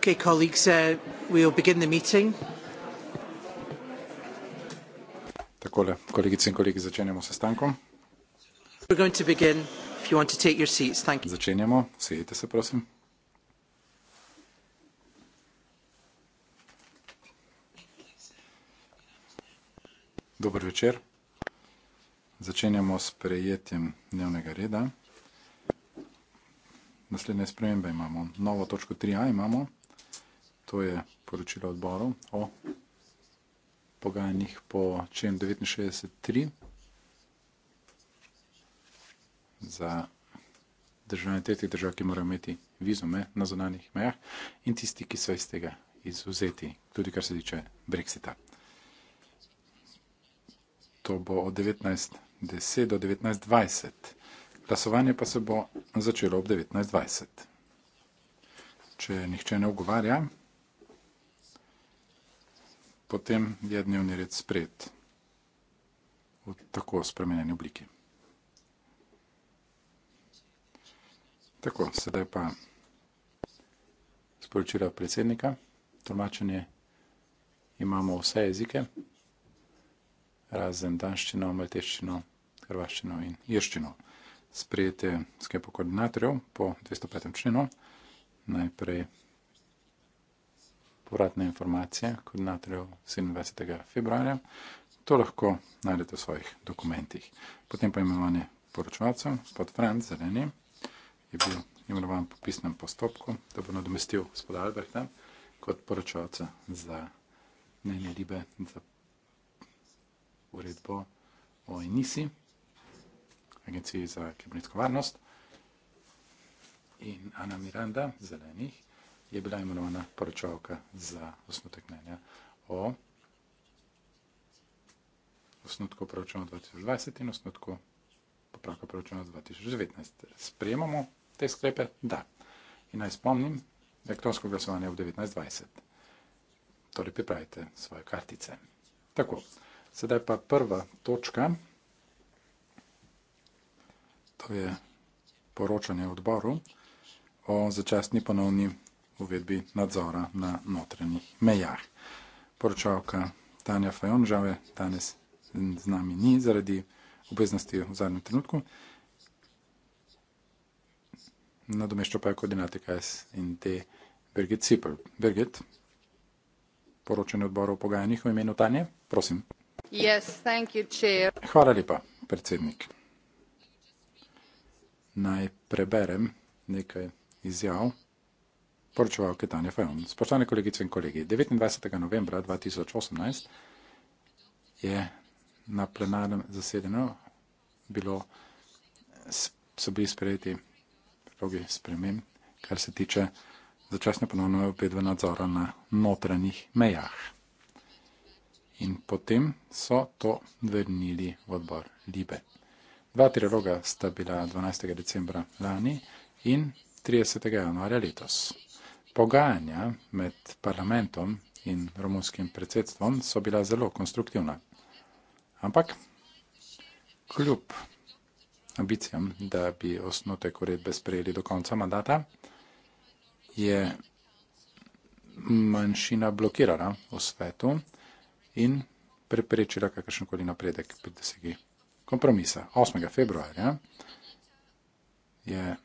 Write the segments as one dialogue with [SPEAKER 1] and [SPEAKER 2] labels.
[SPEAKER 1] Okay, colleagues, uh, we'll begin the meeting.
[SPEAKER 2] Takole, kolegice in kolegi, začenjamo sestankom.
[SPEAKER 1] We're going to begin
[SPEAKER 2] if you want to take your seats. Thank you. Začenjamo, sedite se, prosim. Dobar večer. Začenjamo s prejetjem dnevnega reda. Naslednje spremembe imamo. Novo točko 3a imamo to je poročilo odborov o pogajanjih po čem 69.3 za državne tretjih držav, ki morajo imeti vizume na zonanih mejah in tisti, ki so iz tega izuzeti, tudi kar se tiče Brexita. To bo od 19.10 do 19.20. Glasovanje pa se bo začelo ob 19.20. Če nihče ne ogovarja, potem je dnevni red sprejet v tako spremenjeni obliki. Tako, sedaj pa sporočila predsednika, tolmačenje, imamo vse jezike, razen danščino, malteščino, hrvaščino in irščino. Sprejete sklepo koordinatorjev po 205. členu, najprej povratne informacije koordinatorjev 27. februarja. To lahko najdete v svojih dokumentih. Potem pa imenovanje poročevalcev, gospod Franz Zeleni je bil imenovan po pisnem postopku, da bo nadomestil gospoda Alberta kot poročevalca za mnenje Libe za uredbo o ENISI, Agenciji za kibernetsko varnost. In Ana Miranda, zelenih, je bila imenovana poročevalka za osnutek mnenja o osnutku poročevalka 2020 in osnutku popravka poročevalka 2019. Sprejemamo te sklepe? Da. In naj spomnim, elektronsko glasovanje je v 1920. Torej pripravite svoje kartice. Tako, sedaj pa prva točka, to je poročanje odboru o začastni ponovni vsega uvedbi nadzora na notranjih mejah. Poročavka Tanja Fajon žal je danes z nami ni zaradi obveznosti v zadnjem trenutku. Nadomešča pa je koordinatika SND Birgit Cipel. Birgit, poročanje odborov pogajanjih v imenu Tanje, prosim.
[SPEAKER 3] Yes, thank you, chair.
[SPEAKER 2] Hvala lepa, predsednik. Naj preberem nekaj izjav poročeval Ketanja Fajon. Spoštovane kolegice in kolegi, 29. novembra 2018 je na plenarnem zasedenju bilo, so bili sprejeti predlogi spremem, kar se tiče začasne ponovno obedve nadzora na notranjih mejah. In potem so to vrnili v odbor Libe. Dva triloga sta bila 12. decembra lani in 30. januarja letos pogajanja med parlamentom in romunskim predsedstvom so bila zelo konstruktivna. Ampak kljub ambicijam, da bi osnotek uredbe sprejeli do konca mandata, je manjšina blokirala v svetu in preprečila kakršenkoli napredek pri dosegi kompromisa. 8. februarja je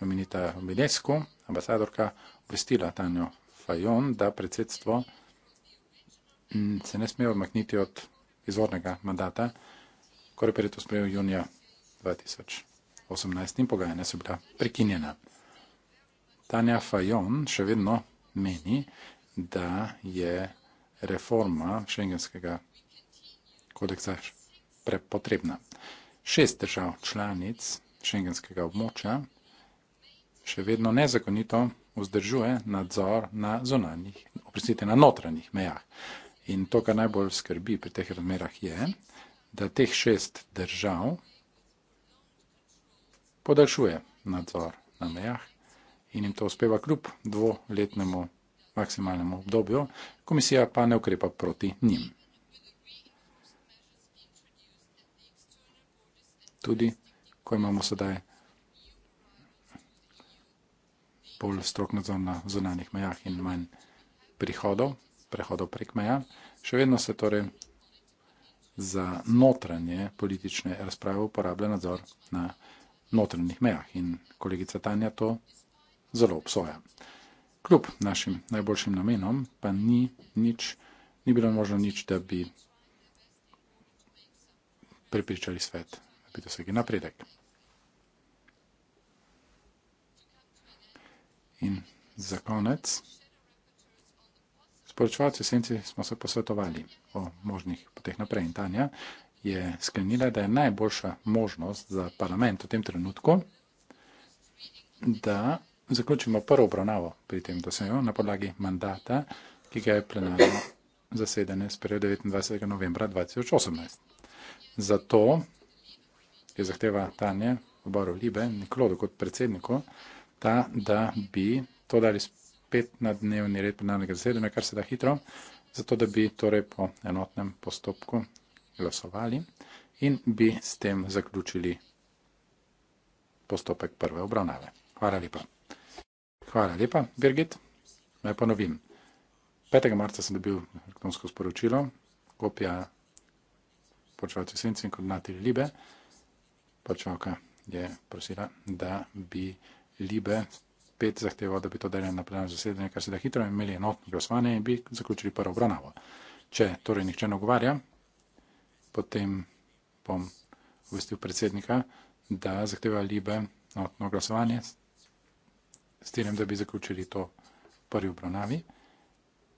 [SPEAKER 2] omenita Milesku, ambasadorka, obvestila Tanja Fajon, da predsedstvo mm, se ne sme odmakniti od izvornega mandata, Korepel je to sprejel junija 2018 in pogajanja so bila prekinjena. Tanja Fajon še vedno meni, da je reforma šengenskega kodeksa prepotrebna. Šest držav članic šengenskega območja še vedno nezakonito vzdržuje nadzor na zonanjih, oprostite, na notranjih mejah. In to, kar najbolj skrbi pri teh razmerah, je, da teh šest držav podaljšuje nadzor na mejah in jim to uspeva kljub dvoletnemu maksimalnemu obdobju, komisija pa ne ukrepa proti njim. Tudi, ko imamo sedaj bolj strok nadzor na zunanjih mejah in manj prihodov, prehodov prek meja. Še vedno se torej za notranje politične razprave uporablja nadzor na notranjih mejah in kolegica Tanja to zelo obsoja. Kljub našim najboljšim namenom pa ni, nič, ni bilo možno nič, da bi prepričali svet, da bi dosegli napredek. In za konec, sporočevalci senci smo se posvetovali o možnih poteh naprej in Tanja je sklenila, da je najboljša možnost za parlament v tem trenutku, da zaključimo prvo obravnavo pri tem dosejo na podlagi mandata, ki ga je plenarno zasedene sprejel 29. novembra 2018. Zato je zahteva Tanja Obaro Libe, Nikolodo kot predsedniku, ta, da bi to dali spet na dnevni red plenarnega zasedanja, kar se da hitro, zato da bi torej po enotnem postopku glasovali in bi s tem zaključili postopek prve obravnave. Hvala lepa. Hvala lepa, Birgit. Naj ponovim. 5. marca sem dobil elektronsko sporočilo, kopija počevalce Svence in koordinati Libe. Počevalka je prosila, da bi Libe pet zahteval, da bi to delali na plenarno zasedanje, kar se da hitro imeli enotno glasovanje in bi zaključili prvo obravnavo. Če torej nihče ne ogovarja, potem bom obvestil predsednika, da zahteva Libe enotno glasovanje s tem, da bi zaključili to prvi obravnavi,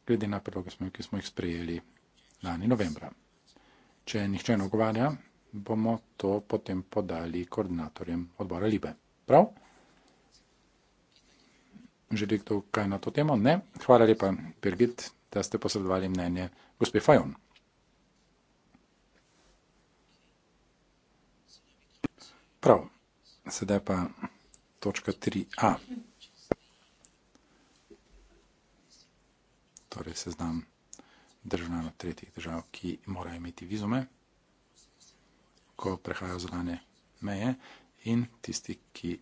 [SPEAKER 2] glede na predloge, ki smo jih sprejeli lani novembra. Če nihče ne ogovarja, bomo to potem podali koordinatorjem odbora Libe. Prav? Želi kdo kaj na to temo? Ne. Hvala lepa, Birgit, da ste posredovali mnenje gospe Fajon. Prav, sedaj pa točka 3a. Torej seznam državljanov tretjih držav, ki morajo imeti vizume, ko prehajajo zunanje meje in tisti, ki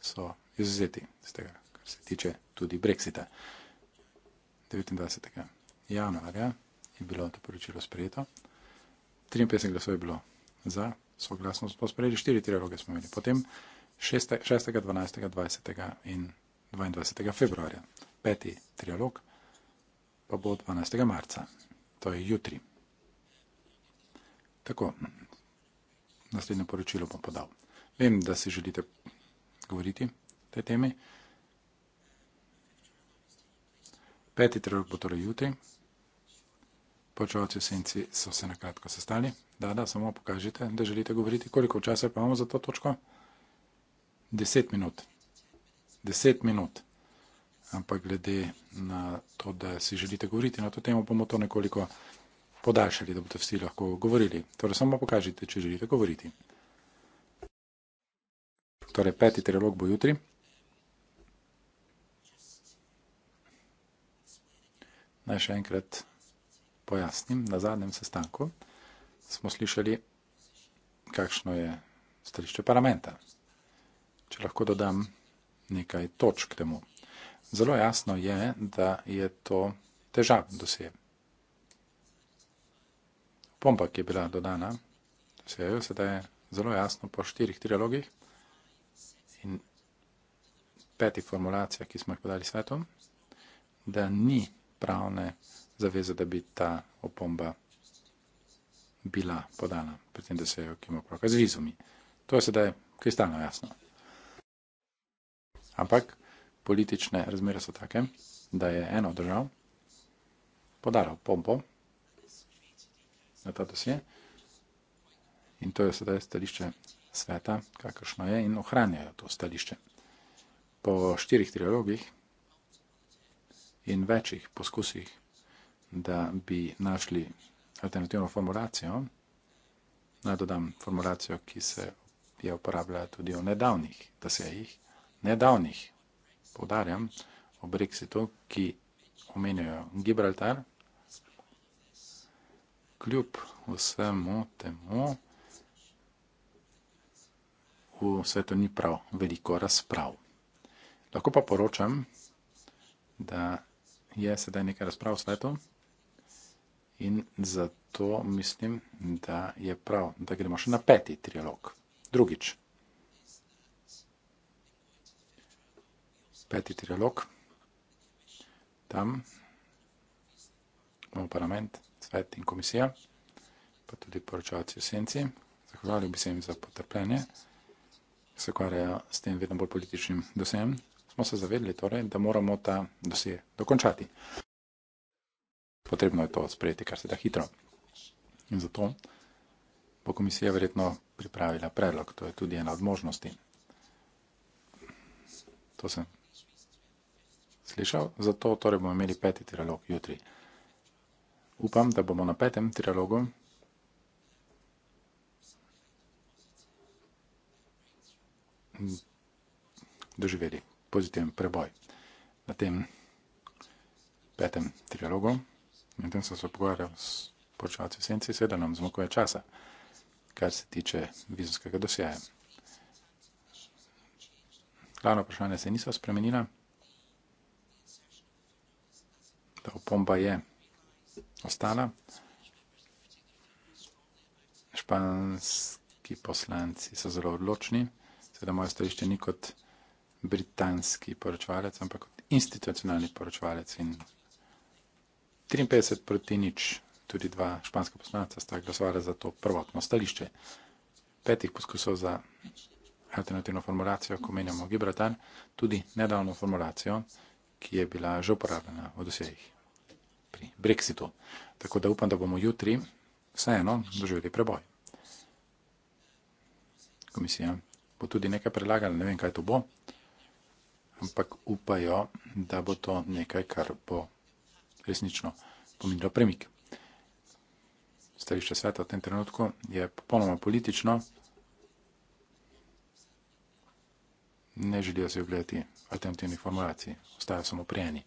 [SPEAKER 2] so izuzeti z tega se tiče tudi Brexita. 29. januarja je bilo to poročilo sprejeto, 53 glasov je bilo za, soglasno smo sprejeli, 4 triloge smo imeli, potem 6, 6., 12., 20. in 22. februarja, 5. trilog pa bo 12. marca, to je jutri. Tako, naslednje poročilo bom podal. Vem, da si želite govoriti o tej temi. Peti trenutek bo torej jutri. Počevalci v senci so se na kratko sestali. Da, da, samo pokažite, da želite govoriti, koliko časa pa imamo za to točko. Deset minut. Deset minut. Ampak glede na to, da si želite govoriti na to temo, bomo to nekoliko podaljšali, da boste vsi lahko govorili. Torej, samo pokažite, če želite govoriti. Torej, peti trilog bo jutri. Naj še enkrat pojasnim. Na zadnjem sestanku smo slišali, kakšno je stališče parlamenta. Če lahko dodam nekaj točk temu. Zelo jasno je, da je to težav doseb. Pompa, ki je bila dodana, se je sedaj zelo jasno po štirih trilogih in petih formulacijah, ki smo jih podali svetom, da ni pravne zaveze, da bi ta opomba bila podana, predtem, da se je okimo proka z vizumi. To je sedaj kristalno jasno. Ampak politične razmere so take, da je ena od držav podala opombo na ta dosje in to je sedaj stališče sveta, kakršno je in ohranjajo to stališče. Po štirih trilogih in večjih poskusih, da bi našli alternativno formulacijo. Naj dodam formulacijo, ki se je uporabljala tudi v nedavnih dosejih, nedavnih, povdarjam, o Brexitu, ki omenjajo Gibraltar. Kljub vsemu temu, v svetu ni prav veliko razprav. Lahko pa poročam, da je sedaj nekaj razprav v svetu in zato mislim, da je prav, da gremo še na peti trialog. Drugič. Peti trialog. Tam imamo parlament, svet in komisija, pa tudi poročavci v senci. Zahvalil bi se jim za potrpljenje, se ukvarjajo s tem vedno bolj političnim dosem smo se zavedli, torej, da moramo ta dosje dokončati. Potrebno je to sprejeti, kar se da hitro. In zato bo komisija verjetno pripravila predlog. To je tudi ena od možnosti. To sem slišal. Zato torej bomo imeli peti trialog jutri. Upam, da bomo na petem trialogu doživeli pozitiven preboj. Na tem petem trialogu, na tem sem se pogovarjal s poročevalci v senci, seveda nam zmokuje časa, kar se tiče vizumskega dosjeja. Glavno vprašanje se niso spremenila. Ta opomba je ostala. Španski poslanci so zelo odločni, seveda moje stališče ni kot britanski poročevalec, ampak kot institucionalni poročevalec. In 53 proti nič, tudi dva španska poslanca sta glasovala za to prvotno stališče. Petih poskusov za alternativno formulacijo, ko menjamo Gibraltar, tudi nedavno formulacijo, ki je bila že uporabljena v dosejih pri Brexitu. Tako da upam, da bomo jutri vseeno doživeli preboj. Komisija bo tudi nekaj predlagala, ne vem, kaj to bo ampak upajo, da bo to nekaj, kar bo resnično pomenilo premik. Stališče sveta v tem trenutku je popolnoma politično. Ne želijo se ogledati alternativnih formulacij, ostajajo samo prijeni.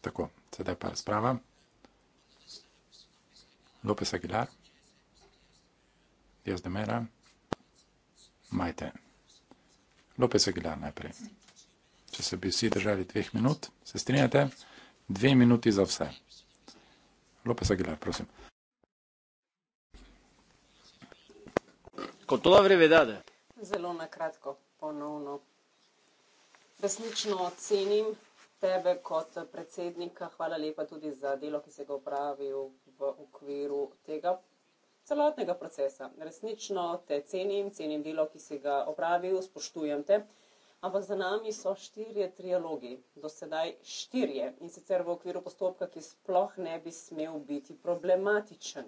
[SPEAKER 2] Tako, sedaj pa razprava. Lopes Aguilar, Dias de Mera, Majte. Kdo pa se gleda najprej? Če se bi vsi držali dveh minut, se strinjate, dve minuti za vse. Lopes Aguilar, prosim.
[SPEAKER 1] Kot to dobro vedete?
[SPEAKER 4] Zelo na kratko, ponovno. Resnično ocenim tebe kot predsednika. Hvala lepa tudi za delo, ki se ga upravil v okviru tega celotnega procesa. Resnično te cenim, cenim delo, ki si ga opravil, spoštujem te. Ampak za nami so štirje trialogi, do sedaj štirje in sicer v okviru postopka, ki sploh ne bi smel biti problematičen.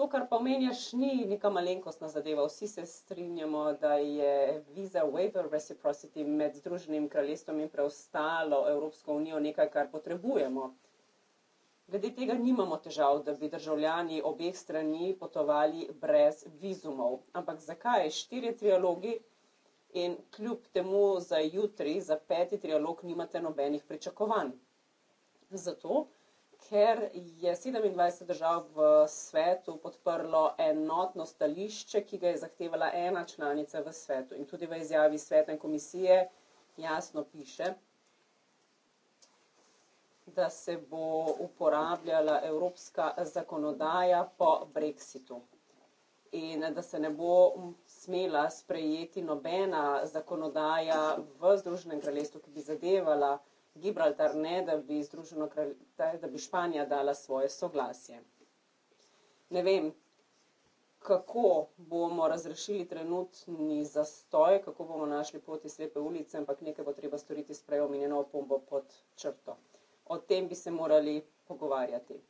[SPEAKER 4] To, kar pa omenjaš, ni neka malenkostna zadeva. Vsi se strinjamo, da je visa waiver reciprocity med Združenim kraljestvom in preostalo Evropsko unijo nekaj, kar potrebujemo. Glede tega nimamo težav, da bi državljani obeh strani potovali brez vizumov. Ampak zakaj štiri trialogi in kljub temu za jutri, za peti trialog, nimate nobenih pričakovanj? Zato, ker je 27 držav v svetu podprlo enotno stališče, ki ga je zahtevala ena članica v svetu. In tudi v izjavi svetne komisije jasno piše, da se bo uporabljala evropska zakonodaja po brexitu in da se ne bo smela sprejeti nobena zakonodaja v Združenem kraljestvu, ki bi zadevala Gibraltar, ne da bi, da bi Španija dala svoje soglasje. Ne vem, kako bomo razrešili trenutni zastoj, kako bomo našli poti slepe ulice, ampak nekaj bo treba storiti s prejomenjeno opombo pod črto o tem bi se morali pogovarjati.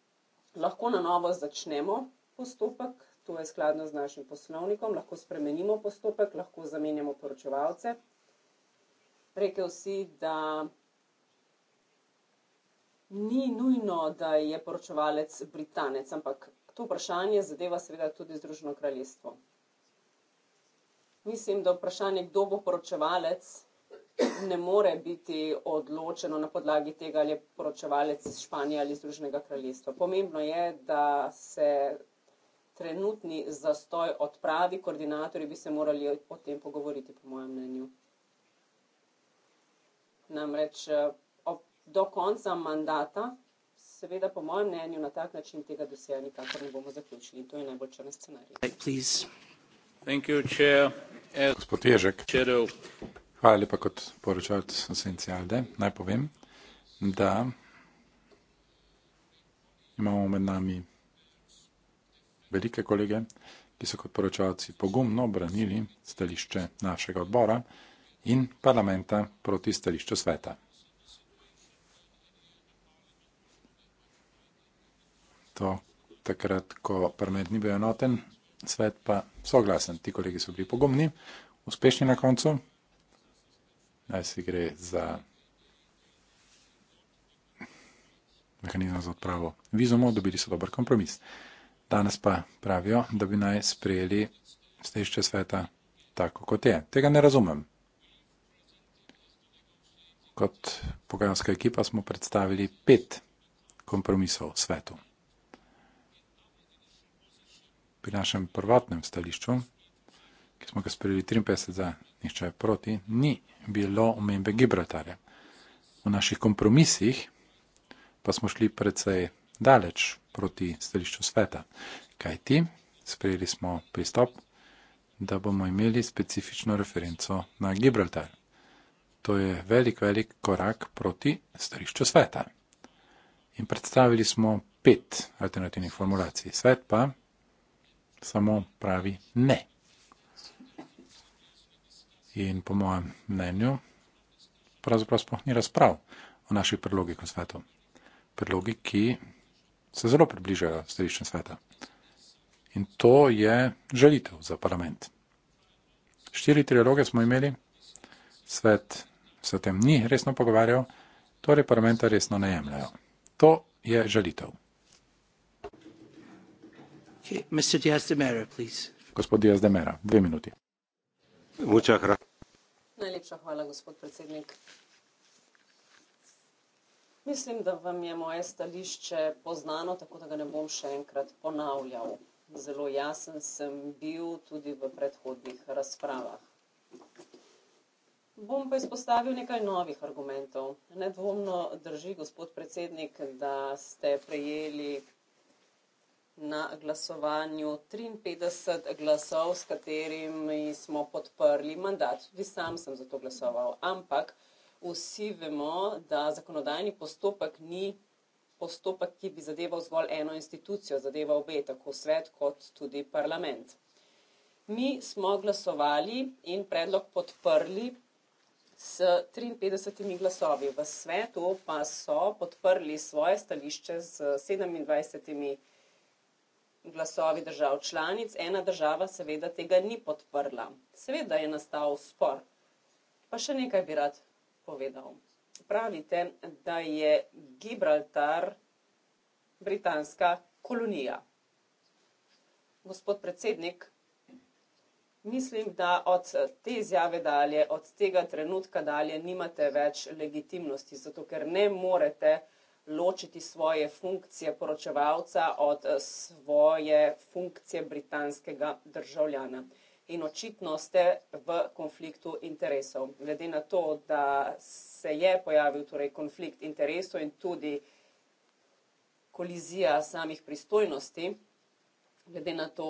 [SPEAKER 4] Lahko na novo začnemo postopek, to je skladno z našim poslovnikom, lahko spremenimo postopek, lahko zamenjamo poročevalce. Rekel si, da ni nujno, da je poročevalec Britanec, ampak to vprašanje zadeva seveda tudi Združeno kraljestvo. Mislim, da vprašanje, kdo bo poročevalec, ne more biti odločeno na podlagi tega, ali je poročevalec iz Španije ali iz Združenega kraljestva. Pomembno je, da se trenutni zastoj odpravi, koordinatorji bi se morali o tem pogovoriti, po mojem mnenju. Namreč do konca mandata, seveda po mojem mnenju, na tak način tega doseja nikakor ne bomo zaključili. In to je najbolj črn scenarij.
[SPEAKER 2] Gospod Ježek. Hvala lepa kot poročalce Sosencialde. Naj povem, da imamo med nami velike kolege, ki so kot poročalci pogumno obranili stališče našega odbora in parlamenta proti stališču sveta. To takrat, ko parlament ni bil enoten, svet pa soglasen. Ti kolegi so bili pogumni, uspešni na koncu, naj si gre za mehanizem za odpravo vizumov, dobili so dober kompromis. Danes pa pravijo, da bi naj sprejeli stejšče sveta tako, kot je. Tega ne razumem. Kot pogajalska ekipa smo predstavili pet kompromisov svetu. Pri našem prvotnem stališču ki smo ga sprejeli 53 za, nišče je proti, ni bilo omembe Gibraltarja. V naših kompromisih pa smo šli precej daleč proti stališču sveta, kaj ti sprejeli smo pristop, da bomo imeli specifično referenco na Gibraltar. To je velik, velik korak proti stališču sveta. In predstavili smo pet alternativnih formulacij. Svet pa samo pravi ne in po mojem mnenju pravzaprav sploh ni razprav o naših predlogih v svetu. Predlogi, ki se zelo približajo središčem sveta. In to je želitev za parlament. Štiri triloge smo imeli, svet se o tem ni resno pogovarjal, torej parlamenta resno ne jemljajo. To je želitev.
[SPEAKER 1] Okay, Mr. Diaz de Mera, please.
[SPEAKER 2] Gospod Diaz de Mera, dve minuti.
[SPEAKER 1] Najlepša
[SPEAKER 4] hvala, gospod predsednik. Mislim, da vam je moje stališče poznano, tako da ga ne bom še enkrat ponavljal. Zelo jasen sem bil tudi v predhodnih razpravah. Bom pa izpostavil nekaj novih argumentov. Nedvomno drži, gospod predsednik, da ste prejeli na glasovanju 53 glasov, s katerimi smo podprli mandat. Tudi sam sem za to glasoval, ampak vsi vemo, da zakonodajni postopek ni postopek, ki bi zadeval zgolj eno institucijo, zadeva obe, tako svet kot tudi parlament. Mi smo glasovali in predlog podprli s 53 glasovi. V svetu pa so podprli svoje stališče z 27 glasovi glasovi držav članic, ena država seveda tega ni podprla. Seveda je nastal spor. Pa še nekaj bi rad povedal. Pravite, da je Gibraltar britanska kolonija. Gospod predsednik, mislim, da od te izjave dalje, od tega trenutka dalje, nimate več legitimnosti, zato ker ne morete ločiti svoje funkcije poročevalca od eh, svoje funkcije britanskega državljana. In očitno ste v konfliktu interesov. Glede na to, da se je pojavil torej konflikt interesov in tudi kolizija samih pristojnosti, glede na to,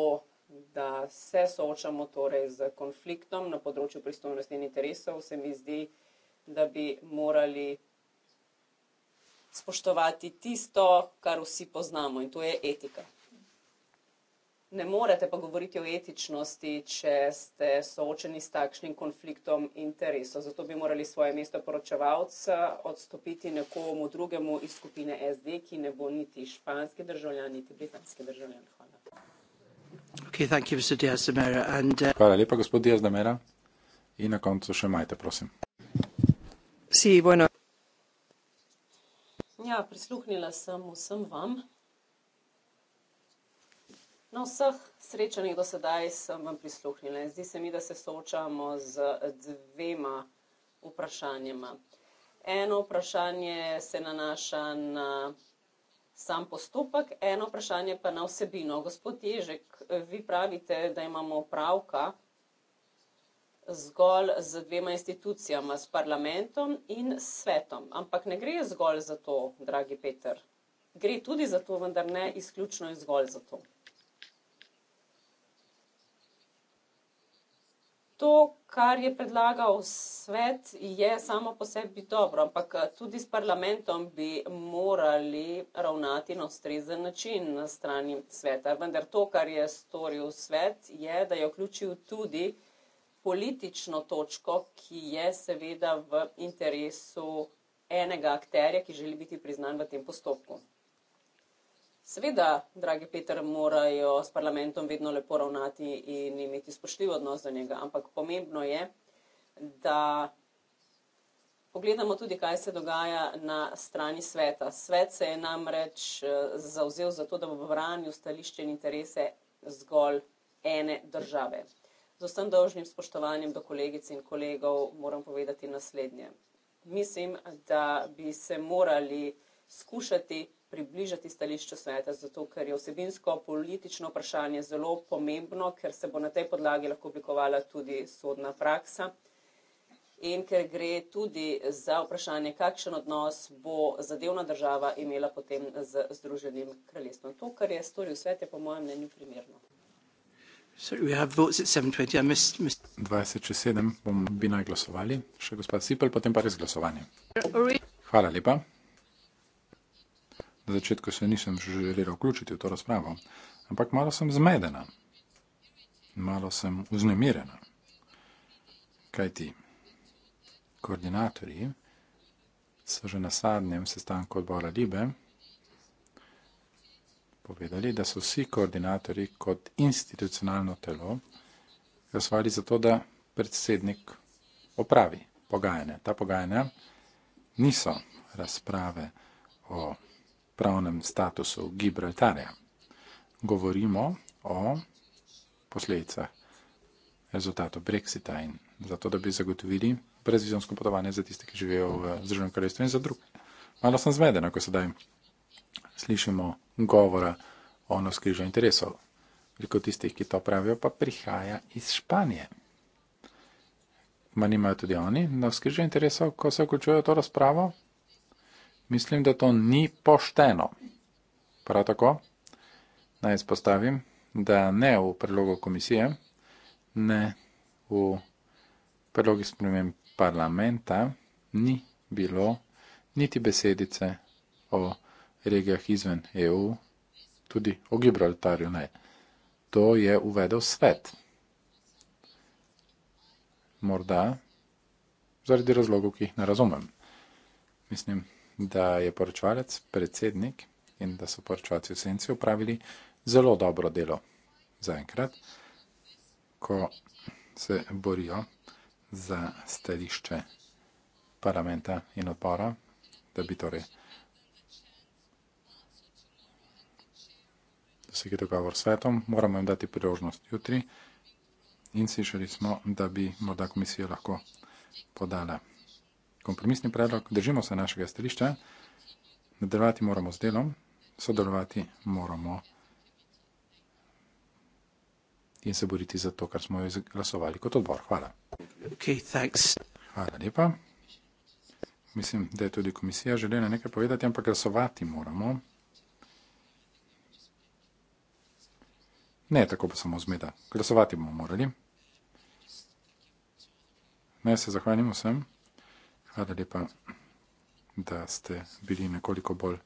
[SPEAKER 4] da se soočamo torej z konfliktom na področju pristojnosti in interesov, se mi zdi, da bi morali spoštovati tisto, kar vsi poznamo, in to je etika. Ne morete pa govoriti o etičnosti, če ste soočeni s takšnim konfliktom interesov. Zato bi morali svoje mesto poročevalca odstopiti nekomu drugemu iz skupine SD, ki ne bo niti španski državljan, niti britanski državljan. Hvala.
[SPEAKER 1] Okay, thank you, Mr. Diaz And, uh... Hvala lepa, gospod Diaz-Damera.
[SPEAKER 2] In na koncu še majte, prosim.
[SPEAKER 1] Sí, bueno.
[SPEAKER 4] Ja, prisluhnila sem vsem vam. Na vseh srečanjih do sedaj sem vam prisluhnila. Zdi se mi, da se soočamo z dvema vprašanjima. Eno vprašanje se nanaša na sam postopek, eno vprašanje pa na vsebino. Gospod Ježek, vi pravite, da imamo opravka zgolj z dvema institucijama, s parlamentom in s svetom. Ampak ne gre zgolj za to, dragi Peter. Gre tudi za to, vendar ne izključno in zgolj za to. To, kar je predlagal svet, je samo po sebi dobro, ampak eh, tudi s parlamentom bi morali ravnati na ustrezen način na strani sveta. Vendar to, kar je storil svet, je, da je vključil tudi politično točko, ki je seveda v interesu enega akterja, ki želi biti priznan v tem postopku. Seveda, dragi Peter, morajo s parlamentom vedno lepo ravnati in imeti spoštljiv odnos do njega, ampak pomembno je, da pogledamo tudi, kaj se dogaja na strani sveta. Svet se je namreč eh, zauzel za to, da bo branil stališče in interese zgolj ene države. Z vsem dolžnim spoštovanjem do kolegic in kolegov moram povedati naslednje. Mislim, da bi se morali skušati približati stališču sveta, zato ker je vsebinsko politično vprašanje zelo pomembno, ker se bo na tej podlagi lahko oblikovala tudi sodna praksa in ker gre tudi za vprašanje, kakšen odnos bo zadevna država imela potem z Združenim kraljestvom. To, kar je storil svet, je po mojem mnenju primerno.
[SPEAKER 1] 20
[SPEAKER 2] čez 7 bom, bi naj glasovali, še gospod Sipel, potem pa res glasovanje. Hvala lepa. Na začetku se nisem želela vključiti v to razpravo, ampak malo sem zmedena, malo sem uznemirena. Kaj ti koordinatorji so že na sadnjem sestanku odbora Libe povedali, da so vsi koordinatorji kot institucionalno telo glasovali za to, da predsednik opravi pogajanja. Ta pogajanja niso razprave o pravnem statusu Gibraltarja. Govorimo o posledicah rezultatov Brexita in zato, da bi zagotovili brezvizijsko potovanje za tiste, ki živijo v Združenem kraljestvu in za druge. Malo sem zmeden, ko sedaj slišimo govora o naskrižju interesov. Veliko tistih, ki to pravijo, pa prihaja iz Španije. Manj imajo tudi oni naskrižju interesov, ko se vključujejo v to razpravo? Mislim, da to ni pošteno. Prav tako naj izpostavim, da ne v predlogu komisije, ne v predlogi spremem parlamenta ni bilo niti besedice o regijah izven EU, tudi o Gibraltarju ne. To je uvedel svet. Morda zaradi razlogov, ki jih ne razumem. Mislim, da je poročvalec, predsednik in da so poročvalci v senci upravili zelo dobro delo zaenkrat, ko se borijo za stališče parlamenta in odpora, da bi torej. vsaki dogovor s svetom, moramo jim dati priložnost jutri in si šeli smo, da bi morda komisija lahko podala kompromisni predlog. Držimo se našega stališča, nadaljevati moramo z delom, sodelovati moramo in se boriti za to, kar smo jo izglasovali kot odbor. Hvala. Okay, Hvala lepa. Mislim, da je tudi komisija želela nekaj povedati, ampak glasovati moramo. Ne, tako pa samo zmeda. Glasovati bomo morali. Naj se zahvalimo vsem. Hvala lepa, da ste bili nekoliko bolj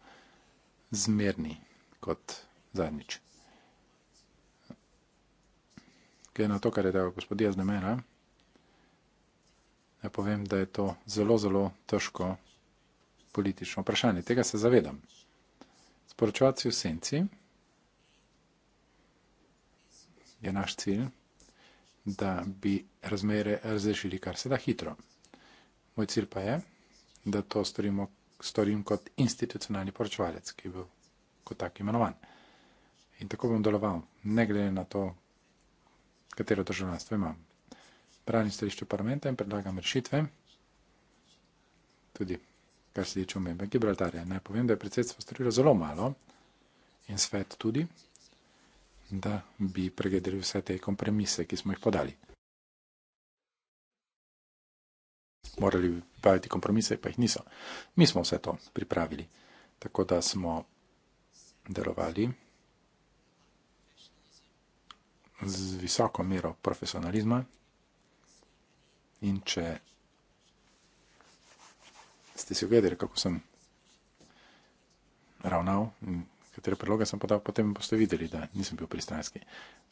[SPEAKER 2] zmerni kot zadnjič. Glede na to, kar je dal gospod Jaz Nemera, ja povem, da je to zelo, zelo težko politično vprašanje. Tega se zavedam. Sporočovati v senci je naš cilj, da bi razmere razrešili kar se da hitro. Moj cilj pa je, da to storimo, storim kot institucionalni poročevalec, ki je bil kot tak imenovan. In tako bom deloval, ne glede na to, katero državljanstvo imam. Branim stališče parlamenta in predlagam rešitve, tudi kar se tiče omembe Gibraltarja. Naj povem, da je predsedstvo storilo zelo malo in svet tudi da bi pregledali vse te kompromise, ki smo jih podali. Morali bi praviti kompromise, pa jih niso. Mi smo vse to pripravili. Tako da smo delovali z visoko mero profesionalizma in če ste si ogledali, kako sem ravnal in katere predloge sem podal, potem boste videli, da nisem bil pristranski.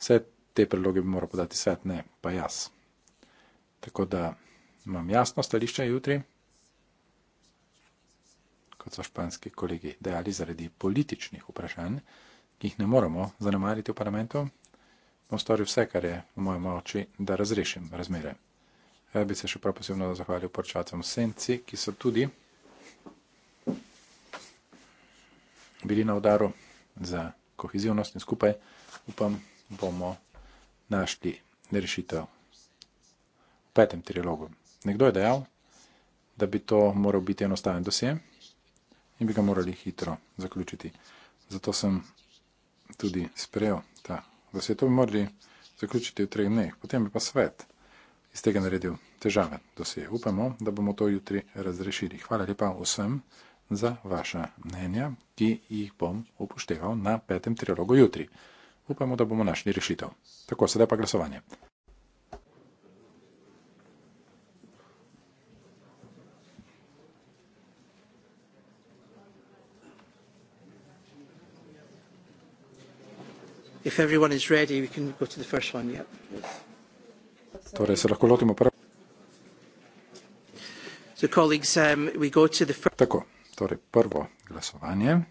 [SPEAKER 2] Vse te predloge bi moral podati svet, ne pa jaz. Tako da imam jasno stališče jutri, kot so španski kolegi dejali, zaradi političnih vprašanj, ki jih ne moramo zanemariti v parlamentu, bom storil vse, kar je v moje moči, da razrešim razmere. Ja bi se še prav posebno zahvalil porčacom senci, ki so tudi. bili na udaru za kohezivnost in skupaj, upam, bomo našli rešitev v petem trilogu. Nekdo je dejal, da bi to moral biti enostaven dosje in bi ga morali hitro zaključiti. Zato sem tudi sprejel ta dosje. To bi morali zaključiti v treh dneh, potem bi pa svet iz tega naredil težave dosje. Upamo, da bomo to jutri razrešili. Hvala lepa vsem za vaša mnenja, ki jih bom upošteval na petem trilogu jutri. Upamo, da bomo našli rešitev. Tako, sedaj pa glasovanje.
[SPEAKER 1] If everyone is ready, we can go to the first one. Yep.
[SPEAKER 2] Torej, se lahko lotimo prvega.
[SPEAKER 1] So, um, Tako
[SPEAKER 2] torej prvo glasovanje.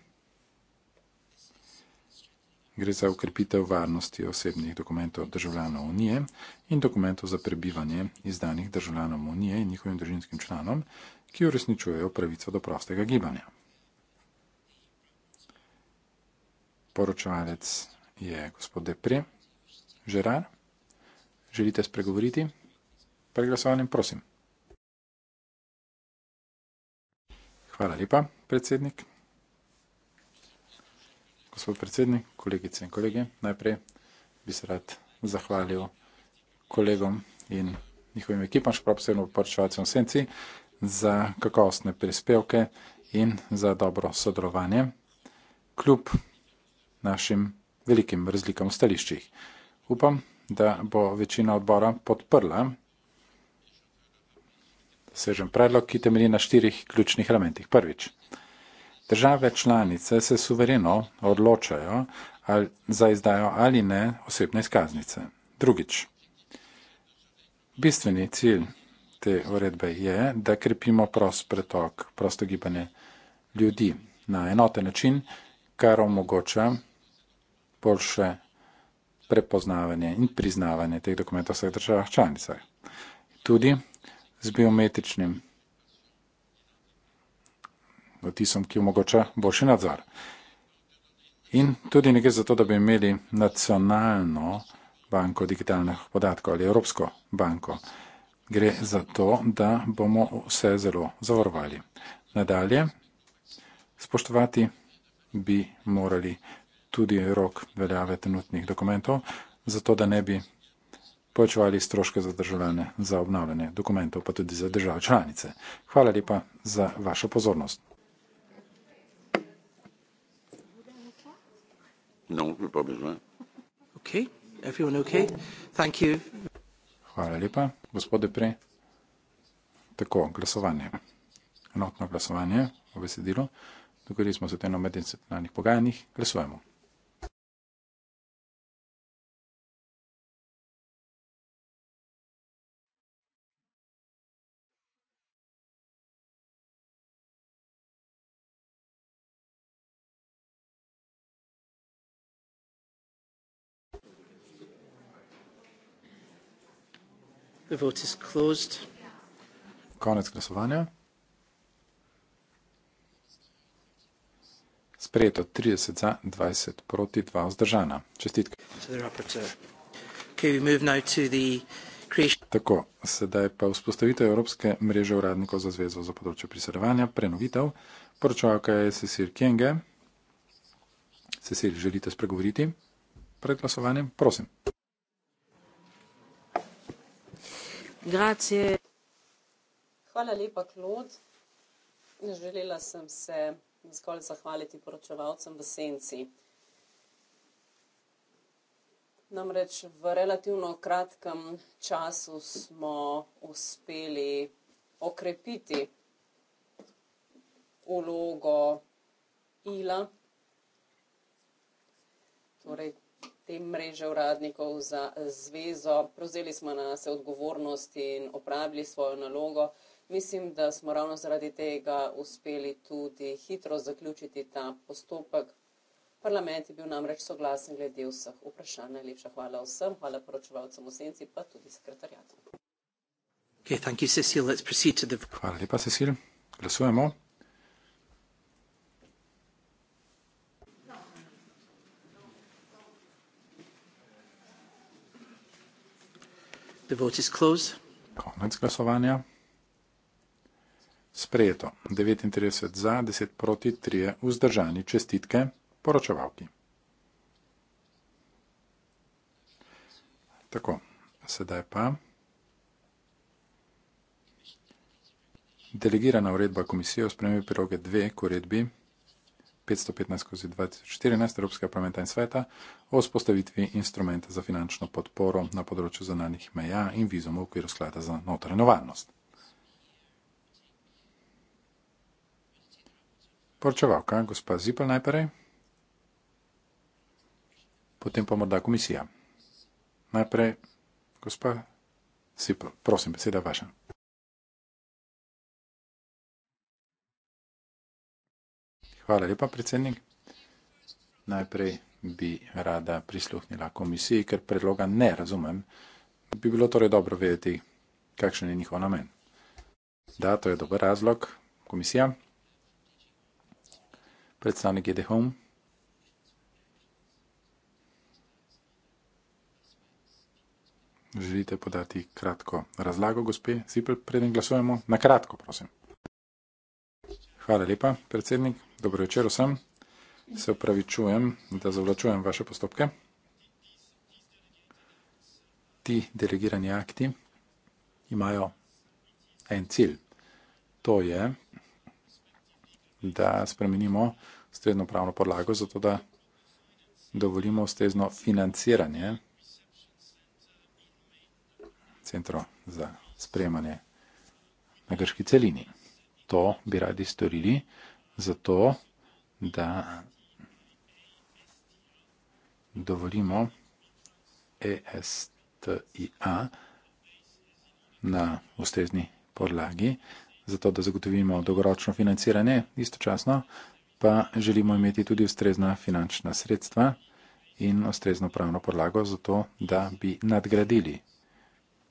[SPEAKER 2] Gre za ukrepitev varnosti osebnih dokumentov državljanov Unije in dokumentov za prebivanje izdanih državljanom Unije in njihovim družinskim članom, ki uresničujejo pravico do prostega gibanja. Poročevalec je gospod Depre, Žerar. Želite spregovoriti? Preglasovanjem prosim. Hvala lepa, predsednik. Gospod predsednik, kolegice in kolege, najprej bi se rad zahvalil kolegom in njihovim ekipam, šprav posebno poročevalcem Senci, za kakovostne prispevke in za dobro sodelovanje kljub našim velikim razlikam v stališčih. Upam, da bo večina odbora podprla svežen predlog, ki temelji na štirih ključnih elementih. Prvič, države članice se suvereno odločajo ali, za izdajo ali ne osebne izkaznice. Drugič, bistveni cilj te uredbe je, da krepimo prost pretok, prosto gibanje ljudi na enoten način, kar omogoča boljše prepoznavanje in priznavanje teh dokumentov v vseh državah članicah. Tudi z biometričnim vtisom, ki omogoča boljši nadzor. In tudi nekaj zato, da bi imeli nacionalno banko digitalnih podatkov ali Evropsko banko. Gre za to, da bomo vse zelo zavarovali. Nadalje, spoštovati bi morali tudi rok veljave trenutnih dokumentov, zato da ne bi povečevali stroške za državljane, za obnavljanje dokumentov, pa tudi za države članice. Hvala lepa za vašo pozornost. No, no
[SPEAKER 1] okay. Okay? Thank you.
[SPEAKER 2] Hvala lepa, gospode Pre. Tako, glasovanje. Enotno glasovanje v besedilo. Dogodili smo se v tem medinstitucionalnih pogajanjih. Glasujemo.
[SPEAKER 1] The vote is closed.
[SPEAKER 2] Konec glasovanja. Sprejeto 30 za, 20 proti, 2 vzdržana. Čestitke. Tako, sedaj pa vzpostavitev Evropske mreže uradnikov za zvezo za področje priseljevanja, prenovitev. Poročavka je Cecil Kenge. Cecil, želite spregovoriti pred glasovanjem? Prosim. Grazie.
[SPEAKER 4] Hvala lepa, Klod. Želela sem se zgolj zahvaliti poročevalcem v senci. Namreč v relativno kratkem času smo uspeli okrepiti ulogo ILA, torej te mreže uradnikov za eh, zvezo, prevzeli smo na se odgovornost in opravili svojo nalogo. Mislim, da smo ravno zaradi tega uspeli tudi hitro zaključiti ta postopek. Parlament je bil namreč soglasen glede vseh vprašanj. Najlepša hvala vsem, hvala poročevalcem v senci, pa tudi sekretarjatu.
[SPEAKER 1] Okay, you, Hvala lepa, Cecil. Glasujemo. The vote is closed.
[SPEAKER 2] Konec glasovanja. Sprejeto. 39 za, 10 proti, 3 vzdržani. Čestitke poročevalki. Tako, sedaj pa. Delegirana uredba komisije o spremembi priloge 2 k uredbi 515 skozi 2014 Evropskega parlamenta in sveta o spostavitvi instrumenta za finančno podporo na področju zananih meja in vizom v okviru sklada za notranjo varnost. Poročevalka, gospa Zipel najprej, potem pa morda komisija. Najprej, gospa Zipel, prosim, beseda vaša. Hvala lepa, predsednik. Najprej bi rada prisluhnila komisiji, ker predloga ne razumem. Bi bilo torej dobro vedeti, kakšen je njihov namen. Da, to je dober razlog. Komisija. Predstavnik je Dehom. Želite podati kratko razlago, gospe Sipel, preden glasujemo? Na kratko, prosim. Hvala lepa, predsednik. Dobro večer vsem. Se upravičujem, da zavlačujem vaše postopke. Ti delegirani akti imajo en cilj. To je, da spremenimo ustrezno pravno podlago, zato da dovolimo ustrezno financiranje centrov za spremanje na grški celini. To bi radi storili zato, da dovolimo ESTIA na ustezni podlagi, zato da zagotovimo dolgoročno financiranje, istočasno pa želimo imeti tudi ustrezna finančna sredstva in ustrezno pravno podlago za to, da bi nadgradili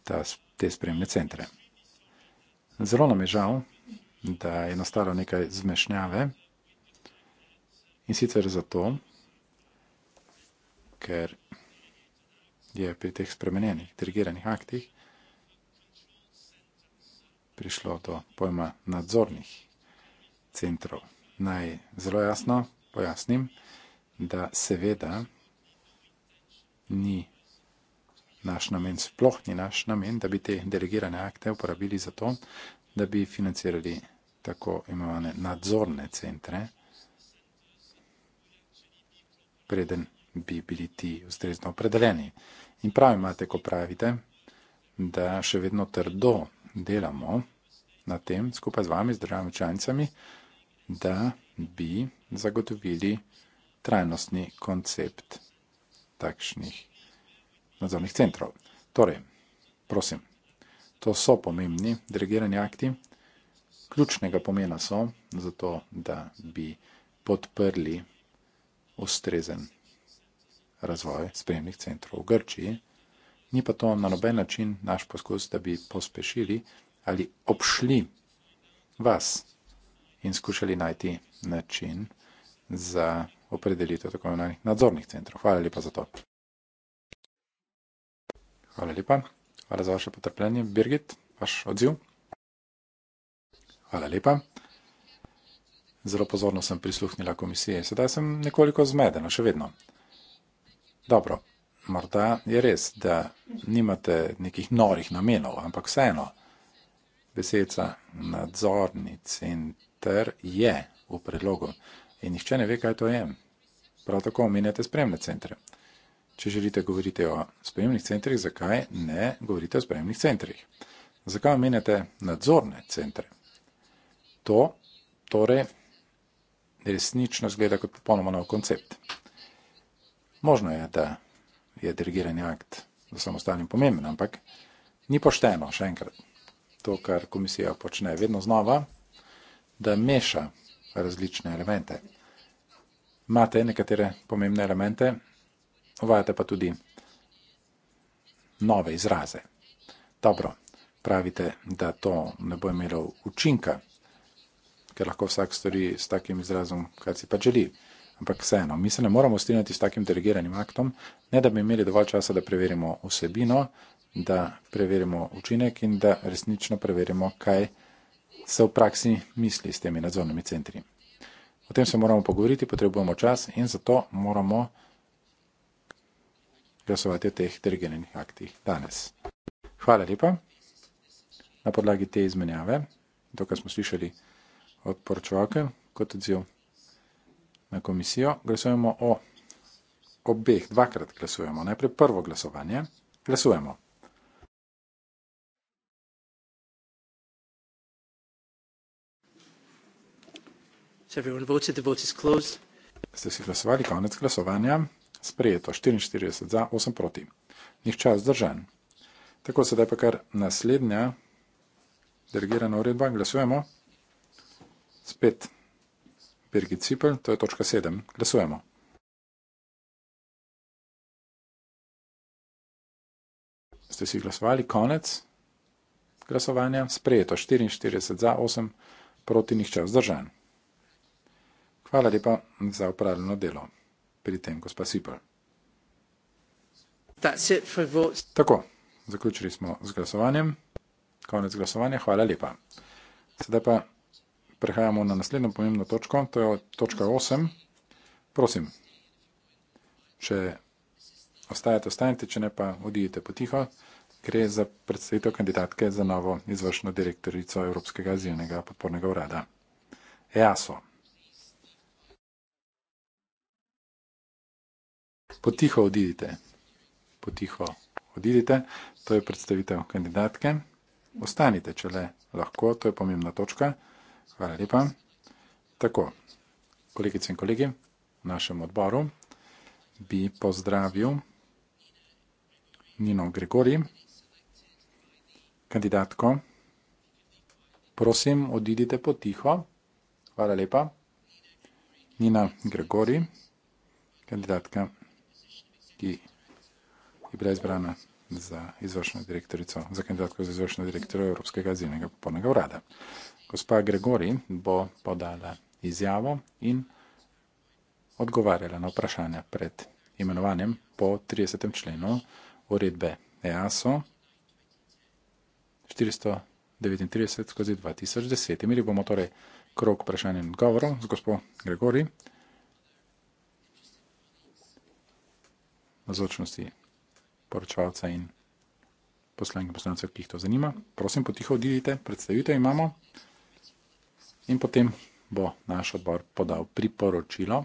[SPEAKER 2] ta, te spremne centre. Zelo nam je žal, da je nastalo nekaj zmešnjave. In sicer zato, ker je pri teh spremenjenih, dirigiranih aktih prišlo do pojma nadzornih centrov. Naj zelo jasno pojasnim, da seveda ni naš namen, sploh ni naš namen, da bi te delegirane akte uporabili za to, da bi financirali tako imenovane nadzorne centre, preden bi bili ti ustrezno opredeljeni. In prav imate, ko pravite, da še vedno trdo delamo na tem, skupaj z vami, z državami članicami, da bi zagotovili trajnostni koncept takšnih nadzornih centrov. Torej, prosim, to so pomembni delegirani akti, ključnega pomena so, zato da bi podprli ustrezen razvoj spremnih centrov v Grčiji. Ni pa to na noben način naš poskus, da bi pospešili ali obšli vas in skušali najti način za opredelitev tako imenovanih nadzornih centrov. Hvala lepa za to. Hvala lepa. Hvala za vaše potrpljenje. Birgit, vaš odziv. Hvala lepa. Zelo pozorno sem prisluhnila komisiji, sedaj sem nekoliko zmedena, še vedno. Dobro, morda je res, da nimate nekih norih namenov, ampak vseeno, beseda nadzorni center je v predlogu in nihče ne ve, kaj to je. Prav tako omenjate spremne centre. Če želite govoriti o spremnih centrih, zakaj ne govorite o spremnih centrih? Zakaj omenjate nadzorne centre? to, torej, resnično zgleda kot popolnoma nov koncept. Možno je, da je dirigiranje akt za samostalnim pomemben, ampak ni pošteno, še enkrat, to, kar komisija počne vedno znova, da meša različne elemente. Imate nekatere pomembne elemente, uvajate pa tudi nove izraze. Dobro, pravite, da to ne bo imelo učinka ker lahko vsak stori s takim izrazom, kar si pa želi. Ampak vseeno, mi se ne moramo strinjati s takim delegiranim aktom, ne da bi imeli dovolj časa, da preverimo vsebino, da preverimo učinek in da resnično preverimo, kaj se v praksi misli s temi nadzornimi centri. O tem se moramo pogovoriti, potrebujemo čas in zato moramo glasovati o teh delegiranih aktih danes. Hvala lepa. Na podlagi te izmenjave, to, kar smo slišali odpor čovake kot odziv na komisijo. Glasujemo o obeh, dvakrat glasujemo. Najprej prvo glasovanje. Glasujemo. Ste si glasovali, konec glasovanja. Sprejeto 44 za, 8 proti. Nihče vzdržan. Tako sedaj pa kar naslednja delegirana uredba. Glasujemo. Spet Birgit Cipel, to je točka 7. Glasujemo. Ste si glasovali? Konec glasovanja. Sprejeto 44 za 8, proti nihče vzdržan. Hvala lepa za upravljeno delo pri tem, gospa Sipel. Tako, zaključili smo z glasovanjem. Konec glasovanja, hvala lepa. Sedaj pa prehajamo na naslednjo pomembno točko, to je točka 8. Prosim, če ostajate, ostanite, če ne pa odidite potiho. Gre za predstavitev kandidatke za novo izvršno direktorico Evropskega azilnega podpornega urada. EASO. Potiho odidite. Potiho odidite. To je predstavitev kandidatke. Ostanite, če le lahko, to je pomembna točka. Hvala lepa. Tako, kolegice in kolegi, v našem odboru bi pozdravil Nino Gregori, kandidatko. Prosim, odidite potiho. Hvala lepa. Nina Gregori, kandidatka, ki je bila izbrana za izvršno direktorico, za kandidatko za izvršno direktorico Evropskega azilnega popolnega urada gospa Gregori bo podala izjavo in odgovarjala na vprašanja pred imenovanjem po 30. členu uredbe EASO 439 skozi 2010. Imeli bomo torej krok vprašanja in odgovorov z gospo Gregori. na zočnosti poročevalca in poslanke poslancev, ki jih to zanima. Prosim, potiho odidite, predstavitev imamo in potem bo naš odbor podal priporočilo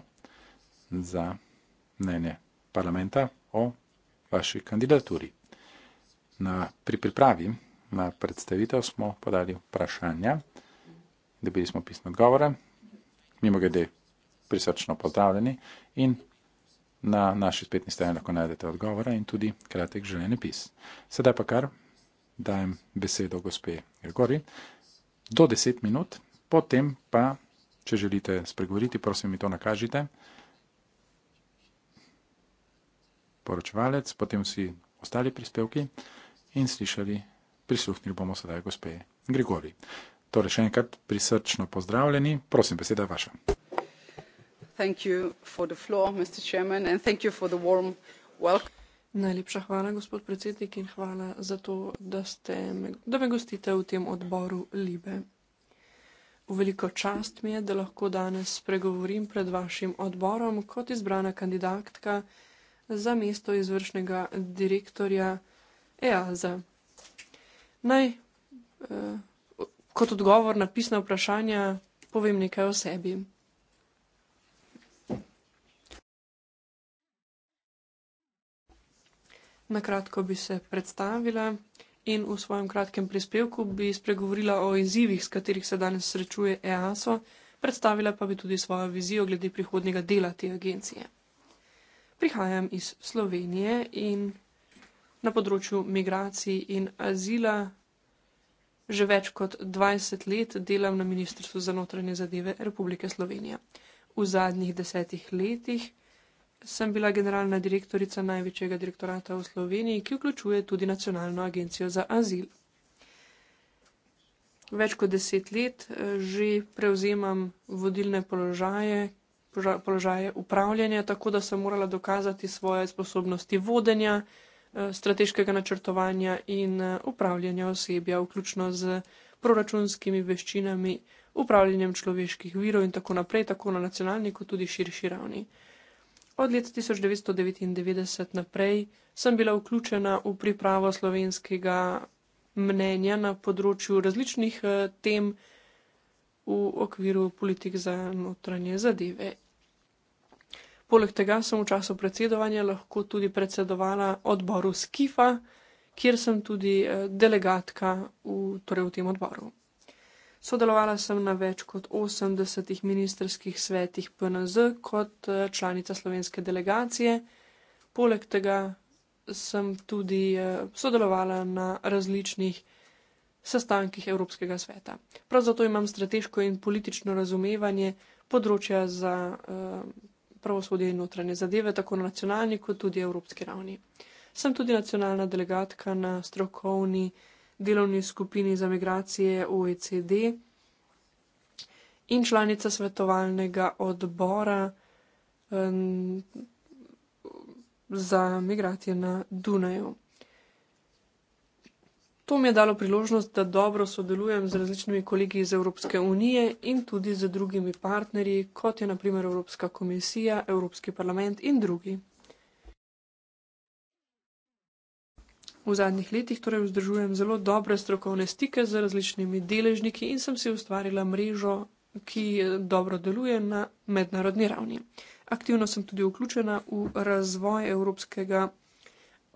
[SPEAKER 2] za mnenje parlamenta o vaši kandidaturi. Na, pri pripravi na predstavitev smo podali vprašanja, dobili smo pisne odgovore, mimo glede prisrčno pozdravljeni in na naši spetni strani lahko najdete odgovore in tudi kratek željeni pis. Sedaj pa kar dajem besedo gospe Gregori. Do 10 minut Potem pa, če želite spregovoriti, prosim mi to nakažite. Poročevalec, potem vsi ostali prispevki in slišali, prisluhnili bomo sedaj gospe Grigori. Torej, še enkrat prisrčno pozdravljeni, prosim, beseda je vaša.
[SPEAKER 3] Thank you for the floor, Mr. Chairman, and thank you for the warm welcome. Najlepša hvala, gospod predsednik, in hvala za to, da, ste, da me gostite v tem odboru Libe. Veliko čast mi je, da lahko danes pregovorim pred vašim odborom kot izbrana kandidatka za mesto izvršnega direktorja EASA. Naj eh, kot odgovor na pisna vprašanja povem nekaj o sebi. Na kratko bi se predstavila in v svojem kratkem prispevku bi spregovorila o izzivih, s katerih se danes srečuje EASO, predstavila pa bi tudi svojo vizijo glede prihodnjega dela te agencije. Prihajam iz Slovenije in na področju migracij in azila že več kot 20 let delam na Ministrstvu za notranje zadeve Republike Slovenije. V zadnjih desetih letih sem bila generalna direktorica največjega direktorata v Sloveniji, ki vključuje tudi Nacionalno agencijo za azil. Več kot deset let eh, že prevzemam vodilne položaje, položaje upravljanja, tako da sem morala dokazati svoje sposobnosti vodenja, eh, strateškega načrtovanja in eh, upravljanja osebja, vključno z proračunskimi veščinami, upravljanjem človeških virov in tako naprej, tako na nacionalni kot tudi širši ravni. Od leta 1999 naprej sem bila vključena v pripravo slovenskega mnenja na področju različnih eh, tem v okviru politik za notranje zadeve. Poleg tega sem v času predsedovanja lahko tudi predsedovala odboru Skifa, kjer sem tudi eh, delegatka v, torej v tem odboru. Sodelovala sem na več kot 80 ministerskih svetih PNZ kot eh, članica slovenske delegacije. Poleg tega sem tudi eh, sodelovala na različnih sestankih Evropskega sveta. Prav zato imam strateško in politično razumevanje področja za eh, pravosodje in notranje zadeve, tako na nacionalni kot tudi evropski ravni. Sem tudi nacionalna delegatka na strokovni delovni skupini za migracije OECD in članica svetovalnega odbora za migracije na Dunaju. To mi je dalo priložnost, da dobro sodelujem z različnimi kolegi iz Evropske unije in tudi z drugimi partnerji, kot je naprimer Evropska komisija, Evropski parlament in drugi. V zadnjih letih torej vzdržujem zelo dobre strokovne stike z različnimi deležniki in sem si ustvarila mrežo, ki dobro deluje na mednarodni ravni. Aktivno sem tudi vključena v razvoj Evropskega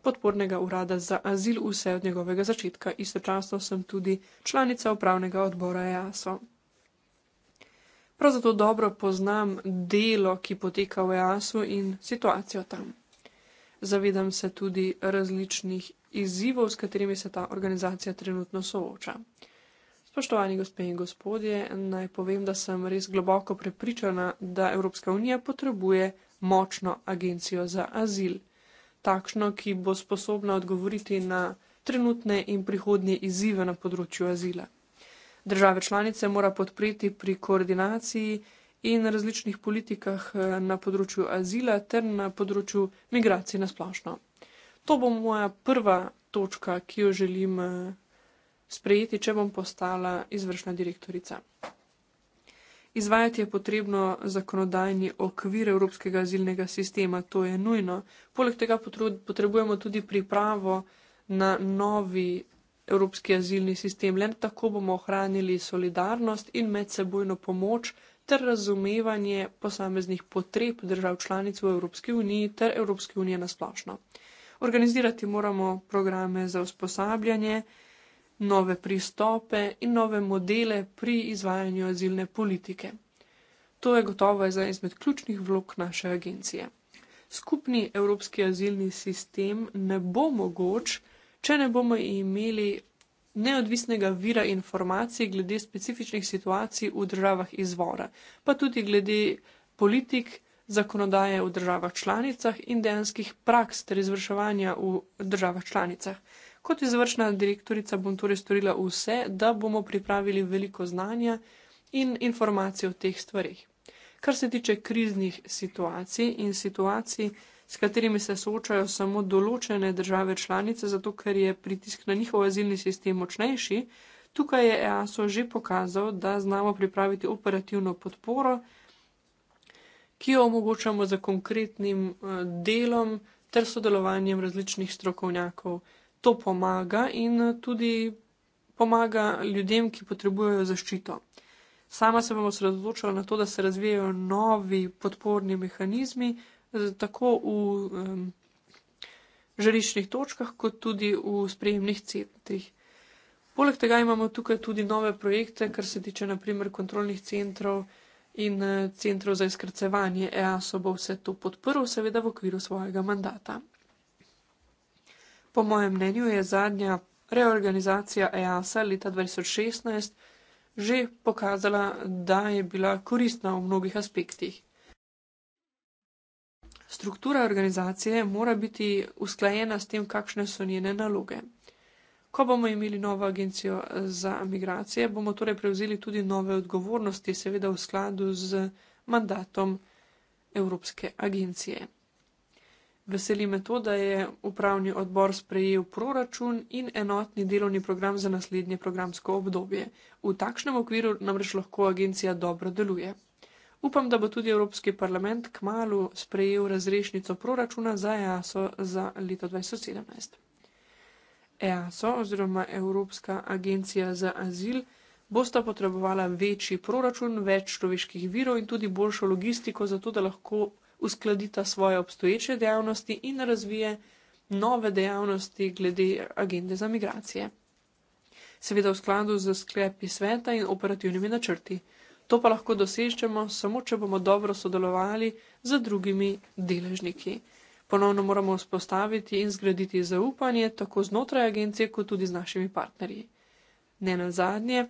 [SPEAKER 3] podpornega urada za azil vse od njegovega začetka. Istočasno sem tudi članica upravnega odbora EASO. Prav zato dobro poznam delo, ki poteka v EASO in situacijo tam zavedam se tudi različnih izzivov, s katerimi se ta organizacija trenutno sooča. Spoštovani gospe in gospodje, naj povem, da sem res globoko prepričana, da Evropska unija potrebuje močno agencijo za azil. Takšno, ki bo sposobna odgovoriti na trenutne in prihodnje izzive na področju azila. Države članice mora podpreti pri koordinaciji in različnih politikah eh, na področju azila ter na področju migracij na splošno. To bo moja prva točka, ki jo želim eh, sprejeti, če bom postala izvršna direktorica. Izvajati je potrebno zakonodajni okvir evropskega azilnega sistema, to je nujno. Poleg tega potrebujemo tudi pripravo na novi evropski azilni sistem. Len tako bomo ohranili solidarnost in medsebojno pomoč, ter razumevanje posameznih potreb držav članic v Evropski uniji ter Evropske unije nasplošno. Organizirati moramo programe za usposabljanje, nove pristope in nove modele pri izvajanju azilne politike. To je gotovo ena izmed ključnih vlog naše agencije. Skupni evropski azilni sistem ne bo mogoč, če ne bomo imeli neodvisnega vira informacij glede specifičnih situacij v državah izvora, pa tudi glede politik, zakonodaje v državah članicah in dejanskih praks ter izvrševanja v državah članicah. Kot izvršna direktorica bom torej storila vse, da bomo pripravili veliko znanja in informacije o teh stvarih. Kar se tiče kriznih situacij in situacij, s katerimi se soočajo samo določene države članice, zato ker je pritisk na njihov azilni sistem močnejši. Tukaj je EASO že pokazal, da znamo pripraviti operativno podporo, ki jo omogočamo za konkretnim eh, delom ter sodelovanjem različnih strokovnjakov. To pomaga in eh, tudi pomaga ljudem, ki potrebujejo zaščito. Sama se bom osredotočila na to, da se razvijajo novi podporni mehanizmi, tako v um, žariščnih točkah, kot tudi v sprejemnih centrih. Poleg tega imamo tukaj tudi nove projekte, kar se tiče naprimer kontrolnih centrov in eh, centrov za izkrcevanje. EASO bo vse to podprl, seveda v okviru svojega mandata. Po mojem mnenju je zadnja reorganizacija EASA leta 2016 že pokazala, da je bila koristna v mnogih aspektih. Struktura organizacije mora biti usklajena s tem, kakšne so njene naloge. Ko bomo imeli novo agencijo za migracije, bomo torej prevzeli tudi nove odgovornosti, seveda v skladu z mandatom Evropske agencije. Veseli me to, da je upravni odbor sprejel proračun in enotni delovni program za naslednje programsko obdobje. V takšnem okviru namreč lahko agencija dobro deluje. Upam, da bo tudi Evropski parlament k malu sprejel razrešnico proračuna za EASO za leto 2017. EASO oziroma Evropska agencija za azil bosta potrebovala večji proračun, več človeških virov in tudi boljšo logistiko, zato da lahko uskladita svoje obstoječe dejavnosti in razvije nove dejavnosti glede agende za migracije. Seveda v skladu z sklepi sveta in operativnimi načrti. To pa lahko dosežemo samo, če bomo dobro sodelovali z drugimi deležniki. Ponovno moramo vzpostaviti in zgraditi zaupanje tako znotraj agencije, kot tudi z našimi partnerji. Ne na zadnje,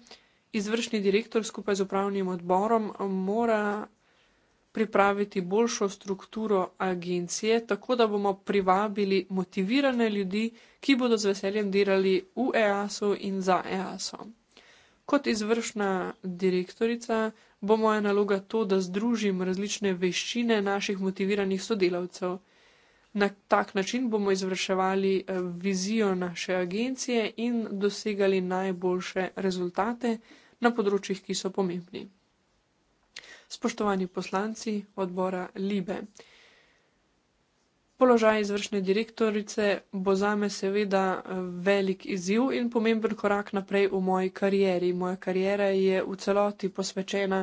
[SPEAKER 3] izvršni direktor skupaj z upravnim odborom mora pripraviti boljšo strukturo agencije, tako da bomo privabili motivirane ljudi, ki bodo z veseljem delali v EASO in za EASO. Kot izvršna direktorica bo moja naloga to, da združim različne veščine naših motiviranih sodelavcev. Na tak način bomo izvrševali eh, vizijo naše agencije in dosegali najboljše rezultate na področjih, ki so pomembni. Spoštovani poslanci odbora Libe položaj izvršne direktorice bo zame seveda eh, velik izziv in pomemben korak naprej v moji karieri. Moja karijera je v celoti posvečena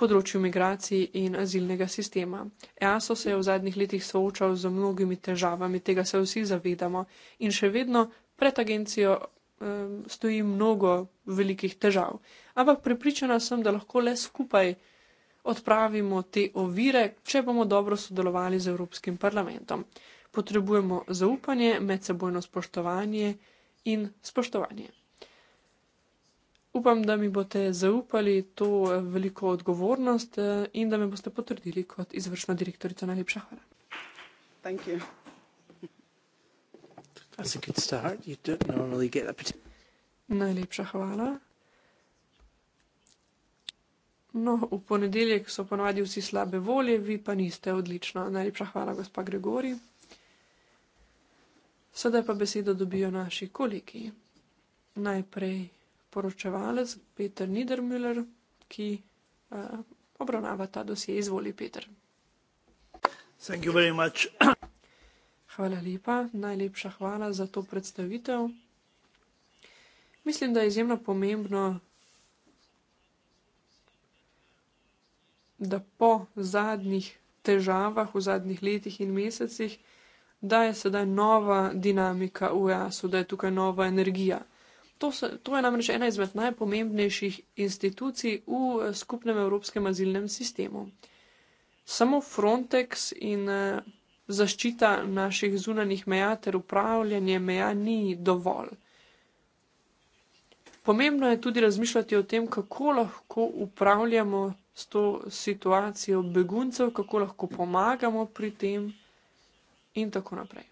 [SPEAKER 3] področju migracij in azilnega sistema. EASO se je v zadnjih letih soočal z mnogimi težavami, tega se vsi zavedamo in še vedno pred agencijo um, stoji mnogo velikih težav. Ampak prepričana sem, da lahko le skupaj odpravimo te ovire, če bomo dobro sodelovali z Evropskim parlamentom. Potrebujemo zaupanje, medsebojno spoštovanje in spoštovanje. Upam, da mi boste zaupali to veliko odgovornost eh, in da me boste potrdili kot izvršna direktorica. Najlepša hvala. Najlepša hvala. No, v ponedeljek so ponovadi vsi slabe volje, vi pa niste odlično. Najlepša hvala, gospa Gregori. Sedaj pa besedo dobijo naši kolegi. Najprej poročevalec Peter Niedermüller, ki uh, obravnava ta dosje. Izvoli, Peter. Hvala lepa, najlepša hvala za to predstavitev. Mislim, da je izjemno pomembno da po zadnjih težavah, v zadnjih letih in mesecih, da je sedaj nova dinamika v EAS-u, da je tukaj nova energija. To, se, to je namreč ena izmed najpomembnejših institucij v skupnem evropskem azilnem sistemu. Samo Frontex in eh, zaščita naših zunanjih meja ter upravljanje meja ni dovolj. Pomembno je tudi razmišljati o tem, kako lahko upravljamo s to situacijo beguncev, kako lahko pomagamo pri tem, in tako naprej.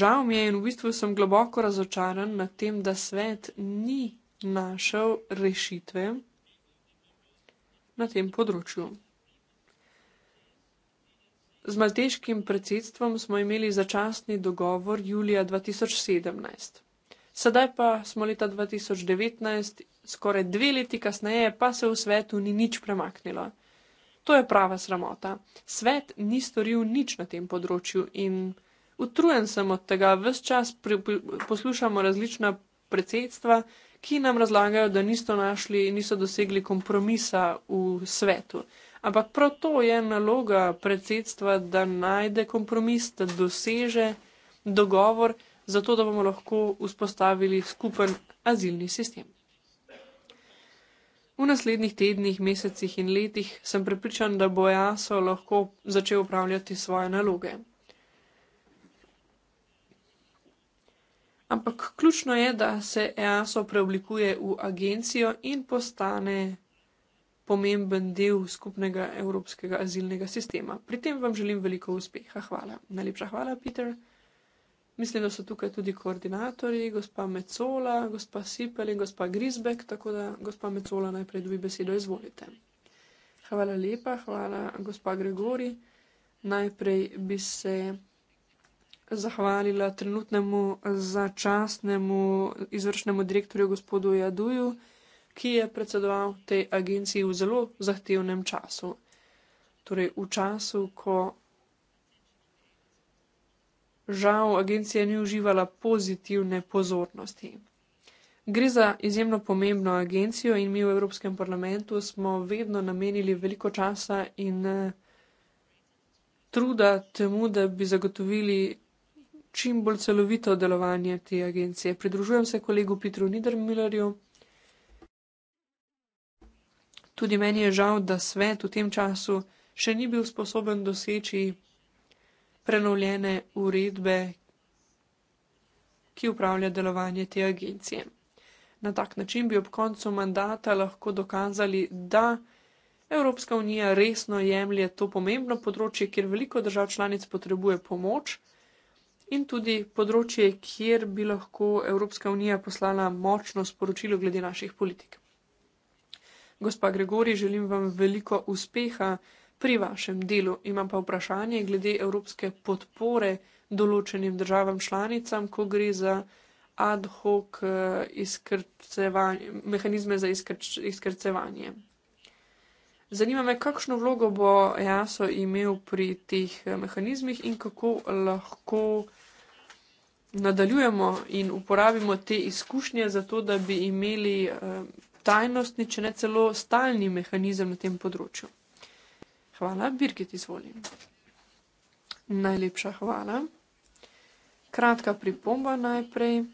[SPEAKER 3] Žal mi je in v bistvu sem globoko razočaran nad tem, da svet ni našel rešitve na tem področju. Z malteškim predsedstvom smo imeli začasni dogovor julija 2017. Sedaj pa smo leta 2019, skoraj dve leti kasneje, pa se v svetu ni nič premaknilo. To je prava sramota. Svet ni storil nič na tem področju in utrujen sem od tega. Ves čas poslušamo različna predsedstva, ki nam razlagajo, da niso našli in niso dosegli kompromisa v svetu. Ampak prav to je naloga predsedstva, da najde kompromis, da doseže dogovor zato da bomo lahko vzpostavili skupen azilni sistem. V naslednjih tednih, mesecih in letih sem prepričan, da bo Jaso lahko začel upravljati svoje naloge. Ampak ključno je, da se EASO preoblikuje v agencijo in postane pomemben del skupnega evropskega azilnega sistema. Pri tem vam želim veliko uspeha. Hvala. Najlepša hvala, Peter. Mislim, da so tukaj tudi koordinatorji, gospa Mecola, gospa Sipel in gospa Grizbek, tako da gospa Mecola najprej dobi besedo, izvolite. Hvala lepa, hvala gospa Gregori. Najprej bi se zahvalila trenutnemu začasnemu izvršnemu direktorju gospodu Jaduju, ki je predsedoval tej agenciji v zelo zahtevnem času. Torej v času, ko žal agencija ni uživala pozitivne pozornosti. Gre za izjemno pomembno agencijo in mi v Evropskem parlamentu smo vedno namenili veliko časa in eh, truda temu, da bi zagotovili čim bolj celovito delovanje te agencije. Pridružujem se kolegu Petru Nidermillerju. Tudi meni je žal, da svet v tem času še ni bil sposoben doseči prenovljene uredbe, ki upravlja delovanje te agencije. Na tak način bi ob koncu mandata lahko dokazali, da Evropska unija resno jemlje to pomembno področje, kjer veliko držav članic potrebuje pomoč in tudi področje, kjer bi lahko Evropska unija poslala močno sporočilo glede naših politik. Gospa Gregori, želim vam veliko uspeha pri vašem delu. Imam pa vprašanje glede evropske podpore določenim državam članicam, ko gre za ad hoc eh, mehanizme za izkrč, izkrcevanje. Zanima me, kakšno vlogo bo JASO imel pri teh eh, mehanizmih in kako lahko nadaljujemo in uporabimo te izkušnje za to, da bi imeli eh, tajnostni, če ne celo stalni mehanizem na tem področju. Hvala, Birgit, izvolim. Najlepša hvala. Kratka pripomba najprej.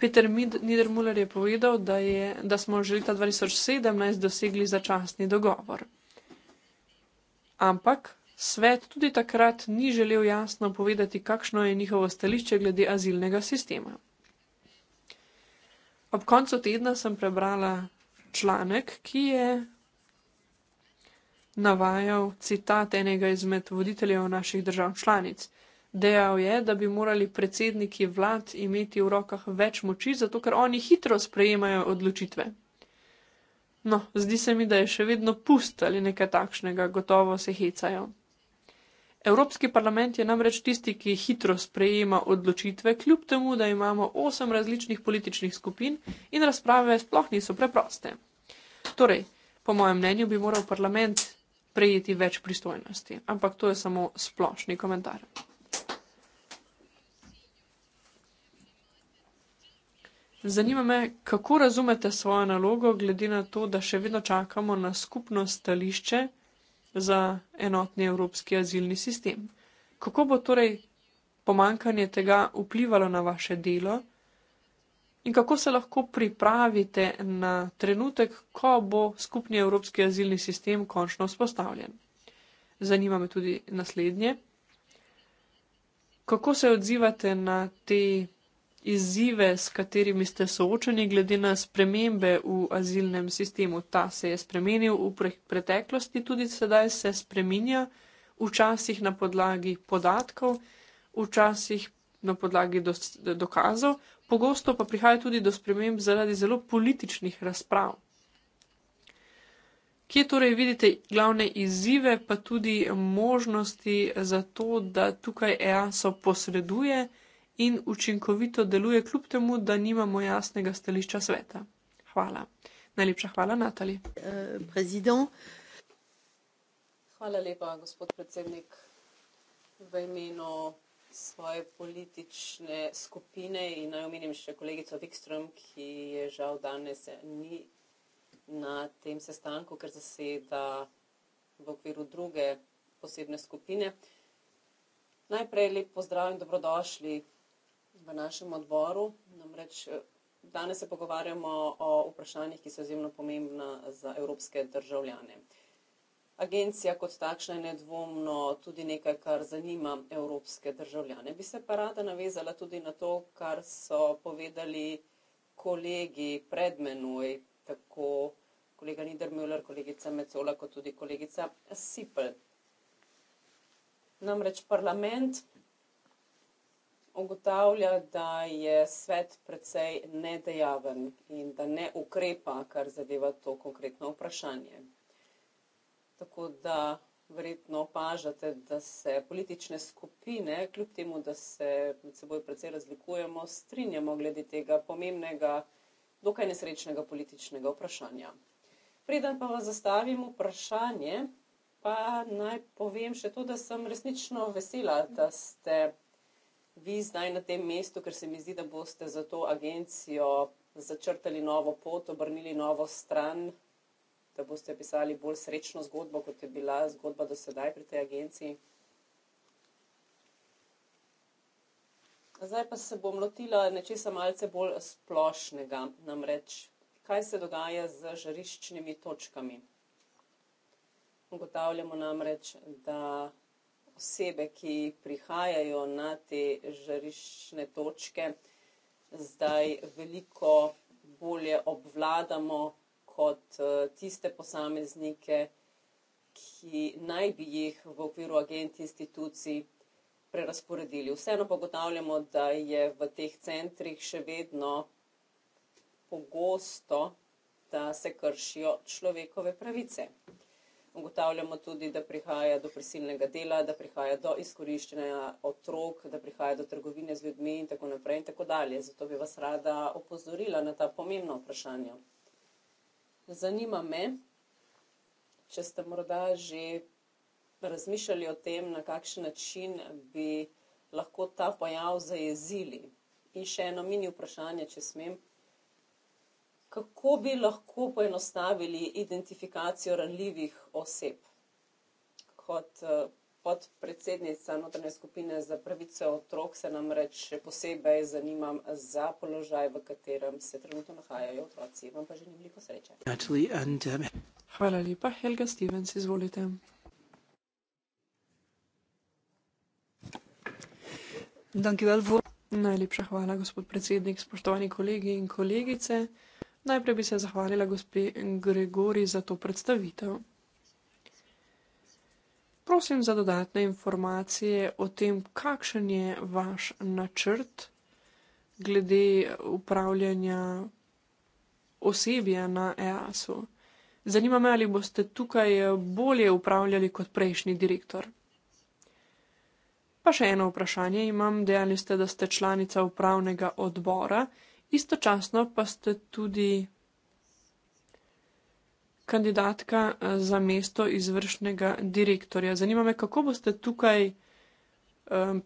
[SPEAKER 3] Peter Niedermuller je povedal, da, je, da smo že leta 2017 dosegli začasni dogovor. Ampak svet tudi takrat ni želel jasno povedati, kakšno je njihovo stališče glede azilnega sistema. Ob koncu tedna sem prebrala članek, ki je navajal citat enega izmed voditeljev naših držav članic. Dejal je, da bi morali predsedniki vlad imeti v rokah več moči, zato ker oni hitro sprejemajo odločitve. No, zdi se mi, da je še vedno pust ali nekaj takšnega, gotovo se hecajo. Evropski parlament je namreč tisti, ki hitro sprejema odločitve, kljub temu, da imamo osem različnih političnih skupin in razprave sploh niso preproste. Torej, po mojem mnenju bi moral parlament prejeti več pristojnosti. Ampak to je samo splošni komentar. Zanima me, kako razumete svojo nalogo, glede na to, da še vedno čakamo na skupno stališče za enotni evropski azilni sistem. Kako bo torej pomankanje tega vplivalo na vaše delo? In kako se lahko pripravite na trenutek, ko bo skupni evropski azilni sistem končno vzpostavljen? Zanima me tudi naslednje. Kako se odzivate na te izzive, s katerimi ste soočeni, glede na spremembe v azilnem sistemu? Ta se je spremenil v preteklosti, tudi sedaj se spremenja, včasih na podlagi podatkov, včasih na podlagi dokazov, pogosto pa prihaja tudi do sprememb zaradi zelo političnih razprav. Kje torej vidite glavne izzive, pa tudi možnosti za to, da tukaj EASO posreduje in učinkovito deluje, kljub temu, da nimamo jasnega stališča sveta? Hvala. Najlepša hvala, Natali.
[SPEAKER 4] Hvala lepa, gospod predsednik, v imenu svoje politične skupine in naj omenim še kolegico Vikström, ki je žal danes ni na tem sestanku, ker zaseda v okviru druge posebne skupine. Najprej lep pozdrav in dobrodošli v našem odboru. Namreč eh, danes se pogovarjamo o vprašanjih, ki so izjemno pomembna za evropske državljane. Agencija kot takšna je nedvomno tudi nekaj, kar zanima evropske državljane. Bi se pa rada navezala tudi na to, kar so povedali kolegi pred menoj, tako kolega Niedermüller, kolegica Mecola, kot tudi kolegica Sipel. Namreč parlament ugotavlja, da je svet precej nedejaven in da ne ukrepa, kar zadeva to konkretno vprašanje. Tako da verjetno opažate, da se politične skupine, kljub temu, da se med seboj precej razlikujemo, strinjamo glede tega pomembnega, dokaj nesrečnega političnega vprašanja. Preden pa vam zastavim vprašanje, pa naj povem še to, da sem resnično vesela, da ste vi zdaj na tem mestu, ker se mi zdi, da boste za to agencijo začrtali novo pot, obrnili novo stran, da boste pisali bolj srečno zgodbo, kot je bila zgodba do sedaj pri tej agenciji. Zdaj pa se bom lotila nečesa malce bolj splošnega, namreč kaj se dogaja z žariščnimi točkami. Ugotavljamo namreč, da osebe, ki prihajajo na te žariščne točke, zdaj veliko bolje obvladamo pod eh, tiste posameznike, ki naj bi jih v okviru agent institucij prerasporedili. Vseeno pa ugotavljamo, da je v teh centrih še vedno pogosto, da se kršijo človekove pravice. Ugotavljamo tudi, da prihaja do prisilnega dela, da prihaja do izkoriščenja otrok, da prihaja do trgovine z ljudmi in tako naprej in tako dalje. Zato bi vas rada opozorila na ta pomembna vprašanja. Zanima me, če ste morda že razmišljali o tem, na kakšen način bi lahko ta pojav zajezili. In še eno mini vprašanje, če smem. Kako bi lahko poenostavili identifikacijo ranljivih oseb kot eh, Podpredsednica notranje skupine za pravice otrok se nam reč še posebej zanimam za položaj, v katerem se trenutno nahajajo otroci. Vam pa želim veliko sreče.
[SPEAKER 1] Um, hvala lepa.
[SPEAKER 3] Helga Stevens, izvolite. Najlepša hvala, gospod predsednik, spoštovani kolegi in kolegice. Najprej bi se zahvalila gospe Gregori za to predstavitev prosim za dodatne informacije o tem, kakšen je vaš načrt glede upravljanja osebja na EASO. Zanima me, ali boste tukaj bolje upravljali kot prejšnji direktor. Pa še eno vprašanje imam. Dejali ste, da ste članica upravnega odbora, istočasno pa ste tudi kandidatka eh, za mesto izvršnega direktorja. Zanima me, kako boste tukaj um,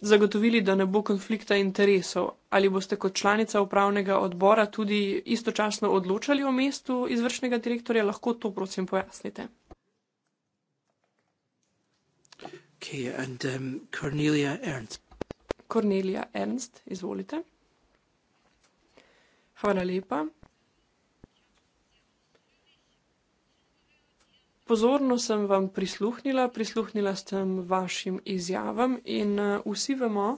[SPEAKER 3] zagotovili, da ne bo konflikta interesov. Ali boste kot članica upravnega odbora tudi istočasno odločali o mestu izvršnega direktorja? Lahko to, prosim, pojasnite.
[SPEAKER 1] Okay, and, um, Cornelia Ernst.
[SPEAKER 3] Cornelia Ernst, izvolite. Hvala lepa. Pozorno sem vam prisluhnila, prisluhnila sem vašim izjavam in eh, vsi vemo,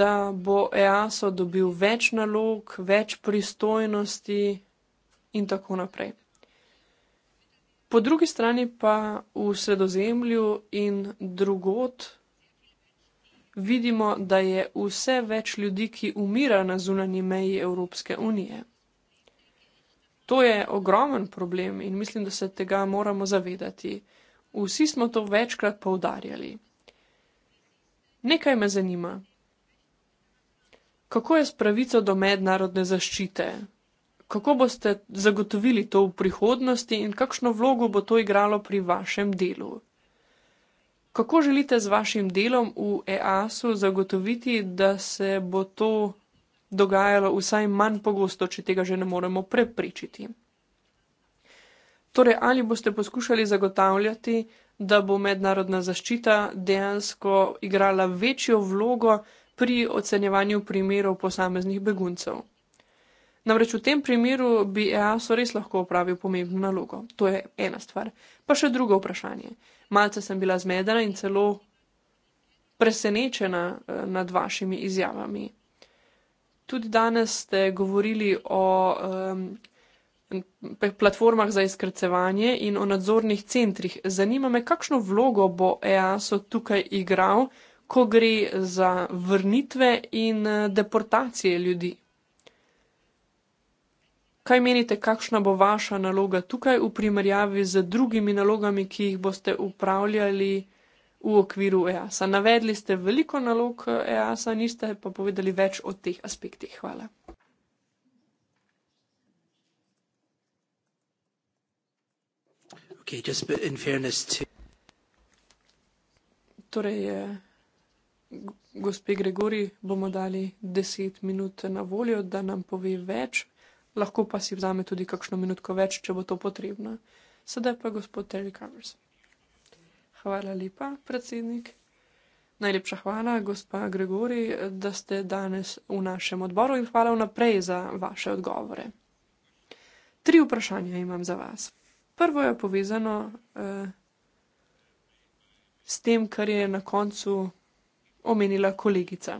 [SPEAKER 3] da bo EASO dobil več nalog, več pristojnosti in tako naprej. Po drugi strani pa v sredozemlju in drugot vidimo, da je vse več ljudi, ki umira na zunanji meji Evropske unije. To je ogromen problem in mislim, da se tega moramo zavedati. Vsi smo to večkrat poudarjali. Nekaj me zanima. Kako je s pravico do mednarodne zaščite? Kako boste zagotovili to v prihodnosti in kakšno vlogo bo to igralo pri vašem delu? Kako želite z vašim delom v EAS-u zagotoviti, da se bo to dogajalo vsaj manj pogosto, če tega že ne moremo prepričiti. Torej, ali boste poskušali zagotavljati, da bo mednarodna zaščita dejansko igrala večjo vlogo pri ocenjevanju primerov posameznih beguncev? Namreč v tem primeru bi EASO res lahko upravil pomembno nalogo. To je ena stvar. Pa še drugo vprašanje. Malce sem bila zmedena in celo presenečena eh, nad vašimi izjavami. Tudi danes ste govorili o um, platformah za izkrcevanje in o nadzornih centrih. Zanima me, kakšno vlogo bo EASO tukaj igral, ko gre za vrnitve in eh, deportacije ljudi. Kaj menite, kakšna bo vaša naloga tukaj v primerjavi z drugimi nalogami, ki jih boste upravljali? v okviru EASA. Navedli ste veliko nalog EASA, niste pa povedali več o teh aspektih.
[SPEAKER 1] Hvala. Okay,
[SPEAKER 3] torej, eh, gospe Gregori, bomo dali deset minut na voljo, da nam pove več, lahko pa si vzame tudi kakšno minutko več, če bo to potrebno. Sedaj pa gospod Terry Covers. Hvala lepa, predsednik. Najlepša hvala, gospa Gregori, da ste danes v našem odboru in hvala vnaprej za vaše odgovore. Tri vprašanja imam za vas. Prvo je povezano eh, s tem, kar je na koncu omenila kolegica.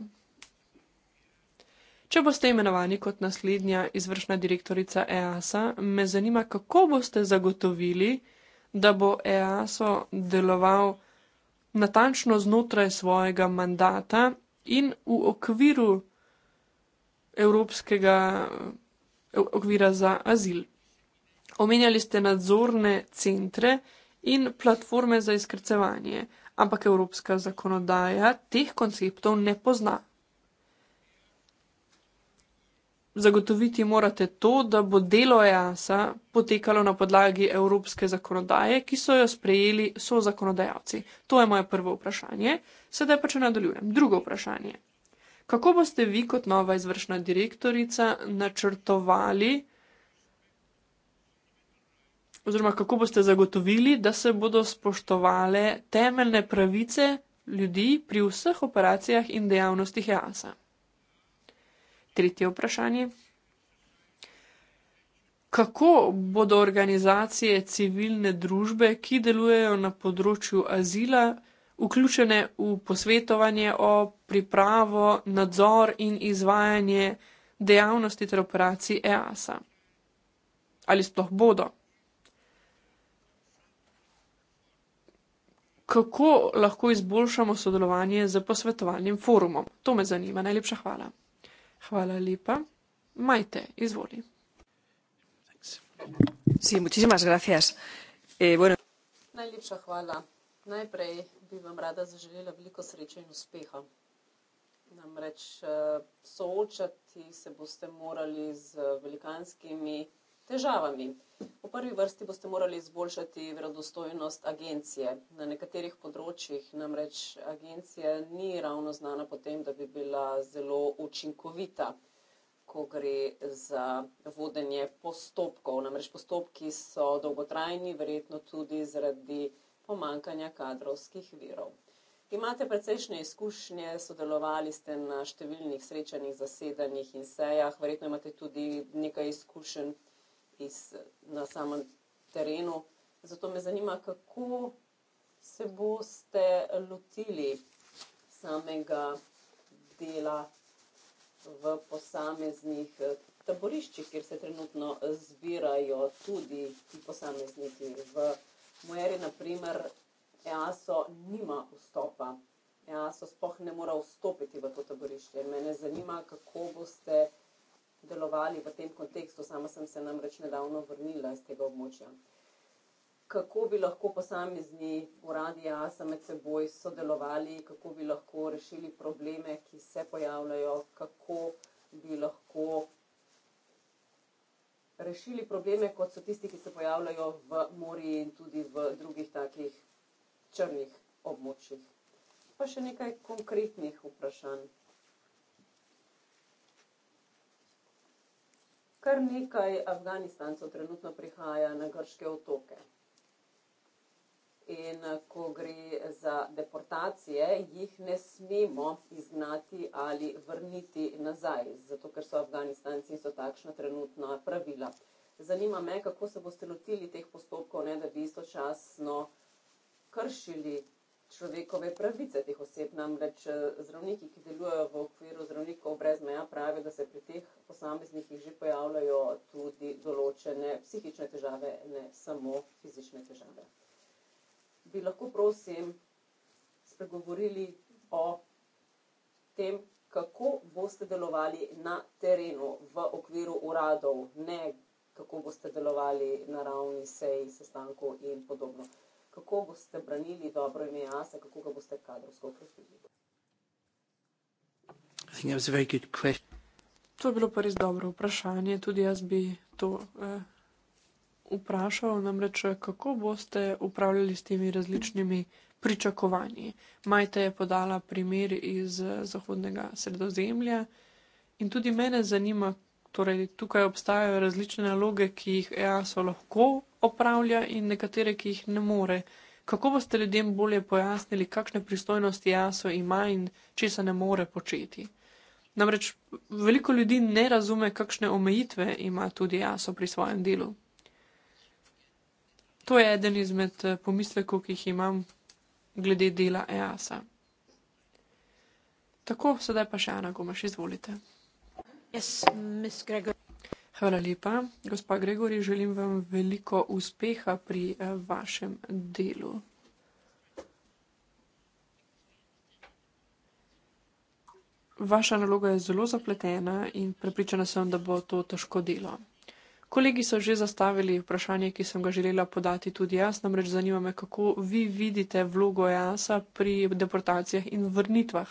[SPEAKER 3] Če boste imenovani kot naslednja izvršna direktorica EASA, me zanima, kako boste zagotovili, da bo EASO deloval natančno znotraj svojega mandata in v okviru evropskega eh, okvira za azil. Omenjali ste nadzorne centre in platforme za izkrcevanje, ampak evropska zakonodaja teh konceptov ne pozna zagotoviti morate to, da bo delo EASA potekalo na podlagi evropske zakonodaje, ki so jo sprejeli so zakonodajalci. To je moje prvo vprašanje. Sedaj pa če nadaljujem. Drugo vprašanje. Kako boste vi kot nova izvršna direktorica načrtovali, oziroma kako boste zagotovili, da se bodo spoštovale temeljne pravice ljudi pri vseh operacijah in dejavnostih EASA? Tretje vprašanje. Kako bodo organizacije civilne družbe, ki delujejo na področju azila, vključene v posvetovanje o pripravo, nadzor in izvajanje dejavnosti ter operacij EASA? Ali sploh bodo? Kako lahko izboljšamo sodelovanje z posvetovalnim forumom? To me zanima. Najlepša hvala. Hvala lepa. Majte, izvoli. Sí, muchísimas gracias. Eh, bueno.
[SPEAKER 4] Najlepša hvala. Najprej bi vam rada zaželela veliko sreče in uspeha. Namreč eh, soočati se boste morali z velikanskimi težavami. V prvi vrsti boste morali izboljšati verodostojnost agencije. Na nekaterih področjih namreč agencija ni ravno znana po tem, da bi bila zelo učinkovita, ko gre za vodenje postopkov. Namreč postopki so dolgotrajni, verjetno tudi zaradi pomankanja kadrovskih virov. Imate precejšnje izkušnje, sodelovali ste na številnih srečanjih, zasedanjih in sejah, verjetno imate tudi nekaj izkušenj iz, na samem terenu. Zato me zanima, kako se boste lotili samega dela v posameznih eh, taboriščih, kjer se trenutno zbirajo tudi ti posamezniki. V Mojeri, na primer, EASO nima vstopa. EASO spoh ne mora vstopiti v to taborišče. Mene zanima, kako boste delovali v tem kontekstu. Sama sem se namreč nedavno vrnila iz tega območja. Kako bi lahko posamezni uradi ASA med seboj sodelovali, kako bi lahko rešili probleme, ki se pojavljajo, kako bi lahko rešili probleme, kot so tisti, ki se pojavljajo v morju in tudi v drugih takih črnih območjih. Pa še nekaj konkretnih vprašanj. kar nekaj Afganistancev trenutno prihaja na grške otoke. In ko gre za deportacije, jih ne smemo izgnati ali vrniti nazaj, zato ker so Afganistanci in so takšna trenutna pravila. Zanima me, kako se boste lotili teh postopkov, ne da bi istočasno kršili človekove pravice teh oseb. Namreč eh, zdravniki, ki delujejo v okviru zdravnikov brez meja, pravijo, da se pri teh posameznikih že pojavljajo tudi določene psihične težave, ne samo fizične težave. Bi lahko, prosim, spregovorili o tem, kako boste delovali na terenu v okviru uradov, ne kako boste delovali na ravni sej, sestankov in podobno kako boste branili dobro ime Asa, kako ga boste kadrovsko okrepili?
[SPEAKER 3] To je bilo pa res dobro vprašanje. Tudi jaz bi to eh, vprašal, namreč eh, kako boste upravljali s temi različnimi pričakovanji. Majte je podala primer iz eh, Zahodnega sredozemlja in tudi mene zanima, Torej, tukaj obstajajo različne naloge, ki jih EASO lahko opravlja in nekatere, ki jih ne more. Kako boste ljudem bolje pojasnili, kakšne pristojnosti EASO ima in česa ne more početi? Namreč veliko ljudi ne razume, kakšne omejitve ima tudi EASO pri svojem delu. To je eden izmed eh, pomislekov, ki jih imam glede dela EASA. Tako, sedaj pa še ena goma, še izvolite. Hvala lepa. Gospa Gregory, želim vam veliko uspeha pri eh, vašem delu. Vaša naloga je zelo zapletena in prepričana sem, da bo to težko delo. Kolegi so že zastavili vprašanje, ki sem ga želela podati tudi jaz, namreč zanima me, kako vi vidite vlogo JASA pri deportacijah in vrnitvah.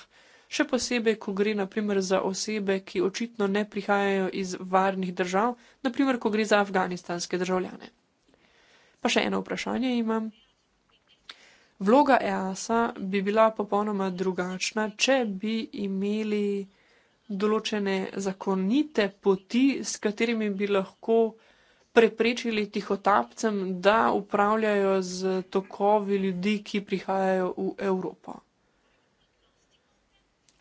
[SPEAKER 3] Še posebej, ko gre naprimer za osebe, ki očitno ne prihajajo iz varnih držav, naprimer, ko gre za afganistanske državljane. Pa še eno vprašanje imam. Vloga EASA bi bila popolnoma drugačna, če bi imeli določene zakonite poti, s katerimi bi lahko preprečili tihotapcem, da upravljajo z tokovi ljudi, ki prihajajo v Evropo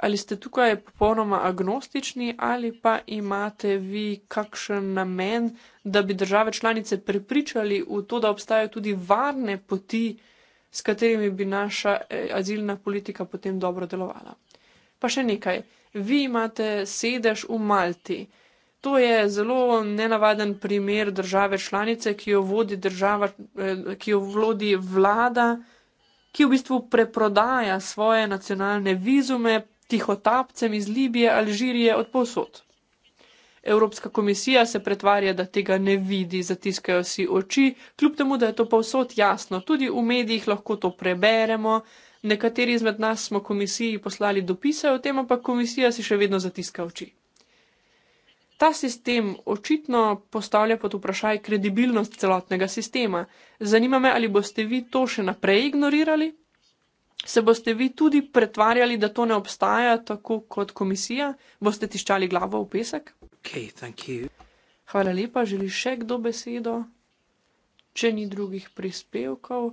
[SPEAKER 3] ali ste tukaj popolnoma agnostični ali pa imate vi kakšen namen, da bi države članice prepričali v to, da obstajajo tudi varne poti, s katerimi bi naša e, azilna politika potem dobro delovala. Pa še nekaj. Vi imate sedež v Malti. To je zelo nenavaden primer države članice, ki jo vodi država, e, ki jo vlodi vlada, ki v bistvu preprodaja svoje nacionalne vizume tihotapcem iz Libije, Alžirije, od posod. Evropska komisija se pretvarja, da tega ne vidi, zatiskajo si oči, kljub temu, da je to povsod jasno, tudi v medijih lahko to preberemo. Nekateri izmed nas smo komisiji poslali dopise o tem, ampak komisija si še vedno zatiska oči. Ta sistem očitno postavlja pod vprašaj kredibilnost celotnega sistema. Zanima me, ali boste vi to še naprej ignorirali Se boste vi tudi pretvarjali, da to ne obstaja, tako kot komisija? Boste tiščali glavo v pesek? Okay, Hvala lepa, želi še kdo besedo? Če ni drugih prispevkov,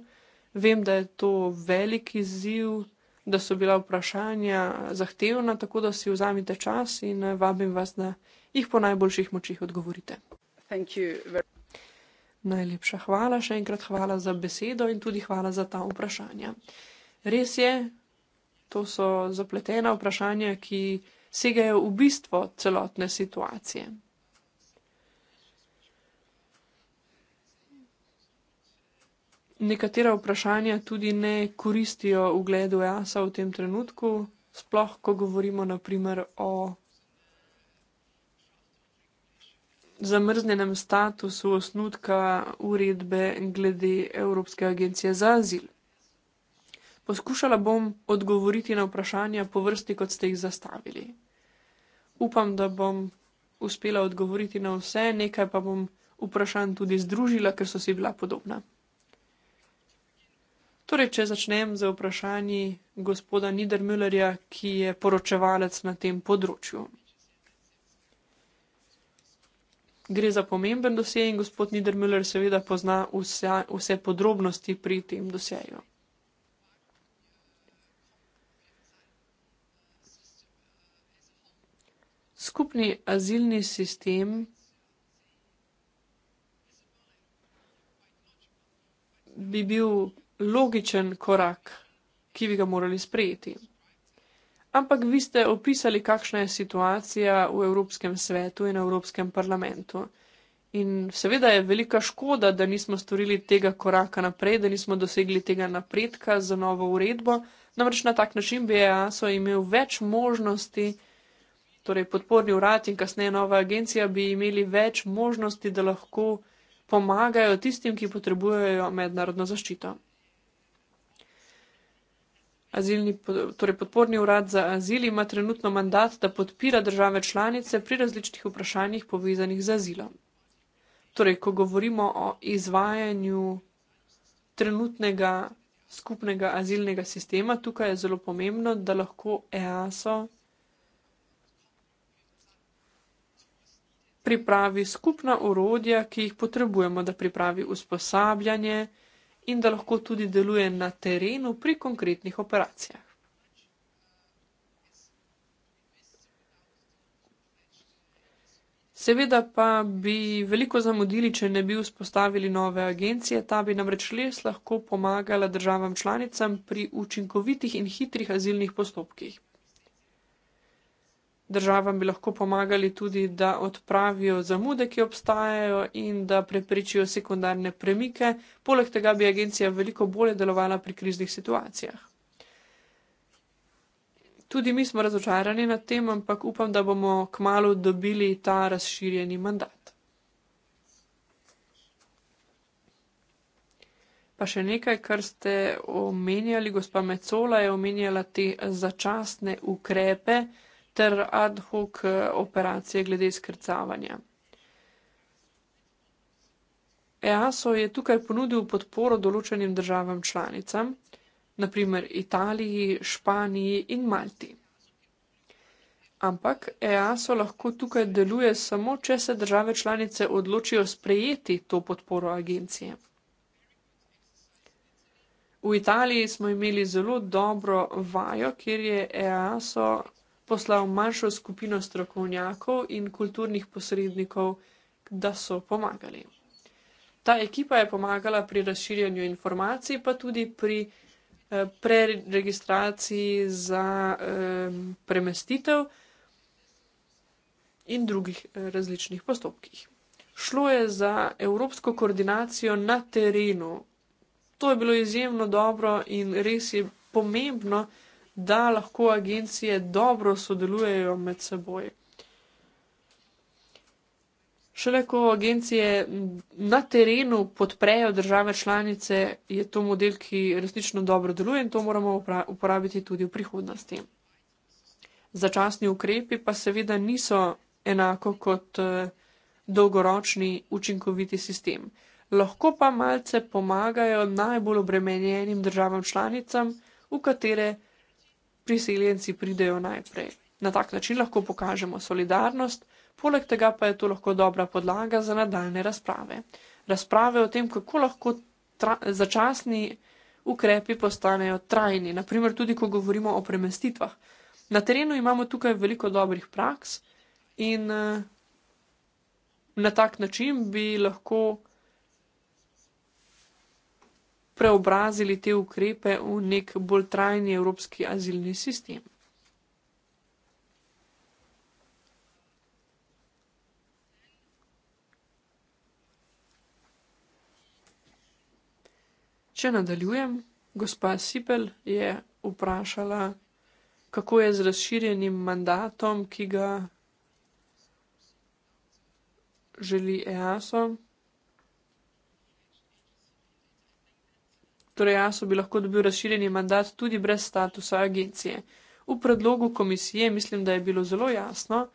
[SPEAKER 3] vem, da je to velik izziv, da so bila vprašanja zahtevna, tako da si vzamite čas in eh, vabim vas, da jih po najboljših močih odgovorite. Najlepša hvala, še enkrat hvala za besedo in tudi hvala za ta vprašanja. Res je, to so zapletena vprašanja, ki segajo v bistvo celotne situacije. Nekatera vprašanja tudi ne koristijo ugledu jasa v tem trenutku, sploh ko govorimo naprimer o zamrznenem statusu osnutka uredbe glede Evropske agencije za azil. Poskušala bom odgovoriti na vprašanja po vrsti, kot ste jih zastavili. Upam, da bom uspela odgovoriti na vse, nekaj pa bom vprašanj tudi združila, ker so si bila podobna. Torej, če začnem z vprašanji gospoda Niedermüllerja, ki je poročevalec na tem področju. Gre za pomemben dosej in gospod Niedermüller seveda pozna vse, vse podrobnosti pri tem dosejju. skupni azilni sistem, bi bil logičen korak, ki bi ga morali sprejeti. Ampak vi ste opisali, kakšna je situacija v Evropskem svetu in Evropskem parlamentu. In seveda je velika škoda, da nismo storili tega koraka naprej, da nismo dosegli tega napredka za novo uredbo, namreč na tak način bi EASO imel več možnosti, torej podporni urad in kasneje nova agencija, bi imeli več možnosti, da lahko pomagajo tistim, ki potrebujejo mednarodno zaščito. Azilni, torej podporni urad za azil ima trenutno mandat, da podpira države članice pri različnih vprašanjih povezanih z azilom. Torej, ko govorimo o izvajanju trenutnega skupnega azilnega sistema, tukaj je zelo pomembno, da lahko EASO pripravi skupna orodja, ki jih potrebujemo, da pripravi usposabljanje in da lahko tudi deluje na terenu pri konkretnih operacijah. Seveda pa bi veliko zamudili, če ne bi vzpostavili nove agencije, ta bi namreč res lahko pomagala državam članicam pri učinkovitih in hitrih azilnih postopkih državam bi lahko pomagali tudi, da odpravijo zamude, ki obstajajo in da preprečijo sekundarne premike. Poleg tega bi agencija veliko bolje delovala pri kriznih situacijah. Tudi mi smo razočarani nad tem, ampak upam, da bomo kmalo dobili ta razširjeni mandat. Pa še nekaj, kar ste omenjali, gospa Mecola je omenjala te začasne ukrepe ter ad hoc eh, operacije glede skrcavanja. EASO je tukaj ponudil podporo določenim državam članicam, naprimer Italiji, Španiji in Malti. Ampak EASO lahko tukaj deluje samo, če se države članice odločijo sprejeti to podporo agencije. V Italiji smo imeli zelo dobro vajo, kjer je EASO poslal manjšo skupino strokovnjakov in kulturnih posrednikov, da so pomagali. Ta ekipa je pomagala pri razširjanju informacij, pa tudi pri eh, preregistraciji za eh, premestitev in drugih eh, različnih postopkih. Šlo je za evropsko koordinacijo na terenu. To je bilo izjemno dobro in res je pomembno, da da lahko agencije dobro sodelujejo med seboj. Šele ko agencije na terenu podprejo države članice, je to model, ki resnično dobro deluje in to moramo uporabiti tudi v prihodnosti. Začasni ukrepi pa seveda niso enako kot eh, dolgoročni učinkoviti sistem. Lahko pa malce pomagajo najbolj obremenjenim državam članicam, v katere priseljenci pridejo najprej. Na tak način lahko pokažemo solidarnost, poleg tega pa je to lahko dobra podlaga za nadaljne razprave. Razprave o tem, kako lahko začasni ukrepi postanejo trajni, naprimer tudi, ko govorimo o premestitvah. Na terenu imamo tukaj veliko dobrih praks in eh, na tak način bi lahko preobrazili te ukrepe v nek bolj trajni evropski azilni sistem. Če nadaljujem, gospa Sipel je vprašala, kako je z razširjenim mandatom, ki ga želi EASO. torej Jaso bi lahko dobil razširjeni mandat tudi brez statusa agencije. V predlogu komisije mislim, da je bilo zelo jasno,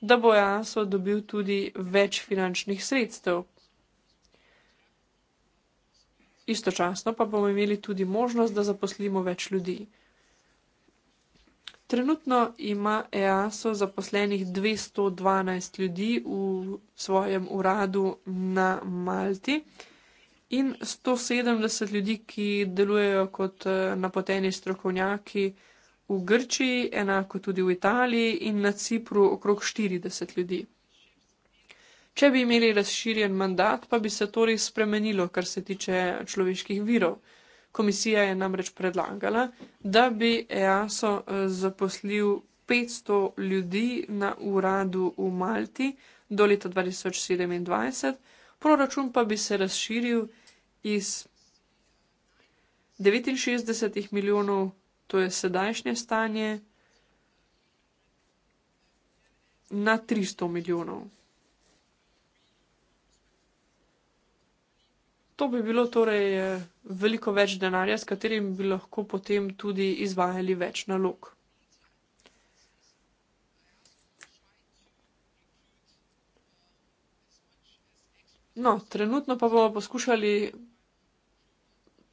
[SPEAKER 3] da bo Jaso dobil tudi več finančnih sredstev. Istočasno pa bomo imeli tudi možnost, da zaposlimo več ljudi. Trenutno ima EASO zaposlenih 212 ljudi v svojem uradu na Malti in 170 ljudi, ki delujejo kot eh, napoteni strokovnjaki v Grčiji, enako tudi v Italiji in na Cipru okrog 40 ljudi. Če bi imeli razširjen mandat, pa bi se torej spremenilo, kar se tiče človeških virov. Komisija je namreč predlagala, da bi EASO eh, zaposlil 500 ljudi na uradu v Malti do leta 2027 proračun pa bi se razširil iz 69 milijonov, to je sedajšnje stanje, na 300 milijonov. To bi bilo torej eh, veliko več denarja, s katerim bi lahko potem tudi izvajali več nalog. No, trenutno pa bomo poskušali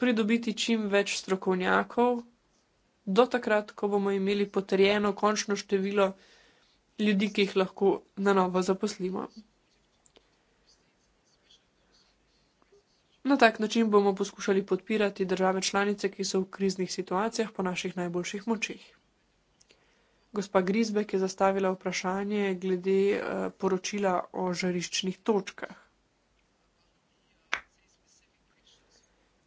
[SPEAKER 3] pridobiti čim več strokovnjakov, do takrat, ko bomo imeli potrjeno končno število ljudi, ki jih lahko na novo zaposlimo. Na tak način bomo poskušali podpirati države članice, ki so v kriznih situacijah po naših najboljših močeh. Gospa Grizbek je zastavila vprašanje glede eh, poročila o žariščnih točkah.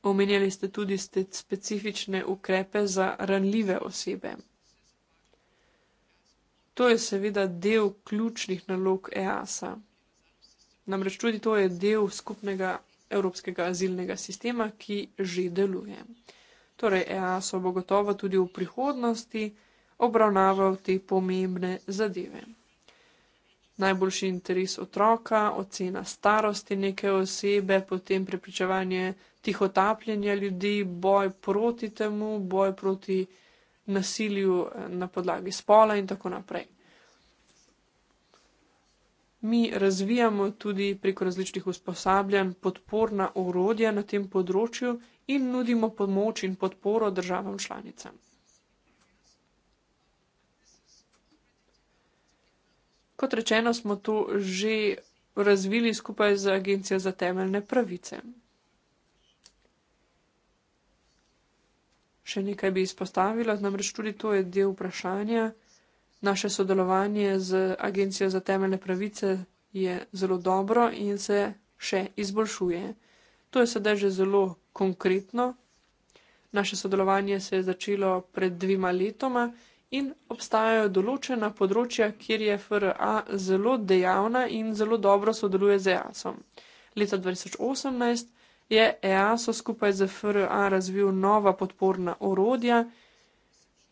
[SPEAKER 3] Omenjali ste tudi ste specifične ukrepe za ranljive osebe. To je seveda del ključnih nalog EASA. Namreč tudi to je del skupnega evropskega azilnega sistema, ki že deluje. Torej EASA bo gotovo tudi v prihodnosti obravnaval te pomembne zadeve. Najboljši interes otroka, ocena starosti neke osebe, potem prepričevanje tihotapljenje ljudi, boj proti temu, boj proti nasilju eh, na podlagi spola in tako naprej. Mi razvijamo tudi preko različnih usposabljanj podporna orodja na tem področju in nudimo pomoč in podporo državam članicam. Kot rečeno, smo to že razvili skupaj z Agencijo za temeljne pravice. Še nekaj bi izpostavila, namreč tudi to je del vprašanja. Naše sodelovanje z Agencijo za temeljne pravice je zelo dobro in se še izboljšuje. To je sedaj že zelo konkretno. Naše sodelovanje se je začelo pred dvima letoma in obstajajo določena področja, kjer je FRA zelo dejavna in zelo dobro sodeluje z EASO. Leta 2018 je EASO skupaj z FRA razvil nova podporna orodja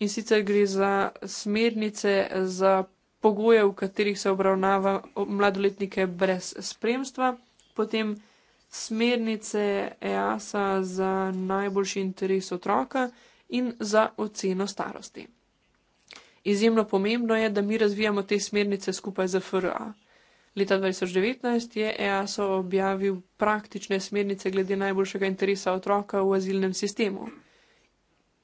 [SPEAKER 3] in sicer gre za smernice za pogoje, v katerih se obravnava mladoletnike brez spremstva, potem smernice EASA za najboljši interes otroka in za oceno starosti. Izjemno pomembno je, da mi razvijamo te smernice skupaj z FRA. Leta 2019 je EASO objavil praktične smernice glede najboljšega interesa otroka v azilnem sistemu.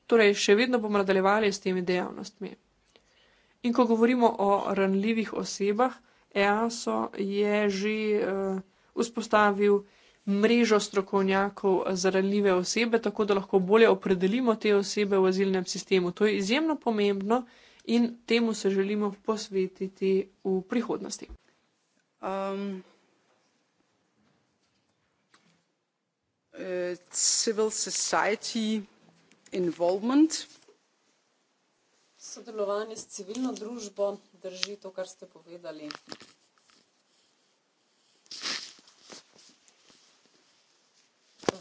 [SPEAKER 3] Torej, še vedno bomo nadaljevali s temi dejavnostmi. In ko govorimo o ranljivih osebah, EASO je že uh, vzpostavil mrežo strokovnjakov za ranljive osebe, tako da lahko bolje opredelimo te osebe v azilnem sistemu. To je izjemno pomembno in temu se želimo posvetiti v prihodnosti
[SPEAKER 1] um, uh, civil society involvement.
[SPEAKER 4] Sodelovanje s civilno družbo drži to, kar ste povedali.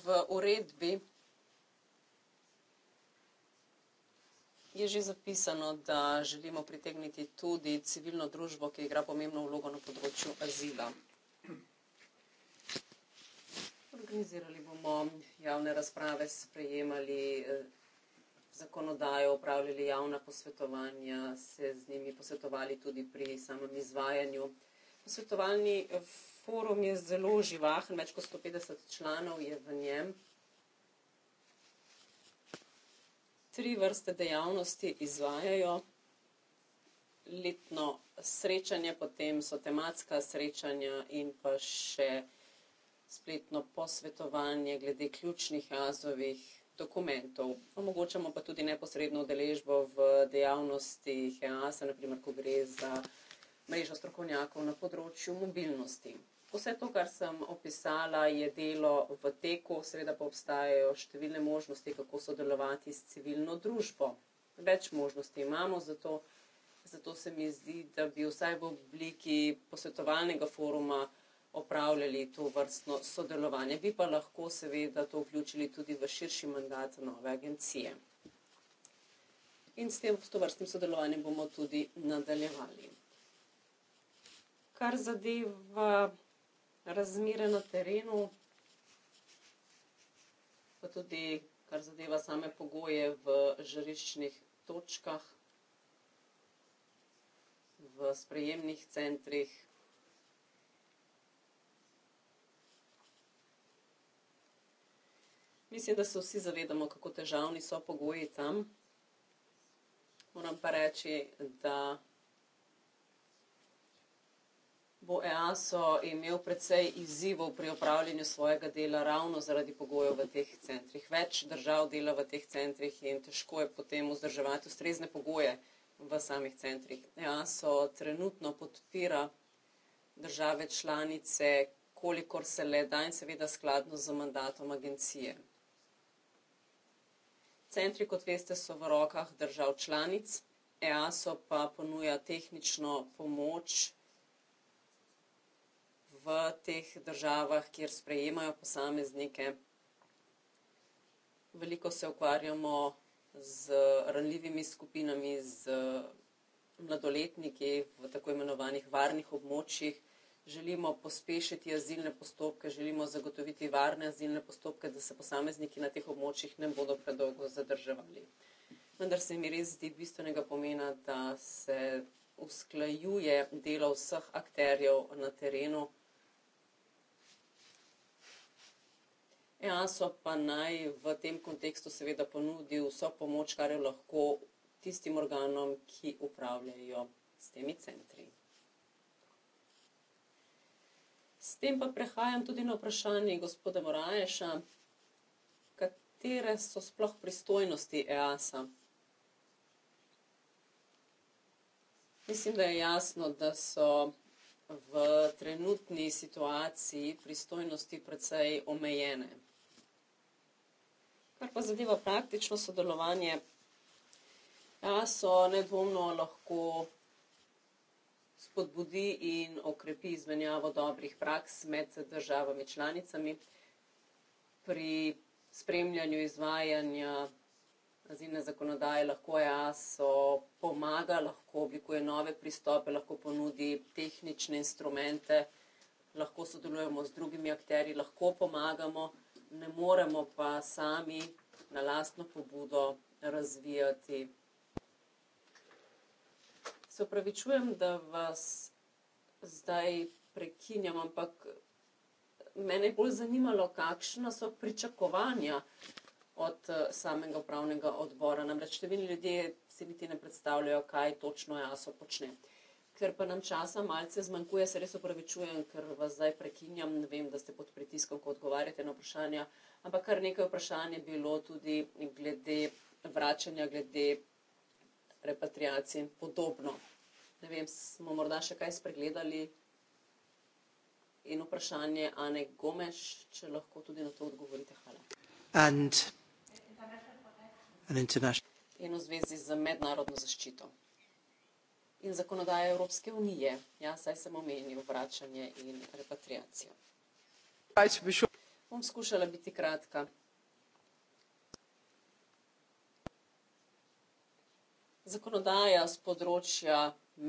[SPEAKER 4] V uredbi je že zapisano, da želimo pritegniti tudi civilno družbo, ki igra pomembno vlogo na področju azila. Organizirali bomo javne razprave, sprejemali eh, zakonodajo, upravljali javna posvetovanja, se z njimi posvetovali tudi pri samem izvajanju. Posvetovalni eh, forum je zelo živahen, več kot 150 članov je v njem. tri vrste dejavnosti izvajajo. Letno srečanje, potem so tematska srečanja in pa še spletno posvetovanje glede ključnih jazovih dokumentov. Omogočamo pa tudi neposredno udeležbo v dejavnostih EASA, naprimer, ko gre za mrežo strokovnjakov na področju mobilnosti. Vse to, kar sem opisala, je delo v teku, seveda pa obstajajo številne možnosti, kako sodelovati s civilno družbo. Več možnosti imamo, zato, zato se mi zdi, da bi vsaj v obliki posvetovalnega foruma opravljali to vrstno sodelovanje. Bi pa lahko seveda to vključili tudi v širši mandat nove agencije. In s tem s to vrstnim sodelovanjem bomo tudi nadaljevali. Kar zadeva razmere na terenu, pa tudi, kar zadeva same pogoje v žariščnih točkah, v sprejemnih centrih, Mislim, da se vsi zavedamo, kako težavni so pogoji tam. Moram pa reči, da bo EASO imel precej izzivov pri upravljanju svojega dela ravno zaradi pogojev v teh centrih. Več držav dela v teh centrih in težko je potem vzdrževati ustrezne pogoje v samih centrih. EASO trenutno podpira države članice, kolikor se le da in seveda skladno z mandatom agencije. Centri, kot veste, so v rokah držav članic, EASO pa ponuja tehnično pomoč teh državah, kjer sprejemajo posameznike. Veliko se ukvarjamo z ranljivimi skupinami, z mladoletniki v tako imenovanih varnih območjih. Želimo pospešiti azilne postopke, želimo zagotoviti varne azilne postopke, da se posamezniki na teh območjih ne bodo predolgo zadrževali. Vendar se mi res zdi bistvenega pomena, da se usklajuje delo vseh akterjev na terenu. EASO ja, pa naj v tem kontekstu seveda ponudi vso pomoč, kar je lahko tistim organom, ki upravljajo s temi centri. S tem pa prehajam tudi na vprašanje gospoda Morajša, katere so sploh pristojnosti EASA. Mislim, da je jasno, da so v trenutni situaciji pristojnosti precej omejene. Kar pa zadeva praktično sodelovanje, ja, so nedvomno lahko spodbudi in okrepi izmenjavo dobrih praks med državami članicami pri spremljanju izvajanja azilne zakonodaje lahko EASO ja, pomaga, lahko oblikuje nove pristope, lahko ponudi tehnične instrumente, lahko sodelujemo z drugimi akteri, lahko pomagamo ne moremo pa sami na lastno pobudo razvijati. Se upravičujem, da vas zdaj prekinjam, ampak mene je bolj zanimalo, kakšna so pričakovanja od eh, samega upravnega odbora. Namreč številni ljudje si niti ne predstavljajo, kaj točno jaz počnem ker pa nam časa malce zmanjkuje, se res upravičujem, ker vas zdaj prekinjam, ne vem, da ste pod pritiskom, ko odgovarjate na vprašanja, ampak kar nekaj vprašanj je bilo tudi glede vračanja, glede repatriacije in podobno. Ne vem, smo morda še kaj spregledali in vprašanje Ane Gomeš, če lahko tudi na to odgovorite.
[SPEAKER 1] Hvala. In
[SPEAKER 4] v zvezi z mednarodno zaščito in zakonodaje Evropske unije. Ja, saj sem omenil vračanje in repatriacijo. Kaj bi šel? Bom skušala biti kratka. Zakonodaja z področja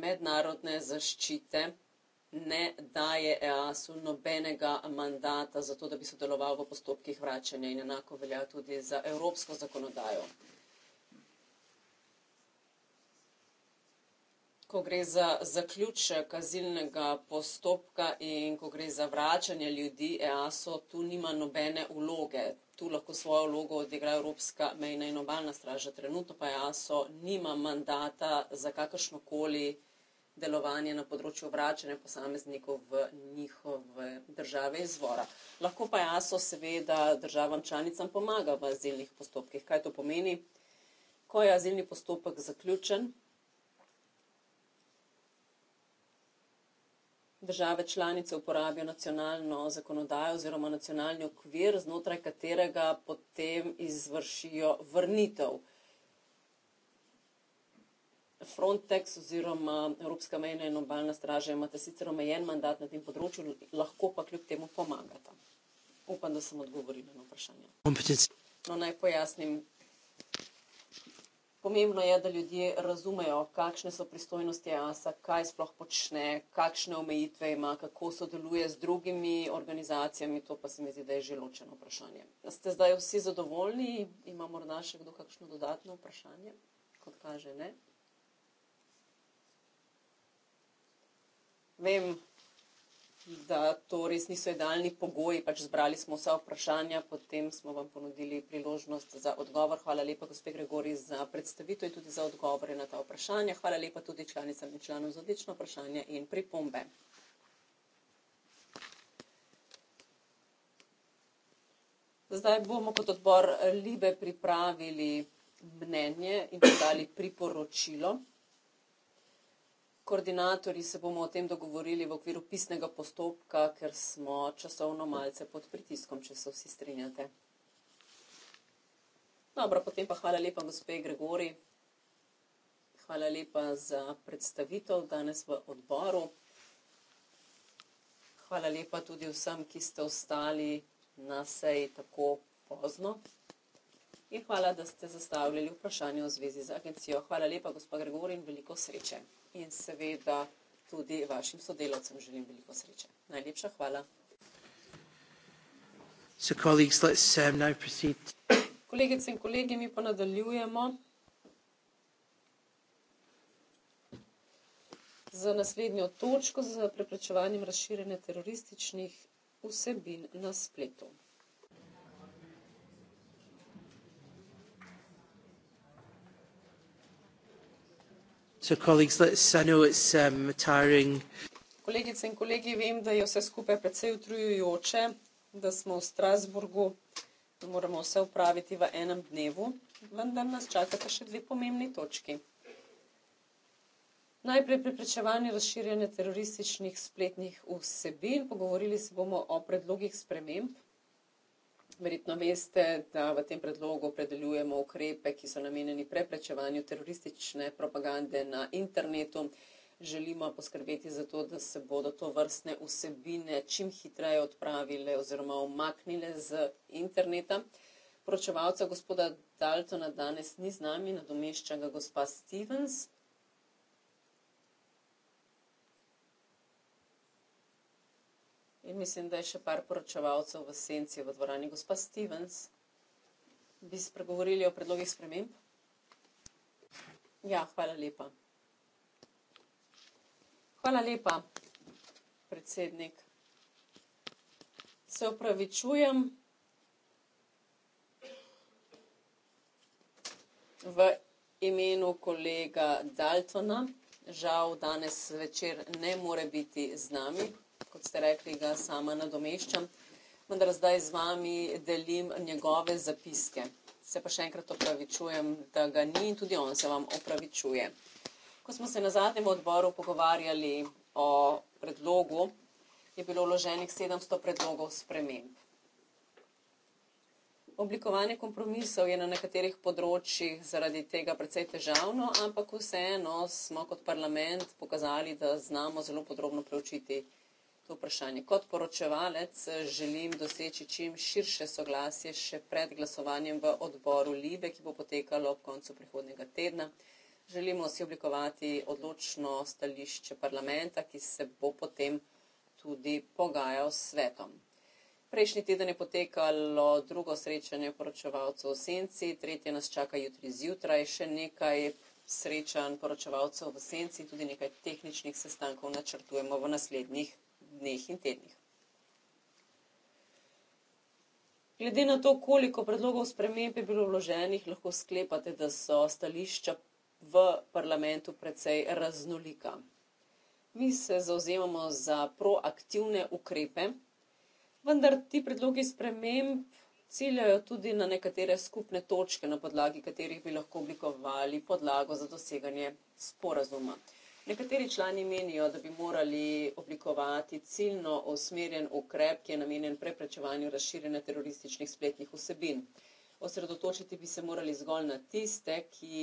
[SPEAKER 4] mednarodne zaščite ne daje EAS-u nobenega mandata za to, da bi sodeloval v postopkih vračanja in enako velja tudi za evropsko zakonodajo. ko gre za zaključek kazilnega postopka in ko gre za vračanje ljudi, EASO tu nima nobene vloge. Tu lahko svojo vlogo odigra Evropska mejna in obaljna straža. Trenutno pa EASO nima mandata za kakršnokoli delovanje na področju vračanja posameznikov v njihove države izvora. Lahko pa EASO seveda državam članicam pomaga v azilnih postopkih. Kaj to pomeni? Ko je azilni postopek zaključen, države članice uporabijo nacionalno zakonodajo oziroma nacionalni okvir, znotraj katerega potem izvršijo vrnitev. Frontex oziroma Evropska mejna in obaljna straža imate sicer omejen mandat na tem področju, lahko pa kljub temu pomagata. Upam, da sem odgovorila na vprašanje. No, naj pojasnim, Pomembno je, da ljudje razumejo, kakšne so pristojnosti ASA, kaj sploh počne, kakšne omejitve ima, kako sodeluje z drugimi organizacijami. To pa se mi zdi, da je že ločeno vprašanje. Ste zdaj vsi zadovoljni? Ima morda še kdo kakšno dodatno vprašanje? Kot kaže, ne. Vem, da to res niso idealni pogoji, pač zbrali smo vsa vprašanja, potem smo vam ponudili priložnost za odgovor. Hvala lepa, gospe Gregori, za predstavitev in tudi za odgovore na ta vprašanja. Hvala lepa tudi članicam in članom za odlično vprašanje in pripombe. Zdaj bomo kot odbor Libe pripravili mnenje in podali priporočilo koordinatorji se bomo o tem dogovorili v okviru pisnega postopka, ker smo časovno malce pod pritiskom, če se vsi strinjate. Dobro, potem pa hvala lepa, gospe Gregori. Hvala lepa za predstavitev danes v odboru. Hvala lepa tudi vsem, ki ste ostali na seji tako pozno in hvala, da ste zastavljali vprašanje v zvezi z agencijo. Hvala lepa, gospod Gregor, in veliko sreče. In seveda tudi vašim sodelavcem želim veliko sreče. Najlepša hvala. Um, Kolegice in kolegi, mi pa nadaljujemo z naslednjo točko, z preprečevanjem razširjanja terorističnih vsebin na spletu. Um, kolegice in kolegi vem da je vse skupaj precej utrujajoče da smo v strasbourgu da moramo vse opraviti v enem dnevu vendar nas čakata še dve pomembni točki Najprej preprečevanje razširjanja terorističnih spletnih vsebin. Pogovorili se bomo o predlogih sprememb verjetno veste, da v tem predlogu predeljujemo ukrepe, ki so namenjeni preprečevanju teroristične propagande na internetu. Želimo poskrbeti za to, da se bodo to vrstne vsebine čim hitreje odpravile oziroma omaknile z interneta. Poročevalca gospoda Daltona danes ni z nami, nadomešča ga gospa Stevens. In mislim, da je še par poročevalcev v senci v dvorani, gospa Stevens. Bi spregovorili o predlogih sprememb? Ja, hvala lepa. Hvala lepa, predsednik. Se opravičujem. V imenu kolega Daltona, žal danes večer ne more biti z nami, kot ste rekli, ga sama nadomeščam, vendar zdaj z vami delim njegove zapiske. Se pa še enkrat opravičujem, da ga ni in tudi on se vam opravičuje. Ko smo se na zadnjem odboru pogovarjali o predlogu, je bilo vloženih 700 predlogov sprememb. Oblikovanje kompromisov je na nekaterih področjih zaradi tega precej težavno, ampak vseeno smo kot parlament pokazali, da znamo zelo podrobno preučiti to vprašanje. Kot poročevalec eh, želim doseči čim širše soglasje še pred glasovanjem v odboru Libe, ki bo potekalo ob koncu prihodnega tedna. Želimo si oblikovati odločno stališče parlamenta, ki se bo potem tudi pogajal s svetom. Prejšnji teden je potekalo drugo srečanje poročevalcev v Senci, tretje nas čaka jutri zjutraj, še nekaj srečanj poročevalcev v Senci, tudi nekaj tehničnih sestankov načrtujemo v naslednjih dneh in tednih. Glede na to, koliko predlogov sprememb je bilo vloženih, lahko sklepate, da so stališča v parlamentu precej raznolika. Mi se zauzemamo za proaktivne ukrepe, vendar ti predlogi sprememb ciljajo tudi na nekatere skupne točke, na podlagi katerih bi lahko oblikovali podlago za doseganje sporazuma. Nekateri člani menijo, da bi morali oblikovati ciljno usmerjen ukrep, ki je namenjen preprečevanju razširjanja terorističnih spletnih vsebin. Osredotočiti bi se morali zgolj na tiste, ki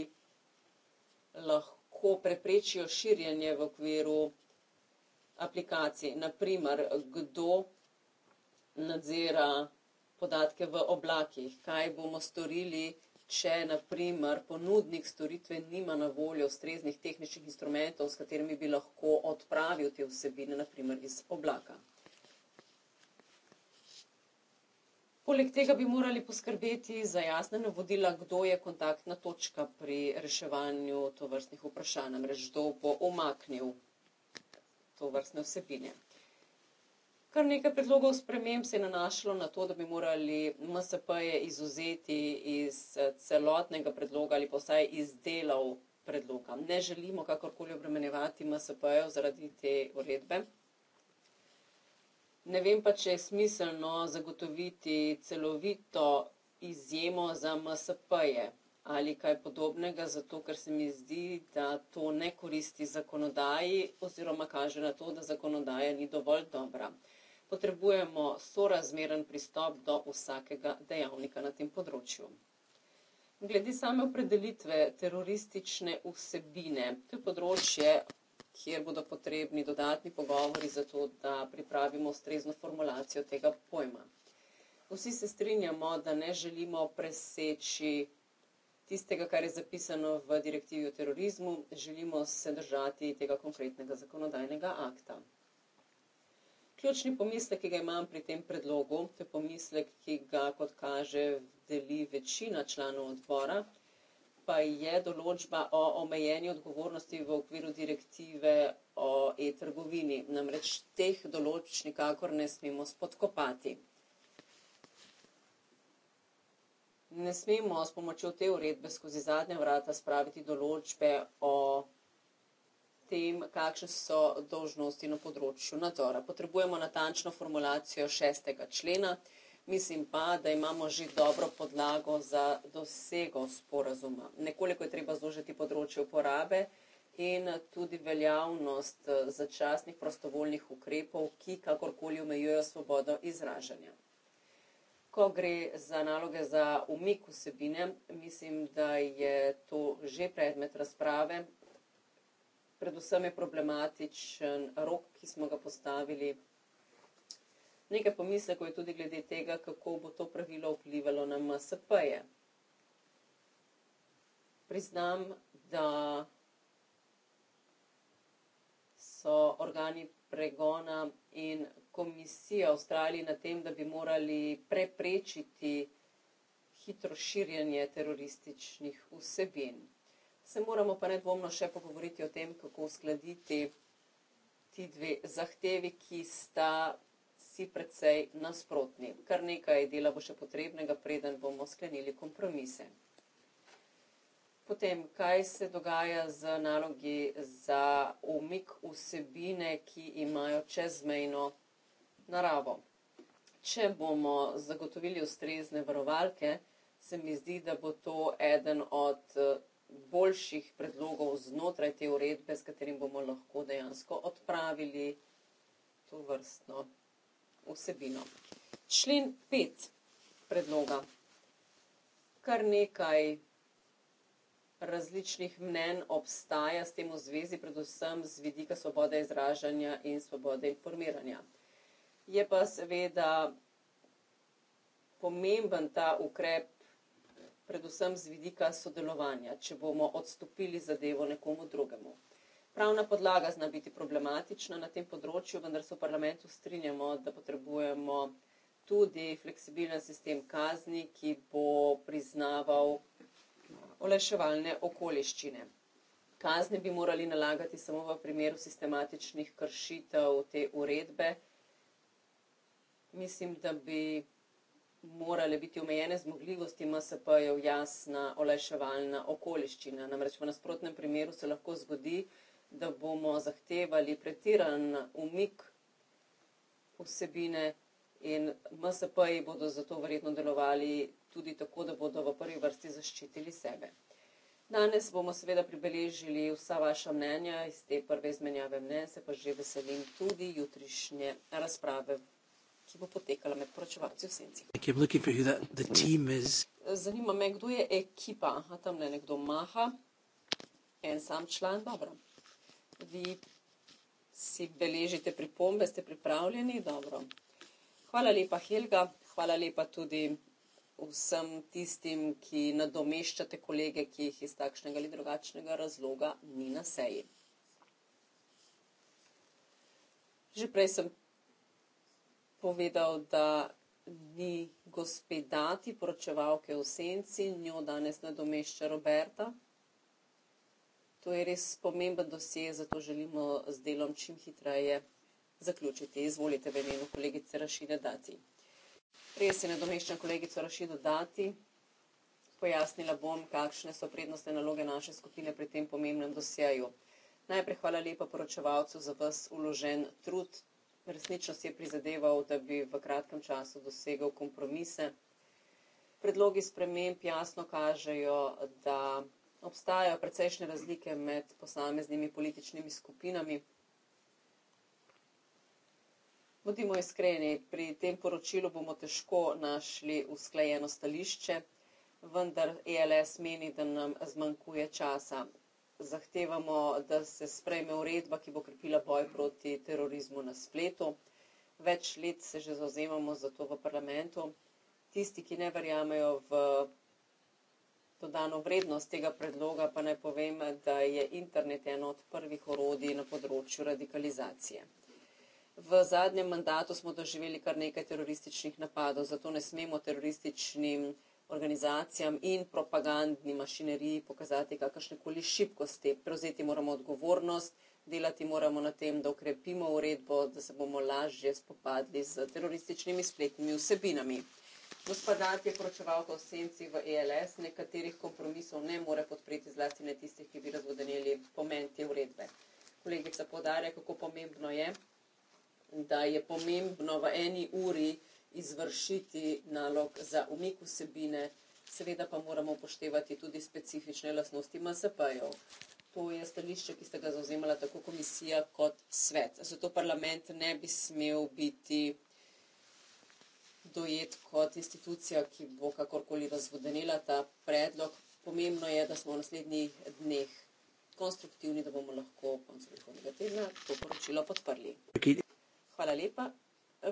[SPEAKER 4] lahko preprečijo širjenje v okviru aplikacij. Naprimer, kdo nadzira podatke v oblakih, kaj bomo storili, če naprimer ponudnik storitve nima na voljo ustreznih tehničnih instrumentov, s katerimi bi lahko odpravil te vsebine, naprimer iz oblaka. Poleg tega bi morali poskrbeti za jasne navodila, kdo je kontaktna točka pri reševanju tovrstnih vprašanj, namreč kdo bo omaknil tovrstne vsebine. Kar nekaj predlogov sprememb se je nanašalo na to, da bi morali MSP-je izuzeti iz eh, celotnega predloga ali pa vsaj iz delov predloga. Ne želimo kakorkoli obremenjevati MSP-jev zaradi te uredbe. Ne vem pa, če je smiselno zagotoviti celovito izjemo za MSP-je ali kaj podobnega, zato ker se mi zdi, da to ne koristi zakonodaji oziroma kaže na to, da zakonodaja ni dovolj dobra potrebujemo sorazmeren pristop do vsakega dejavnika na tem področju. Glede same opredelitve teroristične vsebine, to je področje, kjer bodo potrebni dodatni pogovori za to, da pripravimo ustrezno formulacijo tega pojma. Vsi se strinjamo, da ne želimo preseči tistega, kar je zapisano v direktivi o terorizmu, želimo se držati tega konkretnega zakonodajnega akta. Ključni pomislek, ki ga imam pri tem predlogu, to je pomislek, ki ga, kot kaže, deli večina članov odbora, pa je določba o omejeni odgovornosti v okviru direktive o e-trgovini. Namreč teh določb nikakor ne smemo spodkopati. Ne smemo s pomočjo te uredbe skozi zadnja vrata spraviti določbe o tem, kakšne so dožnosti na področju nadzora. Potrebujemo natančno formulacijo šestega člena, mislim pa, da imamo že dobro podlago za dosego sporazuma. Nekoliko je treba zložiti področje uporabe in tudi veljavnost eh, začasnih prostovoljnih ukrepov, ki kakorkoli omejujejo svobodo izražanja. Ko gre za naloge za umik vsebine, mislim, da je to že predmet razprave predvsem je problematičen rok, ki smo ga postavili. Nekaj pomislekov je tudi glede tega, kako bo to pravilo vplivalo na MSP-je. Priznam, da so organi pregona in komisija Avstralije na tem, da bi morali preprečiti hitro širjenje terorističnih vsebin se moramo pa nedvomno še pogovoriti o tem, kako uskladiti ti dve zahtevi, ki sta si precej nasprotni. Kar nekaj dela bo še potrebnega, preden bomo sklenili kompromise. Potem, kaj se dogaja z nalogi za umik vsebine, ki imajo čezmejno naravo? Če bomo zagotovili ustrezne varovalke, se mi zdi, da bo to eden od boljših predlogov znotraj te uredbe, s katerim bomo lahko dejansko odpravili to vrstno vsebino. Člen 5 predloga. Kar nekaj različnih mnen obstaja s tem v zvezi, predvsem z vidika svobode izražanja in svobode informiranja. Je pa seveda pomemben ta ukrep predvsem z vidika sodelovanja, če bomo odstopili zadevo nekomu drugemu. Pravna podlaga zna biti problematična na tem področju, vendar se v parlamentu strinjamo, da potrebujemo tudi fleksibilen sistem kazni, ki bo priznaval olajševalne okoliščine. Kazni bi morali nalagati samo v primeru sistematičnih kršitev te uredbe. Mislim, da bi morale biti omejene zmogljivosti MSP-jev jasna olajševalna okoliščina. Namreč v nasprotnem primeru se lahko zgodi, da bomo zahtevali pretiran umik vsebine in MSP-ji bodo zato verjetno delovali tudi tako, da bodo v prvi vrsti zaščitili sebe. Danes bomo seveda pribeležili vsa vaša mnenja iz te prve izmenjave mnen, se pa že veselim tudi jutrišnje razprave ki bo potekala med poročevalci v senci. Zanima me, kdo je ekipa. A tam le nekdo maha, en sam član, dobro. Vi si beležite pripombe, ste pripravljeni, dobro. Hvala lepa, Helga, hvala lepa tudi vsem tistim, ki nadomeščate kolege, ki jih iz takšnega ali drugačnega razloga ni na seji. Že prej sem povedal, da ni gospedati poročevalke v senci in njo danes nadomešča Roberta. To je res pomemben dosje, zato želimo z delom čim hitreje zaključiti. Izvolite v imenu kolegice Rašide Dati. Res je nadomeščena kolegica Rašida Dati. Pojasnila bom, kakšne so prednostne naloge naše skupine pri tem pomembnem dosjeju. Najprej hvala lepa poročevalcu za vas uložen trud, resnično si je prizadeval, da bi v kratkem času dosegel kompromise. Predlogi sprememb jasno kažejo, da obstajajo precejšnje razlike med posameznimi političnimi skupinami. Bodimo iskreni, pri tem poročilu bomo težko našli usklajeno stališče, vendar ELS meni, da nam zmanjkuje časa zahtevamo, da se sprejme uredba, ki bo krepila boj proti terorizmu na spletu. Več let se že zauzemamo za to v parlamentu. Tisti, ki ne verjamejo v dodano vrednost tega predloga, pa naj povem, da je internet eno od prvih orodij na področju radikalizacije. V zadnjem mandatu smo doživeli kar nekaj terorističnih napadov, zato ne smemo terorističnim napadom organizacijam in propagandni mašineriji pokazati kakršne koli šibkosti. Prevzeti moramo odgovornost, delati moramo na tem, da ukrepimo uredbo, da se bomo lažje spopadli z terorističnimi spletnimi vsebinami. Gospod Dat je poročevalka o senci v ELS, nekaterih kompromisov ne more podpreti zlasti ne tistih, ki bi razvodenili pomen te uredbe. Kolegica podarja, kako pomembno je, da je pomembno v eni uri izvršiti nalog za umik vsebine, seveda pa moramo upoštevati tudi specifične lastnosti MSP-jev. To je stališče, ki ste ga zauzemala tako komisija kot svet. Zato parlament ne bi smel biti dojet kot institucija, ki bo kakorkoli razvodenila ta predlog. Pomembno je, da smo v naslednjih dneh konstruktivni, da bomo lahko koncu prihodnega tedna to poročilo podprli. Hvala lepa.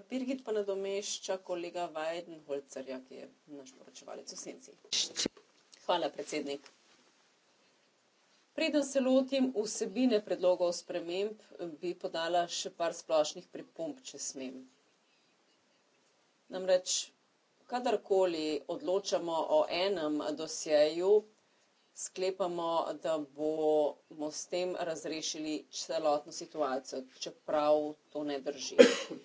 [SPEAKER 4] Pirgit pa nadomešča kolega Weidenholzerja, ki je naš poročevalec v senci. Hvala, predsednik. Preden se lotim vsebine predlogov sprememb, bi podala še par splošnih pripomp, če smem. Namreč, kadarkoli odločamo o enem dosjeju, sklepamo, da bomo s tem razrešili celotno situacijo, čeprav to ne drži.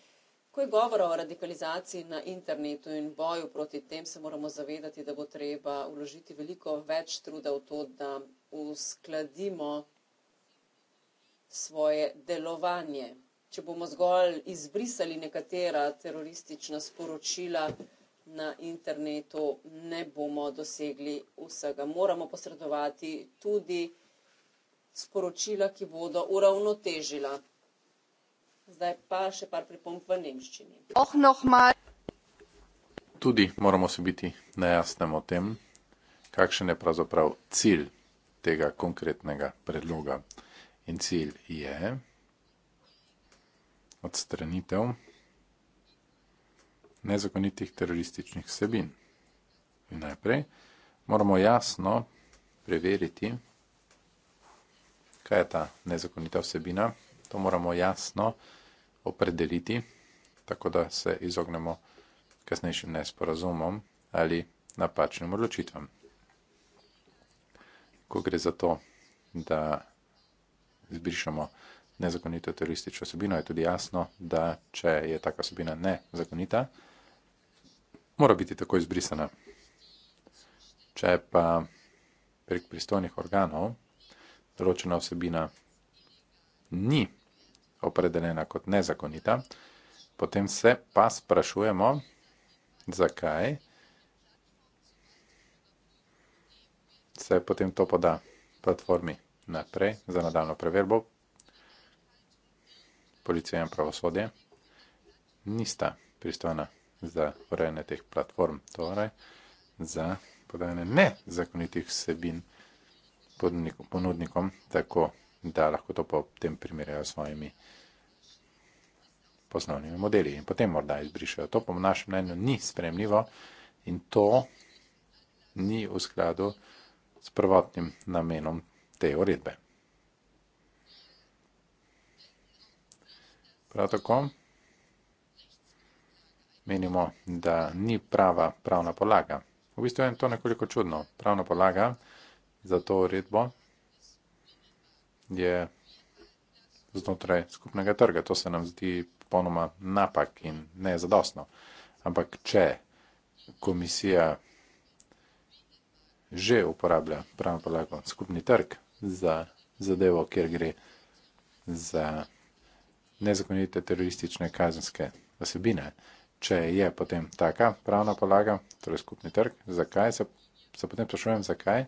[SPEAKER 4] Ko je govora o radikalizaciji na internetu in boju proti tem, se moramo zavedati, da bo treba uložiti veliko več truda v to, da uskladimo svoje delovanje. Če bomo zgolj izbrisali nekatera teroristična sporočila na internetu, ne bomo dosegli vsega. Moramo posredovati tudi sporočila, ki bodo uravnotežila Zdaj pa še par pripomp v nemščini.
[SPEAKER 2] Oh, no, Tudi moramo se biti najasnem o tem, kakšen je pravzaprav cilj tega konkretnega predloga. In cilj je odstranitev nezakonitih terorističnih vsebin. In najprej moramo jasno preveriti, kaj je ta nezakonita vsebina. To moramo jasno preveriti opredeliti, tako da se izognemo kasnejšim nesporazumom ali napačnim odločitvam. Ko gre za to, da izbrišemo nezakonito teroristično osebino, je tudi jasno, da če je taka osebina nezakonita, mora biti tako izbrisana. Če pa prek pristojnih organov določena osebina ni opredeljena kot nezakonita, potem se pa sprašujemo, zakaj se potem to poda platformi naprej za nadaljno preverbo. Policija in pravosodje nista pristojna za urejanje teh platform, torej za podajanje nezakonitih vsebin ponudnikom, tako da lahko to potem primerjajo s svojimi poslovnimi modeli in potem morda izbrišajo. To po našem mnenju ni spremljivo in to ni v skladu s prvotnim namenom te uredbe. Prav tako menimo, da ni prava pravna podlaga. V bistvu je to nekoliko čudno. Pravna podlaga za to uredbo je znotraj skupnega trga. To se nam zdi ponoma napak in ne zadostno. Ampak če komisija že uporablja pravno polago skupni trg za zadevo, kjer gre za nezakonite teroristične kazenske osebine, če je potem taka pravna polaga, torej skupni trg, zakaj se, se potem sprašujem, zakaj?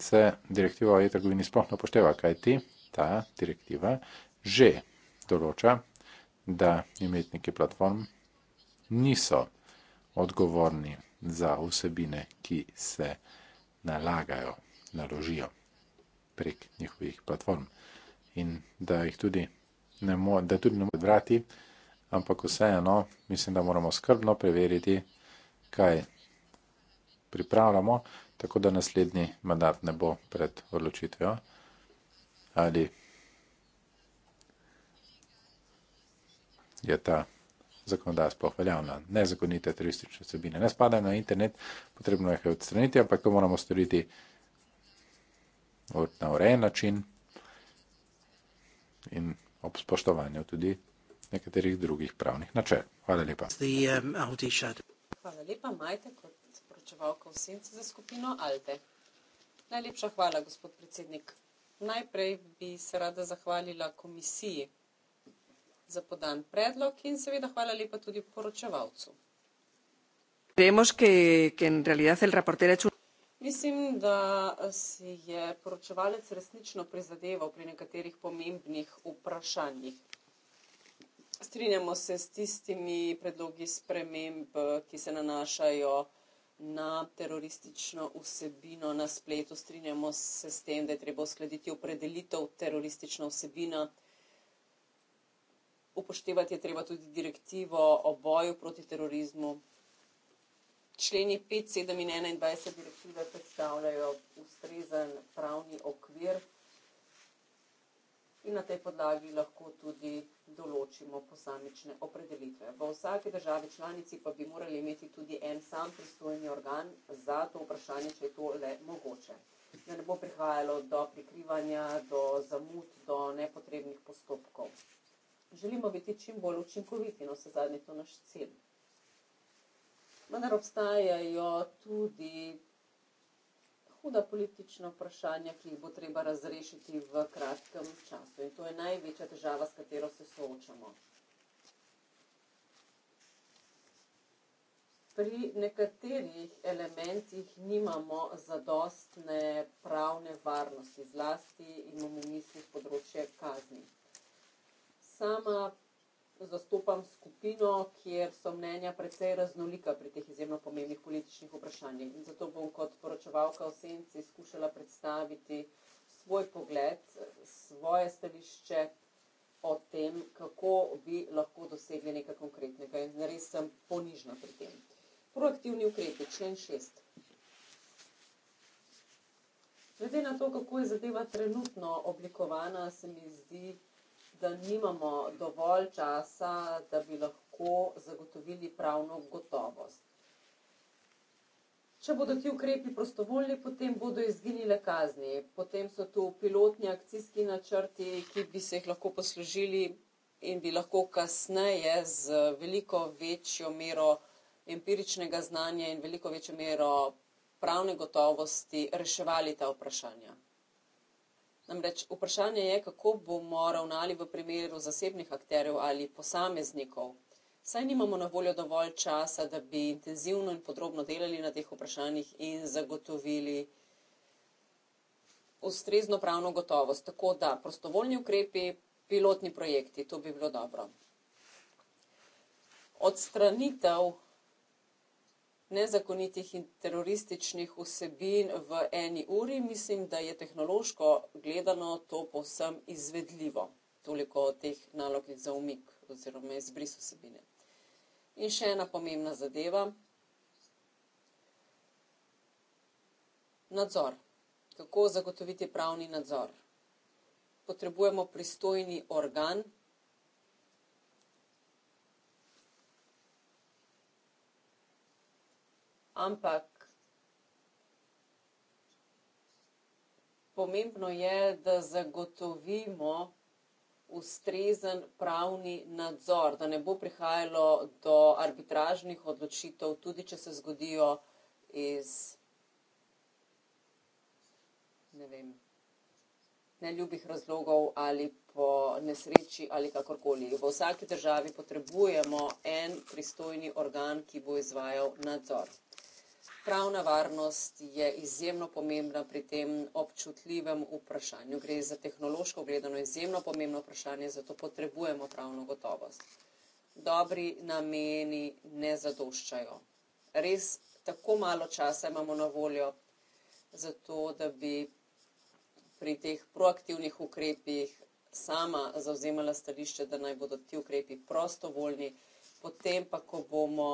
[SPEAKER 2] se direktiva o e-trgovini sploh ne upošteva, kajti ta direktiva že določa, da imetniki platform niso odgovorni za vsebine, ki se nalagajo, naložijo prek njihovih platform in da jih tudi ne more, da tudi ne more odvrati, ampak vseeno mislim, da moramo skrbno preveriti, kaj pripravljamo, tako da naslednji mandat ne bo pred odločitvijo ali je ta zakonodaja sploh veljavna. Nezakonite turistične vsebine ne spadajo na internet, potrebno jih je odstraniti, ampak to moramo storiti na urejen način in ob spoštovanju tudi nekaterih drugih pravnih načel. Hvala lepa. The, um,
[SPEAKER 4] Hvala lepa, majte kot. Varčevalka v senci za skupino Alde. Najlepša hvala, gospod predsednik. Najprej bi se rada zahvalila komisiji za podan predlog in seveda hvala lepa tudi poročevalcu. Mislim, da si je poročevalec resnično prizadeval pri nekaterih pomembnih vprašanjih. Strinjamo se s tistimi predlogi sprememb, ki se nanašajo na na teroristično vsebino na spletu. Strinjamo se s tem, da je treba uskladiti opredelitev teroristična vsebina. Upoštevati je treba tudi direktivo o boju proti terorizmu. Členi 5, 7 in 21 direktive predstavljajo ustrezen pravni okvir in na tej podlagi lahko tudi določimo posamične opredelitve. V vsaki državi članici pa bi morali imeti tudi en sam pristojni organ za to vprašanje, če je to le mogoče. Da ne bo prihajalo do prikrivanja, do zamud, do nepotrebnih postopkov. Želimo biti čim bolj učinkoviti, no vse zadnje je to naš cilj. Vendar obstajajo tudi huda politična vprašanja, ki jih bo treba razrešiti v kratkem času. In to je največja težava, s katero se soočamo. Pri nekaterih elementih nimamo zadostne pravne varnosti, zlasti imamo v mislih področje kazni. Sama zastopam skupino, kjer so mnenja precej raznolika pri teh izjemno pomembnih političnih vprašanjih. In zato bom kot poročevalka o senci skušala predstaviti svoj pogled, svoje stališče o tem, kako bi lahko dosegli nekaj konkretnega. In res sem ponižna pri tem. Proaktivni ukrepi, člen šest. Glede na to, kako je zadeva trenutno oblikovana, se mi zdi, da nimamo dovolj časa, da bi lahko zagotovili pravno gotovost. Če bodo ti ukrepi prostovoljni, potem bodo izginile kazni. Potem so tu pilotni akcijski načrti, ki bi se jih lahko poslužili in bi lahko kasneje z veliko večjo mero empiričnega znanja in veliko večjo mero pravne gotovosti reševali ta vprašanja. Namreč vprašanje je, kako bomo ravnali v primeru zasebnih akterjev ali posameznikov. Saj nimamo na voljo dovolj časa, da bi intenzivno in podrobno delali na teh vprašanjih in zagotovili ustrezno pravno gotovost. Tako da prostovoljni ukrepi, pilotni projekti, to bi bilo dobro. Odstranitev nezakonitih in terorističnih vsebin v eni uri, mislim, da je tehnološko gledano to povsem izvedljivo. Toliko teh nalog je za umik oziroma izbris vsebine. In še ena pomembna zadeva. Nadzor. Kako zagotoviti pravni nadzor? Potrebujemo pristojni organ, ampak pomembno je, da zagotovimo ustrezen pravni nadzor, da ne bo prihajalo do arbitražnih odločitev, tudi če se zgodijo iz ne vem, neljubih razlogov ali po nesreči ali kakorkoli. V vsaki državi potrebujemo en pristojni organ, ki bo izvajal nadzor. Pravna varnost je izjemno pomembna pri tem občutljivem vprašanju. Gre za tehnološko gledano izjemno pomembno vprašanje, zato potrebujemo pravno gotovost. Dobri nameni ne zadoščajo. Res tako malo časa imamo na voljo, zato da bi pri teh proaktivnih ukrepih sama zauzemala stališče, da naj bodo ti ukrepi prostovoljni, potem pa, ko bomo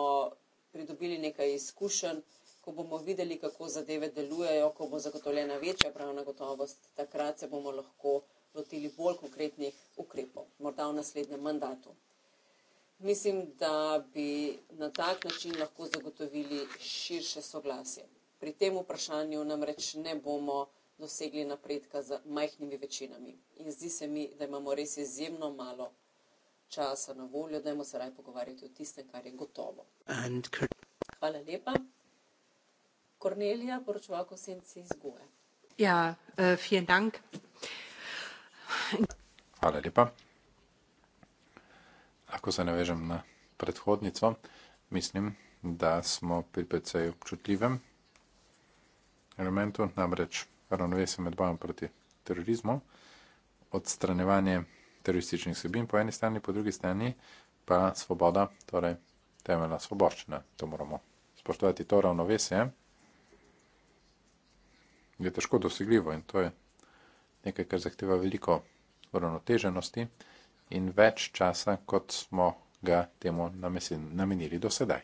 [SPEAKER 4] pridobili nekaj izkušenj, ko bomo videli, kako zadeve delujejo, ko bo zagotovljena večja pravna gotovost, takrat se bomo lahko lotili bolj konkretnih ukrepov, morda v naslednjem mandatu. Mislim, da bi na tak način lahko zagotovili širše soglasje. Pri tem vprašanju namreč ne bomo dosegli napredka z majhnimi večinami. In zdi se mi, da imamo res izjemno malo časa na voljo, da imamo se raj pogovarjati o tistem, kar je gotovo. Hvala lepa. Kornelija, poročevalka v senci izgube.
[SPEAKER 1] Ja, eh, vielen uh, Dank.
[SPEAKER 2] Hvala lepa. Lahko se navežem na predhodnico. Mislim, da smo pri precej občutljivem elementu, namreč ravnovesje med bojem proti terorizmu, odstranjevanje terorističnih sebin po eni strani, po drugi strani pa svoboda, torej temeljna svoboščina. To moramo spoštovati, to ravnovesje je težko dosegljivo in to je nekaj, kar zahteva veliko uravnoteženosti in več časa, kot smo ga temu namenili do sedaj.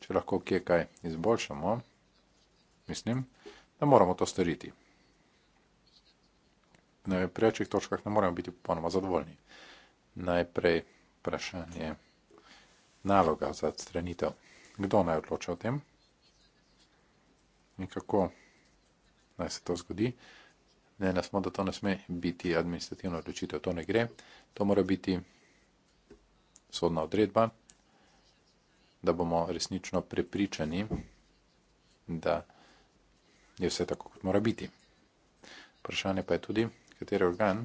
[SPEAKER 2] Če lahko kje kaj izboljšamo, mislim, da moramo to storiti. Na prejčih točkah ne moremo biti popolnoma zadovoljni. Najprej vprašanje naloga za odstranitev. Kdo naj odloča o tem? In kako da se to zgodi. Ne na smo, da to ne sme biti administrativna odločitev, to ne gre. To mora biti sodna odredba, da bomo resnično prepričani, da je vse tako, kot mora biti. Vprašanje pa je tudi, kateri organ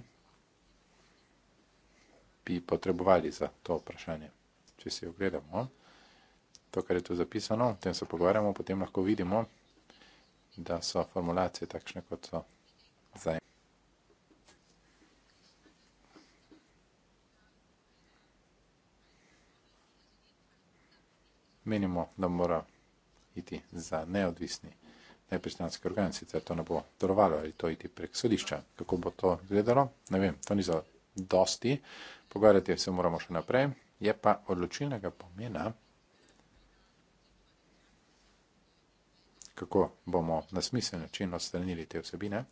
[SPEAKER 2] bi potrebovali za to vprašanje. Če si ogledamo to, kar je tu zapisano, o tem se pogovarjamo, potem lahko vidimo, da so formulacije takšne, kot so zdaj. Menimo, da mora iti za neodvisni nepristanski organ, sicer to ne bo delovalo ali to iti prek sodišča. Kako bo to gledalo? Ne vem, to ni za dosti. Pogovarjati se moramo še naprej. Je pa odločilnega pomena, kako bomo na smisel način odstranili te vsebine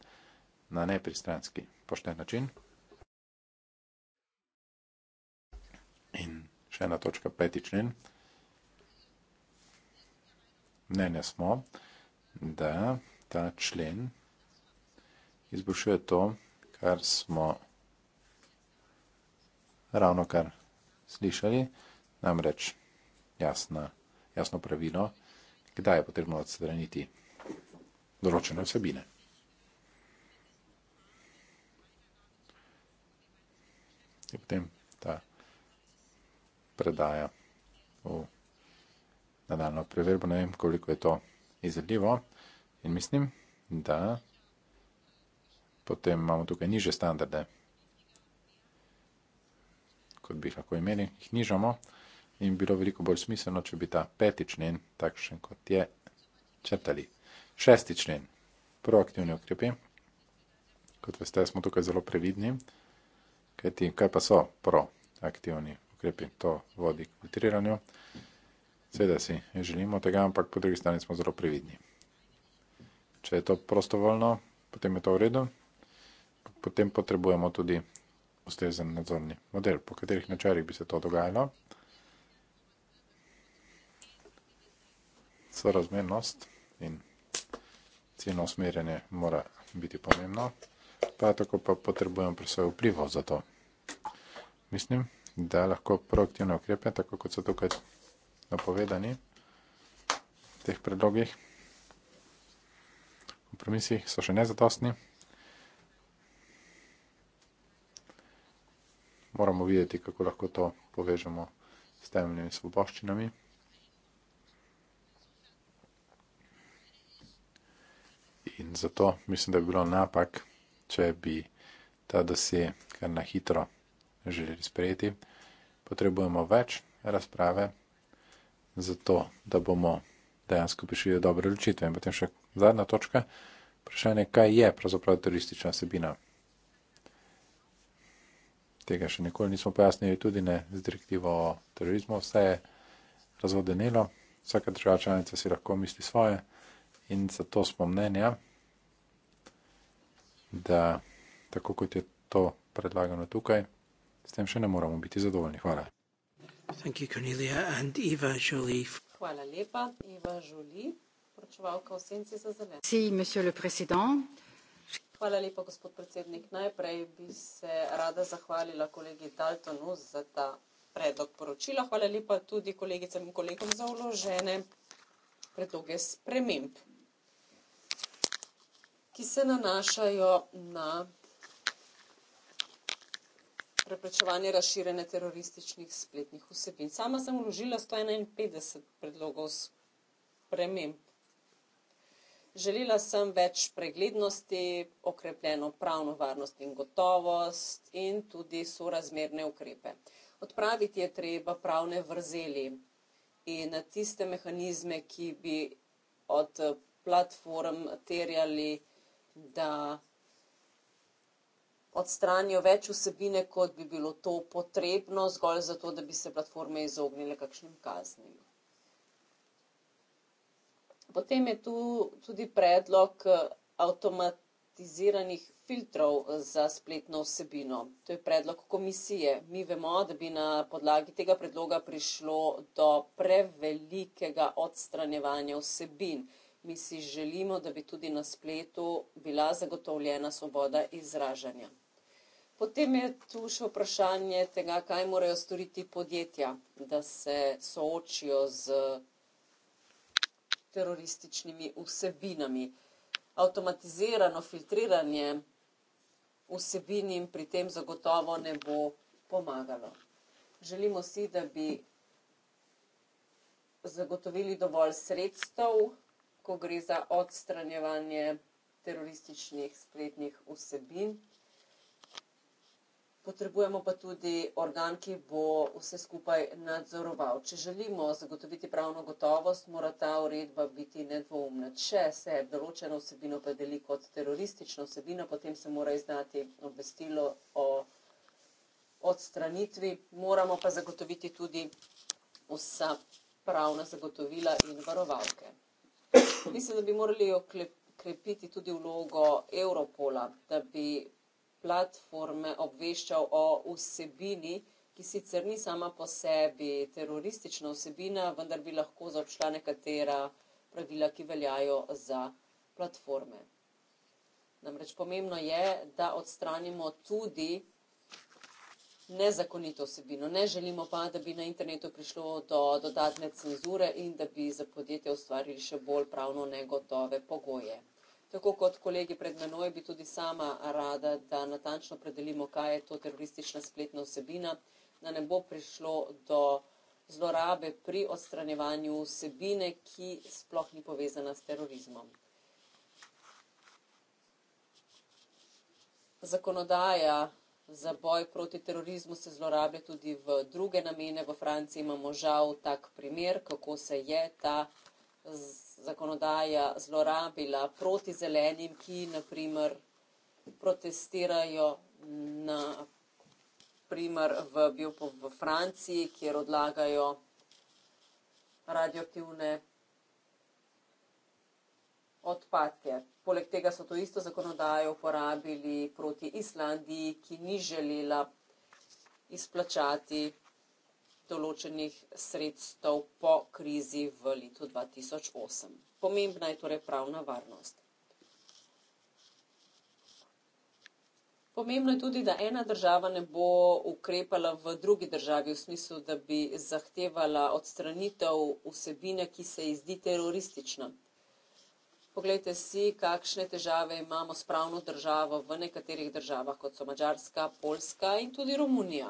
[SPEAKER 2] na nepristranski pošten način. In še ena točka, peti člen. Mnenja smo, da ta člen izboljšuje to, kar smo ravno kar slišali, namreč jasna, jasno pravilo, kdaj je potrebno odstraniti določene vsebine. In potem ta predaja v nadaljno preverbo, ne vem, koliko je to izredljivo. In mislim, da potem imamo tukaj niže standarde, kot bi jih lahko imeli, jih nižamo in bilo veliko bolj smiselno, če bi ta peti člen, takšen kot je, črtali. Šesti člen, proaktivni ukrepi. Kot veste, smo tukaj zelo previdni, kajti kaj pa so proaktivni ukrepi, to vodi k filtriranju. Seveda si želimo tega, ampak po drugi strani smo zelo previdni. Če je to prostovoljno, potem je to v redu. Potem potrebujemo tudi ustrezen nadzorni model, po katerih načelih bi se to dogajalo. sorazmernost in ceno usmerjanje mora biti pomembno, pa tako pa potrebujemo pri svojo vplivo za to. Mislim, da lahko proaktivne ukrepe, tako kot so tukaj napovedani v teh predlogih, kompromisih so še nezadostni. Moramo videti, kako lahko to povežemo s temeljnimi svoboščinami. in zato mislim, da bi bilo napak, če bi ta dosje kar na hitro želeli sprejeti. Potrebujemo več razprave, zato da bomo dejansko prišli do dobre ločitve. In potem še zadnja točka, vprašanje, kaj je pravzaprav turistična sebina. Tega še nikoli nismo pojasnili, tudi ne z direktivo o terorizmu, vse je razvodenilo, vsaka država članica si lahko misli svoje. In zato smo mnenja, da tako kot je to predlagano tukaj, s tem še ne moramo biti zadovoljni. Hvala.
[SPEAKER 1] Thank you, Cornelia and Eva Jolie.
[SPEAKER 4] Hvala lepa, Eva Žuli, poročevalka v senci za zeleno. Si,
[SPEAKER 1] monsieur le président.
[SPEAKER 4] Hvala lepa, gospod predsednik. Najprej bi se rada zahvalila kolegi Daltonu za ta predlog poročila. Hvala lepa tudi kolegicam in kolegom za uložene predloge sprememb ki se nanašajo na preprečevanje razširjene terorističnih spletnih vsebin. Sama sem vložila 151 predlogov sprememb. Želela sem več preglednosti, okrepljeno pravno varnost in gotovost in tudi sorazmerne ukrepe. Odpraviti je treba pravne vrzeli in tiste mehanizme, ki bi od platform terjali da odstranijo več vsebine, kot bi bilo to potrebno, zgolj zato, da bi se platforme izognile kakšnim kaznim. Potem je tu tudi predlog eh, avtomatiziranih filtrov za spletno vsebino. To je predlog komisije. Mi vemo, da bi na podlagi tega predloga prišlo do prevelikega odstranjevanja vsebin mi si želimo, da bi tudi na spletu bila zagotovljena svoboda izražanja. Potem je tu še vprašanje tega, kaj morajo storiti podjetja, da se soočijo z terorističnimi vsebinami. Avtomatizirano filtriranje vsebin jim pri tem zagotovo ne bo pomagalo. Želimo si, da bi zagotovili dovolj sredstev, ko gre za odstranjevanje terorističnih spletnih vsebin. Potrebujemo pa tudi organ, ki bo vse skupaj nadzoroval. Če želimo zagotoviti pravno gotovost, mora ta uredba biti nedvoumna. Če se določeno vsebino predeli kot teroristično vsebino, potem se mora izdati obvestilo o odstranitvi. Moramo pa zagotoviti tudi vsa pravna zagotovila in varovalke. Mislim, da bi morali okrepiti tudi vlogo Europola, da bi platforme obveščal o vsebini, ki sicer ni sama po sebi teroristična vsebina, vendar bi lahko zaobšla nekatera pravila, ki veljajo za platforme. Namreč pomembno je, da odstranimo tudi nezakonito osebino. Ne želimo pa, da bi na internetu prišlo do dodatne cenzure in da bi za podjetje ustvarili še bolj pravno negotove pogoje. Tako kot kolegi pred menoj bi tudi sama rada, da natančno predelimo, kaj je to teroristična spletna osebina, da ne bo prišlo do zlorabe pri odstranjevanju osebine, ki sploh ni povezana s terorizmom. Zakonodaja za boj proti terorizmu se zlorablja tudi v druge namene. V Franciji imamo žal tak primer, kako se je ta zakonodaja zlorabila proti zelenim, ki naprimer protestirajo na, primer, v, v Franciji, kjer odlagajo radioaktivne odpadke. Poleg tega so to isto zakonodajo uporabili proti Islandiji, ki ni želela izplačati določenih sredstev po krizi v letu 2008. Pomembna je torej pravna varnost. Pomembno je tudi, da ena država ne bo ukrepala v drugi državi v smislu, da bi zahtevala odstranitev vsebine, ki se ji zdi teroristična. Poglejte si, kakšne težave imamo s pravno državo v nekaterih državah, kot so Mačarska, Poljska in tudi Romunija.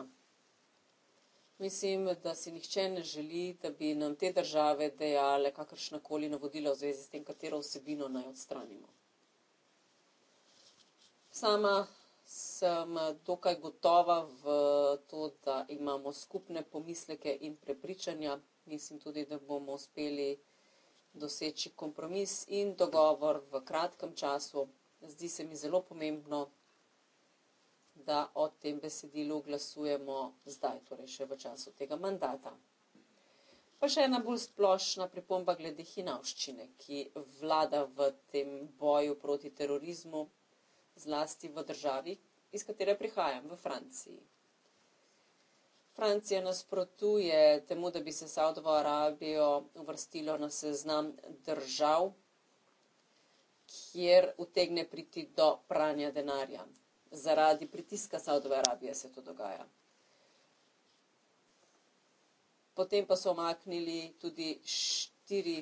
[SPEAKER 4] Mislim, da si nihče ne želi, da bi nam te države dejale kakršna koli navodila v zvezi s tem, katero vsebino naj odstranimo. Sama sem dokaj gotova v to, da imamo skupne pomisleke in prepričanja. Mislim tudi, da bomo uspeli doseči kompromis in dogovor v kratkem času. Zdi se mi zelo pomembno, da o tem besedilu glasujemo zdaj, torej še v času tega mandata. Pa še ena bolj splošna pripomba glede hinavščine, ki vlada v tem boju proti terorizmu, zlasti v državi, iz katere prihajam, v Franciji. Francija nasprotuje temu, da bi se Saudovo Arabijo uvrstilo na seznam držav, kjer utegne priti do pranja denarja. Zaradi pritiska Saudove Arabije se to dogaja. Potem pa so omaknili tudi štiri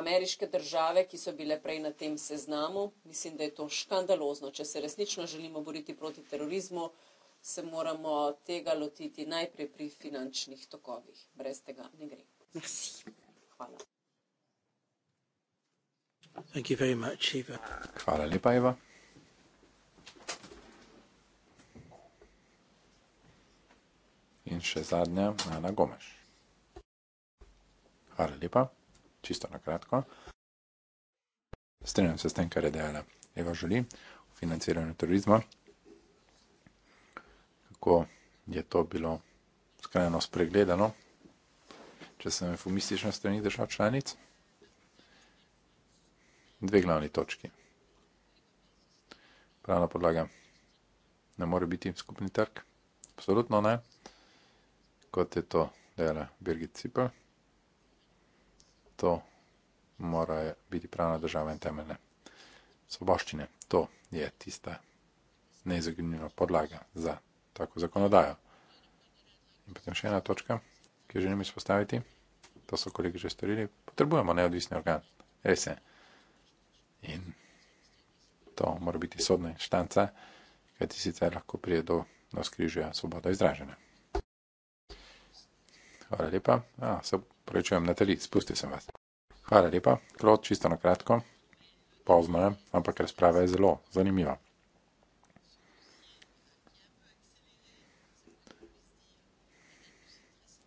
[SPEAKER 4] ameriške države, ki so bile prej na tem seznamu. Mislim, da je to škandalozno, če se resnično želimo boriti proti terorizmu se moramo tega lotiti najprej pri finančnih tokovih. Brez tega ne gre. Merci. Hvala.
[SPEAKER 1] Thank you very much, Eva.
[SPEAKER 2] Hvala lepa, Eva. In še zadnja, Ana Gomes. Hvala lepa, čisto na kratko. Strenjam se s tem, kar je dejala Eva Žuli o financiranju turizma kako je to bilo skrajno spregledano, če sem eufemističen strani držav članic. Dve glavni točki. Pravna podlaga ne more biti skupni trg, absolutno ne, kot je to dejala Birgit Cipel. To mora biti pravna država in temeljne svoboščine. To je tista neizogibna podlaga za tako zakonodajo. In potem še ena točka, ki jo želim izpostaviti, to so kolegi že storili, potrebujemo neodvisni organ, res je. In to mora biti sodna inštanca, kajti sicer lahko prije do naskrižja svoboda izražene. Hvala lepa, A, se prečujem, Natali, spustil sem vas. Hvala lepa, Klod, čisto na kratko, pozno je, ampak razprava je zelo zanimiva.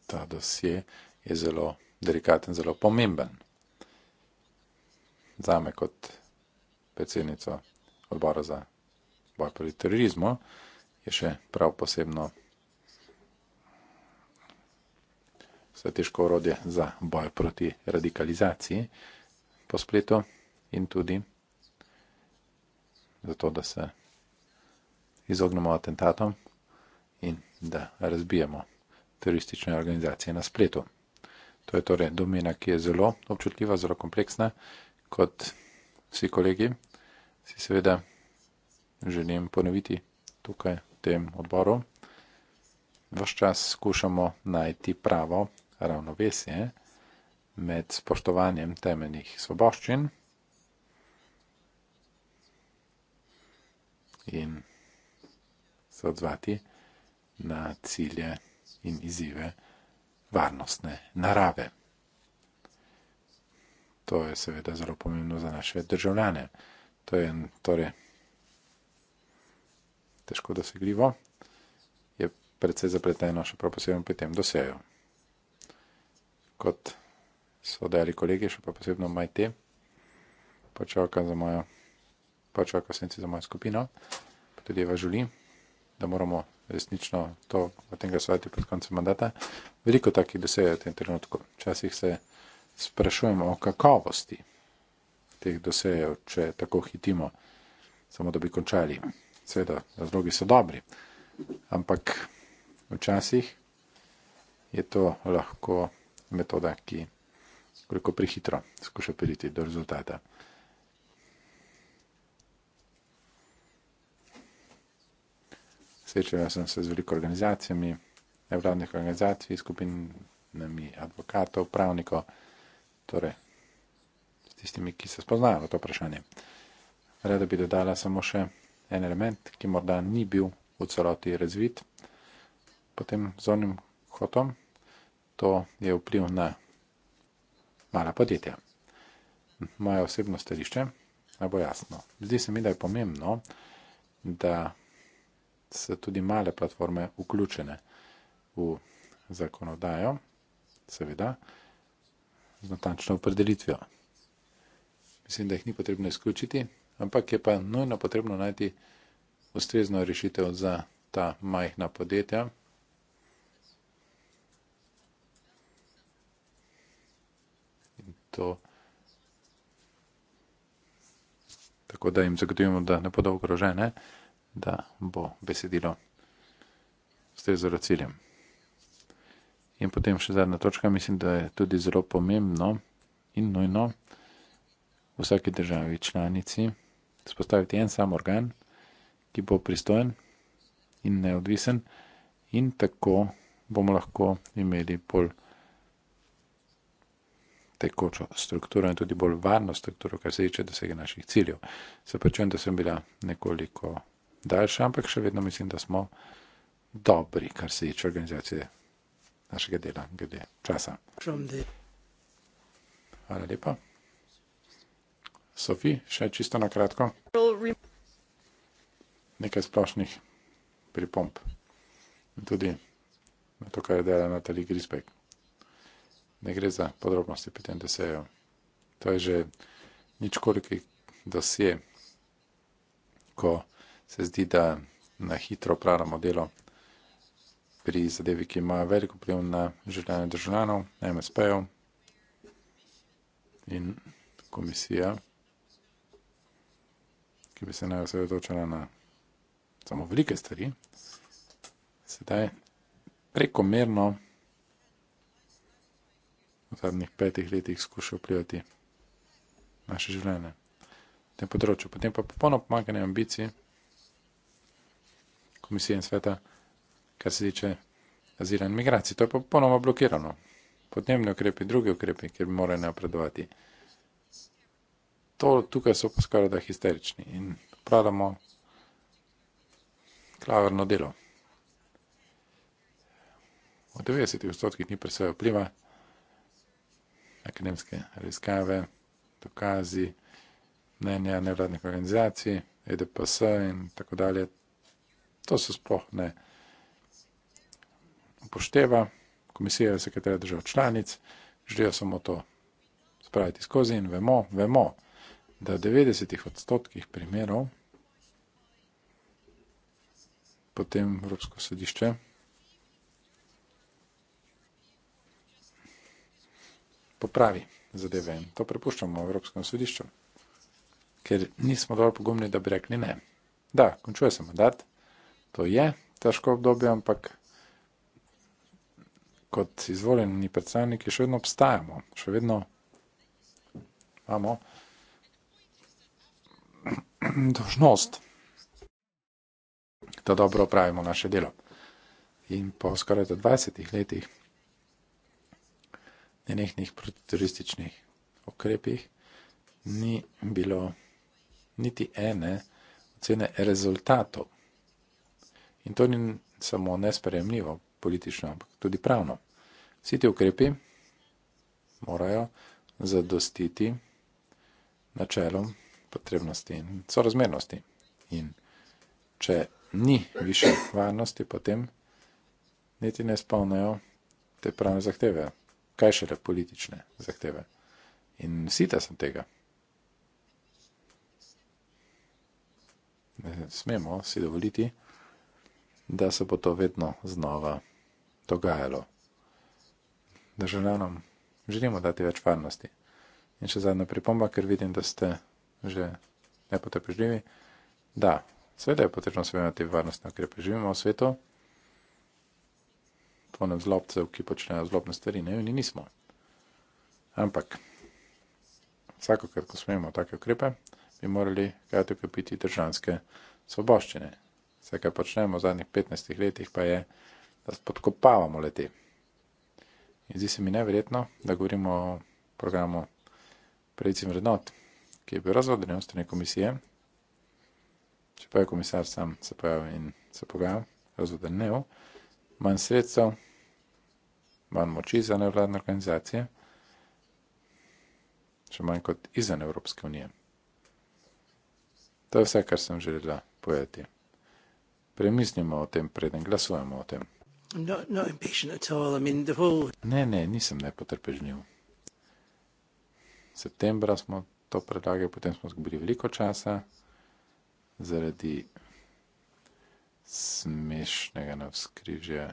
[SPEAKER 2] ta dosje je zelo delikaten, zelo pomemben za me kot predsednico odbora za boj proti terorizmu, je še prav posebno strateško orodje za boj proti radikalizaciji po spletu in tudi zato, da se izognemo atentatom in da razbijemo teroristične organizacije na spletu. To je torej domena, ki je zelo občutljiva, zelo kompleksna. Kot vsi kolegi si seveda želim ponoviti tukaj v tem odboru. Vš čas skušamo najti pravo ravnovesje med spoštovanjem temeljnih svoboščin in se odzvati na cilje in izzive varnostne narave. To je seveda zelo pomembno za naše državljane. To je torej težko dosegljivo, je predvsej zapleteno še prav posebno pri tem dosejo. Kot so dejali kolegi, še pa posebno majte, počaka za mojo, počaka senci za mojo skupino, pa tudi vas želim da moramo resnično to o tem glasovati pred koncem mandata. Veliko takih dosej v tem trenutku. Včasih se sprašujemo o kakovosti teh dosejev, če tako hitimo, samo da bi končali. Seveda, razlogi so dobri, ampak včasih je to lahko metoda, ki koliko prehitro skuša priti do rezultata. srečala sem se z veliko organizacijami, nevladnih organizacij, skupinami advokatov, pravnikov, torej s tistimi, ki se spoznajo v to vprašanje. Rada bi dodala samo še en element, ki morda ni bil v celoti razvit pod tem zornim hotom, to je vpliv na mala podjetja. Moje osebno stališče, naj bo jasno. Zdi se mi, da je pomembno, da so tudi male platforme vključene v zakonodajo, seveda, z natančno opredelitvijo. Mislim, da jih ni potrebno izključiti, ampak je pa nujno potrebno najti ustrezno rešitev za ta majhna podjetja. In to tako, da jim zagotovimo, da ne bodo ogrožene. Eh? da bo besedilo ustrezalo ciljem. In potem še zadnja točka, mislim, da je tudi zelo pomembno in nujno v vsaki državi članici spostaviti en sam organ, ki bo pristojen in neodvisen in tako bomo lahko imeli bolj tekočo strukturo in tudi bolj varno strukturo, kar se tiče dosega naših ciljev. Se pa čujem, da sem bila nekoliko daljše, ampak še vedno mislim, da smo dobri, kar se tiče organizacije našega dela, glede časa. Hvala lepa. Sofi, še čisto na kratko. Nekaj splošnih pripomp. In tudi na to, kar je delala Natalija Grisbek. Ne gre za podrobnosti pri tem deseju. To je že nič koliki dosje, ko se zdi, da na hitro upravljamo delo pri zadevi, ki ima velik vpliv na življenje državljanov, MSP-jev in komisija, ki bi se naj osredotočila na samo velike stvari, sedaj prekomerno v zadnjih petih letih skuša vplivati naše življenje na tem področju. Potem pa popolno pomankanje ambicij, komisije in sveta, kar se tiče azila in migracij. To je popolnoma blokirano. Podnebni ukrepi, drugi ukrepi, ker bi morali napredovati. To tukaj so pa skoraj da histerični in pravimo klaverno delo. V 90 odstotkih ni presoja vpliva, akademske raziskave, dokazi, mnenja nevladnih organizacij, EDPS in tako dalje. To se sploh ne upošteva. Komisija je sekretarja držav članic, želijo samo to spraviti skozi in vemo, vemo, da v 90 odstotkih primerov potem Evropsko sodišče popravi zadeve in to prepuščamo Evropskem sodišču, ker nismo dovolj pogumni, da bi rekli ne. Da, končuje se mandat. To je težko obdobje, ampak kot izvoljeni predstavniki še vedno obstajamo, še vedno imamo dožnost, da dobro opravimo naše delo. In po skoraj 20 letih nenehnih protiturističnih okrepih ni bilo niti ene ocene rezultatov. In to ni samo nespremljivo politično, ampak tudi pravno. Vsi ti ukrepi morajo zadostiti načelom potrebnosti in sorazmernosti. In če ni više varnosti, potem niti ne spolnajo te pravne zahteve, kaj šele politične zahteve. In sita sem tega. Ne smemo si dovoliti, da da se bo to vedno znova dogajalo. Državljanom želimo dati več varnosti. In še zadnja pripomba, ker vidim, da ste že nepotrpežljivi. Da, seveda je potrebno spremljati varnostno, ker preživimo v svetu, polnem zlobcev, ki počnejo zlobne stvari, ne, mi nismo. Ampak, vsako, ker ko smemo take ukrepe, bi morali kajati okrepiti državljanske svoboščine. Vse, kar počnemo v zadnjih 15 letih, pa je, da spodkopavamo leti. In zdi se mi neverjetno, da govorimo o programu predsednik vrednot, ki je bil razvodnjen strani komisije. Čeprav je komisar sam se pojavil in se pogajal, razvodnjen, manj sredstev, manj moči za nevladne organizacije, še manj kot izven Evropske unije. To je vse, kar sem želela povedati. Premislimo o tem, preden glasujemo o tem.
[SPEAKER 1] Not, not I mean, whole...
[SPEAKER 2] Ne, ne, nisem nepotrpežljiv. Septembra smo to predlagali, potem smo zgubili veliko časa zaradi smešnega navskrižja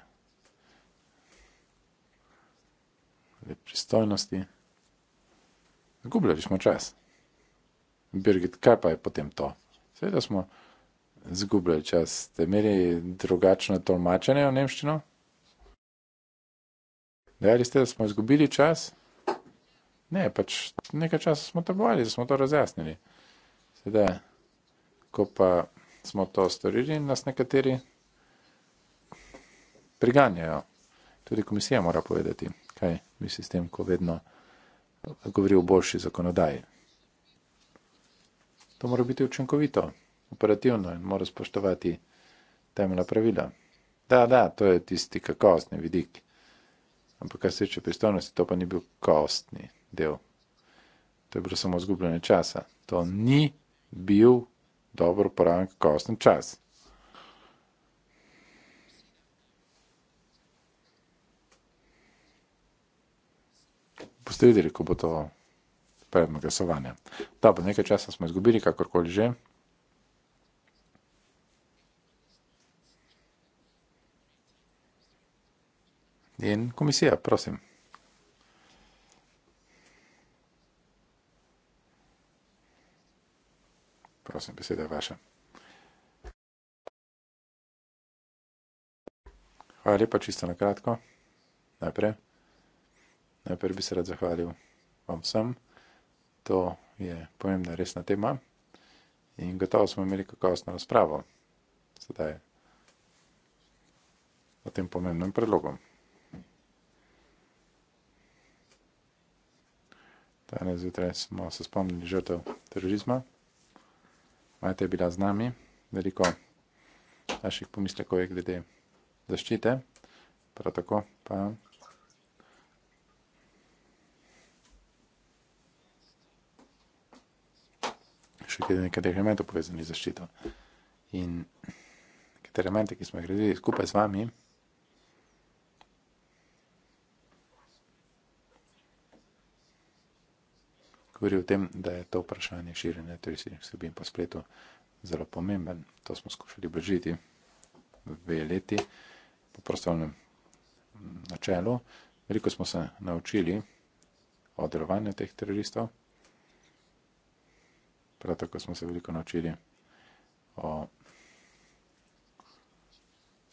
[SPEAKER 2] pristojnosti. Zgubljali smo čas. Birgit, kaj pa je potem to? Seveda smo zgubljali čas. Ste imeli drugačno tolmačenje v nemščino? Dejali ste, da smo izgubili čas? Ne, pač nekaj časa smo trebovali, da smo to razjasnili. Sedaj, ko pa smo to storili, nas nekateri priganjajo. Tudi komisija mora povedati, kaj misli s tem, ko vedno govori o boljši zakonodaji. To mora biti učinkovito operativno in mora spoštovati temeljna pravila. Da, da, to je tisti kakostni vidik. Ampak kar se tiče pristojnosti, to pa ni bil kostni del. To je bilo samo zgubljanje časa. To ni bil dobro uporaben kakostni čas. Boste videli, ko bo to predmet glasovanja. Dobro, nekaj časa smo izgubili, kakorkoli že. In komisija, prosim. Prosim, beseda je vaša. Hvala lepa, čisto na kratko. Najprej. Najprej bi se rad zahvalil vam vsem. To je pomembna resna tema. In gotovo smo imeli kakovostno razpravo. Sedaj o tem pomembnem predlogu. Danes zjutraj smo se spomnili žrtev terorizma. Majte je bila z nami, veliko naših pomislekov je glede zaščite, prav tako pa. Še kaj nekaj elementov povezanih z zaščito. In nekatere elemente, ki smo jih razvili skupaj z vami. govori o tem, da je to vprašanje širjenja turističnih vsebin po spletu zelo pomemben. To smo skušali blžiti dve leti po prostovnem načelu. Veliko smo se naučili o delovanju teh teroristov. Prav tako smo se veliko naučili o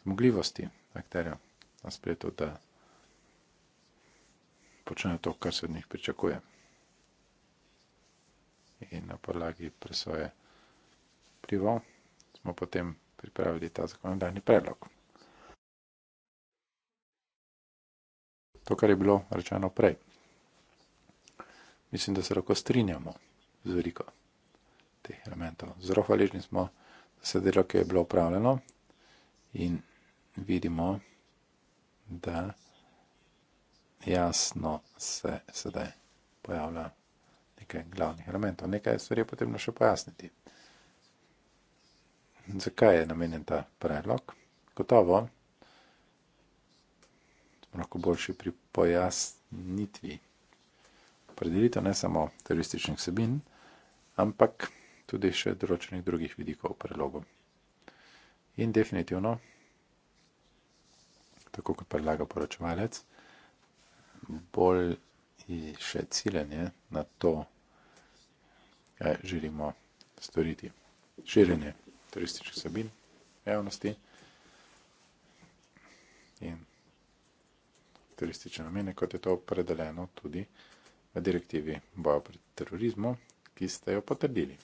[SPEAKER 2] zmogljivosti akterjev na spletu, da počnejo to, kar se od njih pričakuje in na podlagi presoje plivo smo potem pripravili ta zakonodajni predlog. To, kar je bilo rečeno prej, mislim, da se lahko strinjamo z veliko teh elementov. Zelo hvaležni smo, da se delo, ki je bilo upravljeno in vidimo, da jasno se sedaj pojavlja nekaj glavnih elementov, nekaj stvari je potrebno še pojasniti. Zakaj je namenjen ta predlog? Gotovo, smo lahko boljši pri pojasnitvi opredelitev ne samo terorističnih sebin, ampak tudi še določenih drugih vidikov predlogov. In definitivno, tako kot predlaga poročevalec, bolj še ciljanje na to želimo storiti. Širjenje turističnih sabin javnosti in turistične namene, kot je to opredeljeno tudi v direktivi boja pred terorizmom, ki ste jo potrdili.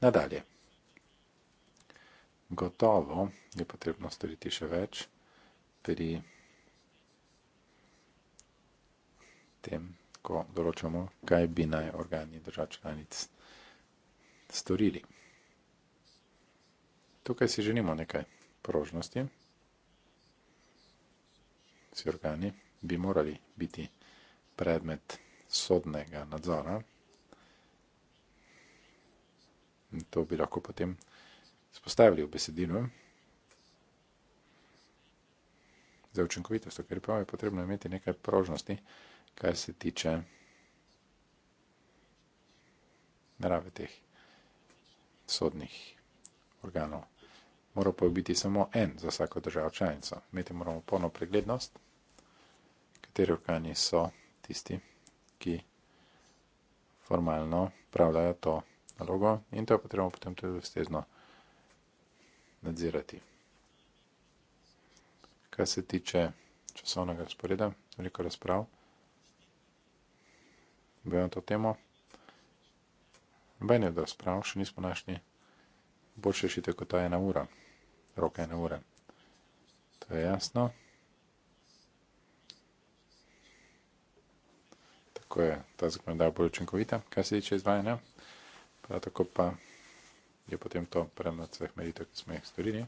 [SPEAKER 2] Nadalje, gotovo je potrebno storiti še več pri tem, ko določamo, kaj bi naj organi držav članic naredili storili. Tukaj si želimo nekaj prožnosti. Vsi organi bi morali biti predmet sodnega nadzora. In to bi lahko potem spostavili v besedino za učinkovitost, ker pa je potrebno imeti nekaj prožnosti, kar se tiče narave teh sodnih organov. Moral pa je biti samo en za vsako državo članico. Imeti moramo polno preglednost, kateri organi so tisti, ki formalno pravdajo to nalogo in to je potrebno potem tudi ustezno nadzirati. Kaj se tiče časovnega razporeda, veliko razprav, bojo na to temo. Nobene od razprav še nismo našli boljše rešitev kot ta ena ura, rok ena ura. To je jasno. Tako je ta zakonodaja bolj učinkovita, kar se tiče izvajanja. Prav tako pa je potem to predmet vseh meritev, ki smo jih storili,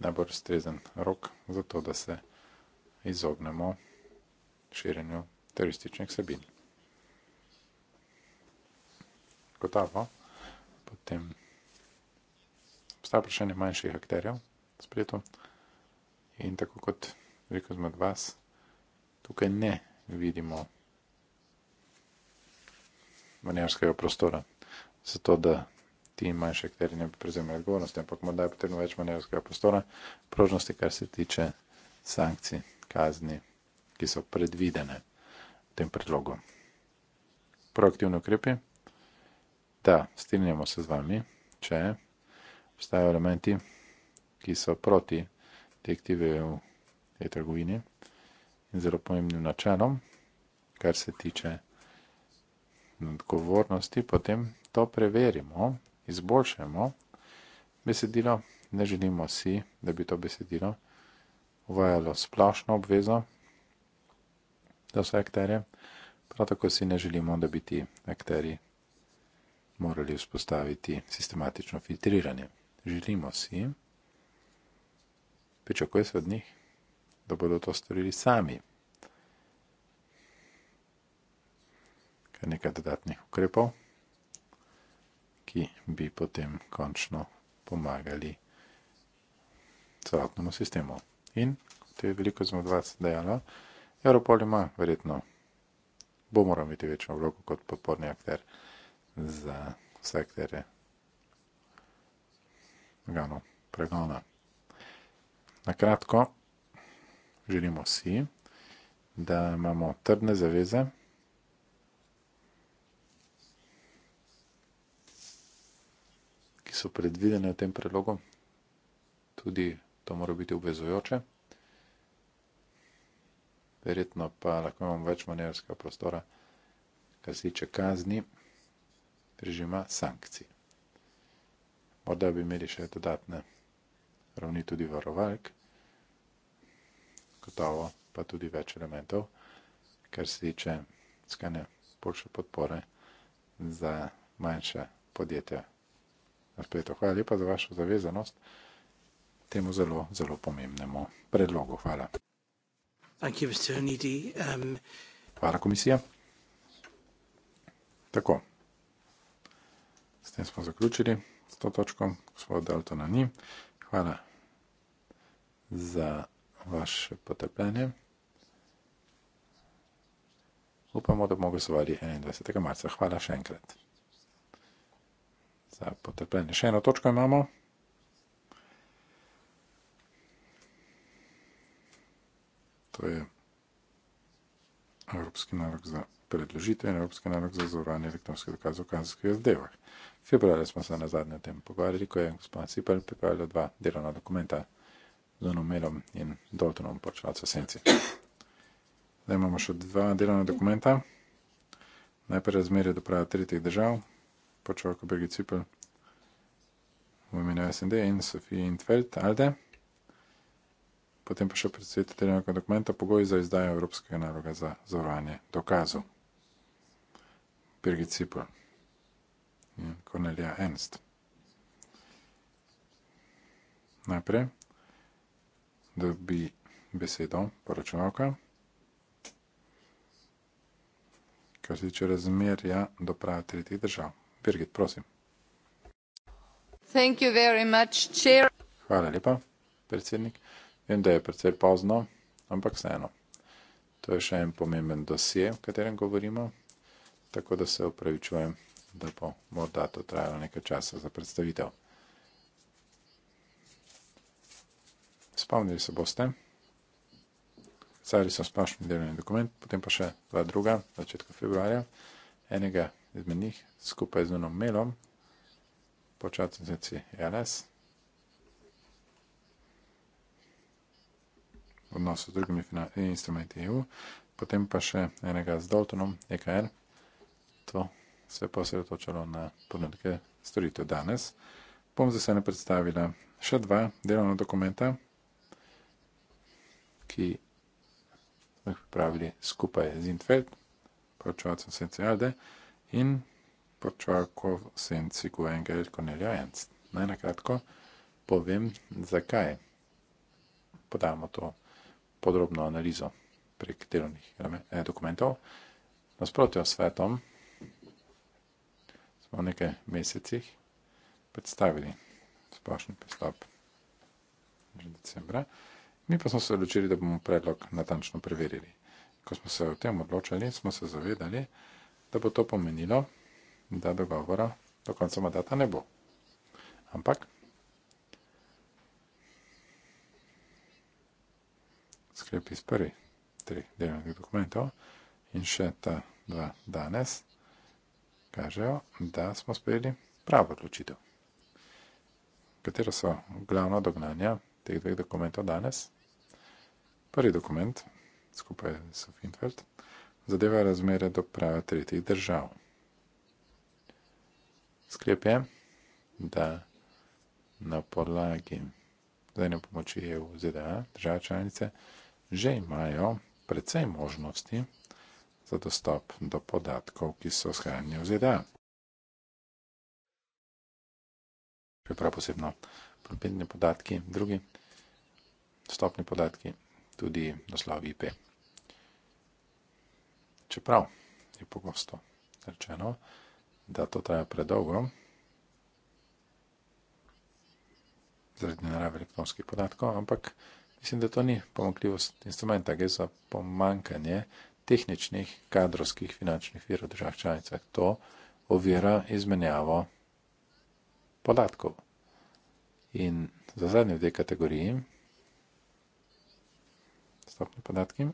[SPEAKER 2] najbolj ustrezen rok za to, da se izognemo širjenju terorističnih sabin. gotovo. Potem obstaja vprašanje manjših akterjev na spletu. In tako kot veliko smo od vas, tukaj ne vidimo manjarskega prostora za to, da ti manjši akteri ne bi prevzemali odgovornosti, ampak morda je potrebno več manjarskega prostora, prožnosti, kar se tiče sankcij, kazni, ki so predvidene v tem predlogu. Proaktivni ukrepi da strinjamo se z vami, če obstajajo elementi, ki so proti direktive v tej trgovini in zelo pomembnim načelom, kar se tiče odgovornosti, potem to preverimo, izboljšamo besedilo. Ne želimo si, da bi to besedilo uvajalo splošno obvezo za vse akterje, prav tako si ne želimo, da bi ti akteri morali vzpostaviti sistematično filtriranje. Želimo si, pričakuje se od njih, da bodo to storili sami. Kar nekaj dodatnih ukrepov, ki bi potem končno pomagali celotnemu sistemu. In kot je veliko smo od vas dejalo, Europol ima verjetno, bo moral imeti večjo vlogo kot podporni akter za sektere organov pregona. Nakratko, želimo si, da imamo trdne zaveze, ki so predvidene v tem predlogu, tudi to mora biti obvezujoče. Verjetno pa lahko imamo več manevrskega prostora, kar se tiče kazni režima sankcij. Morda bi imeli še dodatne ravni tudi varovalk, gotovo pa tudi več elementov, kar se tiče skanja boljše podpore za manjše podjetje. Hvala lepa za vašo zavezanost temu zelo, zelo pomembnemu predlogu. Hvala.
[SPEAKER 1] Thank you, Mr. Nidi. Um...
[SPEAKER 2] Hvala komisija. Tako. S tem smo zaključili s to točko, gospod Daltona ni. Hvala za vaše potrpljenje. Upamo, da bomo glasovali 21. marca. Hvala še enkrat za potrpljenje. Še eno točko imamo. To je Evropski narok za predložitve in evropske naloge za zavarovanje elektronskih dokazov v kazenskih zadevah. Februarja smo se na zadnje tem pogovarjali, ko je gospod Cipel pripravil dva delovna dokumenta z Unomelom in Daltonom, počevalcem Senci. Zdaj imamo še dva delovna dokumenta. Najprej razmerje do prava tretjih držav, počeval ko Birgit Cipel v imenu SND in Sofija Intfeld, Alde. Potem pa še predsedatelj enega dokumenta, pogoj za izdajo evropskega naloga za zavarovanje dokazov. Birgit Zipper, ja, Cornelia Ernst. Najprej dobi besedo poročevalka. Kar se tiče razmerja do prav tretjih držav. Birgit, prosim.
[SPEAKER 4] Thank you very much, chair.
[SPEAKER 2] Hvala lepa, predsednik. Vem, da je predvsej pozno, ampak vseeno. To je še en pomemben dosje, o katerem govorimo tako da se upravičujem, da bo morda to trajalo nekaj časa za predstavitev. Spomnili se boste, carili so splošni delovni dokument, potem pa še dva druga, začetka februarja, enega izmed njih skupaj z unom Melom, počatnici LS. V odnosu z drugimi instrumenti EU, potem pa še enega z Daltonom, EKR to se posredotočalo na ponudke storitev danes. Bom za sedaj predstavila še dva delovna dokumenta, ki smo jih pripravili skupaj z Intfeld, poročevalcem Sence Alde in poročevalkov Senci Guengel Cornelia Ernst. Naj nakratko povem, zakaj podamo to podrobno analizo prek delovnih eh, dokumentov. Nasprotijo svetom, v nekaj mesecih predstavili splošni pristop že decembra. Mi pa smo se odločili, da bomo predlog natančno preverili. Ko smo se o tem odločili, smo se zavedali, da bo to pomenilo, da dogovora do konca mandata ne bo. Ampak sklep iz prvih treh delovnih dokumentov in še ta dva danes kažejo, da smo sprejeli pravo odločitev. Katero so glavna dognanja teh dveh dokumentov danes? Prvi dokument, skupaj s Finfeld, zadeva razmere do prava tretjih držav. Sklep je, da na podlagi zadnje pomoči EU-ZDA države članice že imajo precej možnosti preprosto dostop do podatkov, ki so shranjeni v ZDA. Še prav posebno pomembni podatki, drugi stopni podatki, tudi naslov IP. Čeprav je pogosto rečeno, da to traja predolgo, zaradi narave elektronskih podatkov, ampak mislim, da to ni pomankljivost instrumenta, gre za pomankanje tehničnih, kadrovskih, finančnih virov v državah članicah. To ovira izmenjavo podatkov. In za zadnje dve kategoriji, stopni podatki,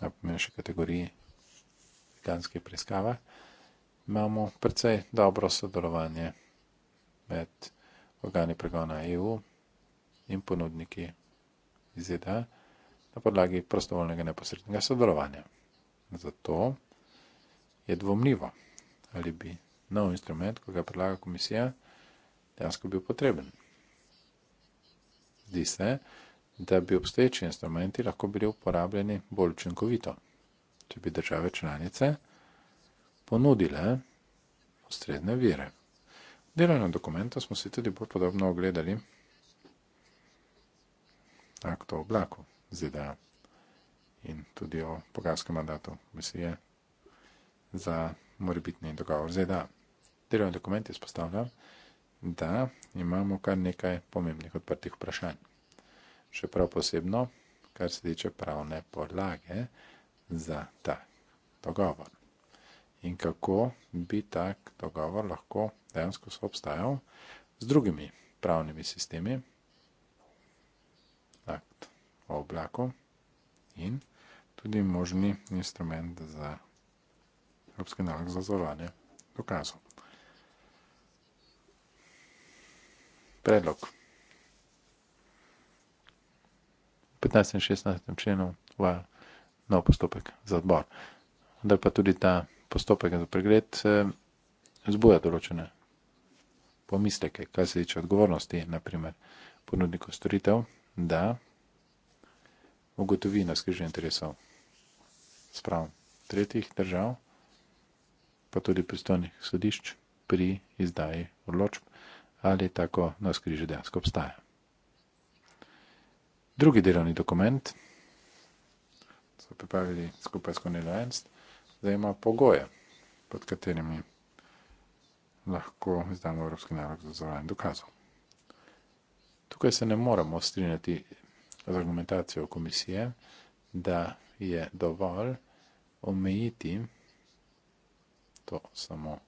[SPEAKER 2] najpomembnejše kategoriji veganske preiskave, imamo precej dobro sodelovanje med organi pregona EU in ponudniki iz ZDA. E na podlagi prostovoljnega neposrednega sodelovanja. Zato je dvomljivo, ali bi nov instrument, ko ga predlaga komisija, dejansko bil potreben. Zdi se, da bi obstoječi instrumenti lahko bili uporabljeni bolj učinkovito, če bi države članice ponudile ustrezne vire. Delovno dokumento smo si tudi bolj podobno ogledali akto oblaku. ZDA. In tudi o pogajalskem mandatu komisije za morebitni dogovor ZDA. Delovni dokument izpostavlja, da imamo kar nekaj pomembnih odprtih vprašanj. Še prav posebno, kar se tiče pravne podlage za ta dogovor. In kako bi tak dogovor lahko dejansko soobstajal z drugimi pravnimi sistemi, oblaku in tudi možni instrument za Evropski nalog za zavarovanje dokazov. Predlog. V 15. in 16. členu uvaja nov postopek za odbor. Vendar pa tudi ta postopek za pregled eh, zbuja določene pomisleke, kar se tiče odgovornosti, naprimer ponudnikov storitev, da ugotovi na skrižni interesov. Sprav tretjih držav, pa tudi pristojnih sodišč pri izdaji odločb, ali tako na skrižni dejansko obstaja. Drugi delovni dokument so pripravili skupaj s Cornelio Ernst, da ima pogoje, pod katerimi lahko izdamo Evropski narod za zavarovanje dokazov. Tukaj se ne moramo strinjati z argumentacijo komisije, da je dovolj omejiti to samo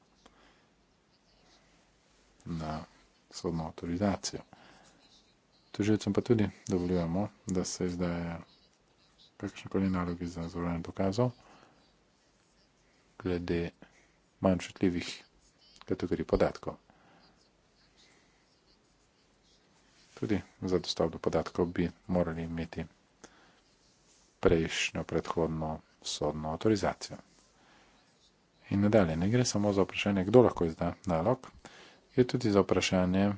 [SPEAKER 2] na sodno autorizacijo. Tužilcem pa tudi dovoljujemo, da se izdaje kakšne koli naloge za zavrnjanje dokazov glede manj kategorij podatkov. tudi za dostop do podatkov bi morali imeti prejšnjo predhodno sodno avtorizacijo. In nadalje, ne gre samo za vprašanje, kdo lahko izda nalog, je tudi za vprašanje,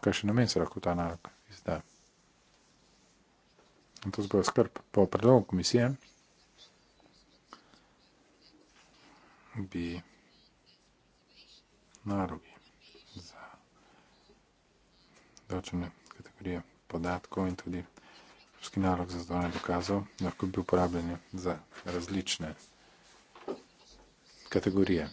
[SPEAKER 2] kakšen namen se lahko ta nalog izda. In to zbojo skrb. Po predlogu komisije bi nalogi določene kategorije podatkov in tudi evropski nalog za zdravljanje dokazov lahko bi uporabljen za različne kategorije.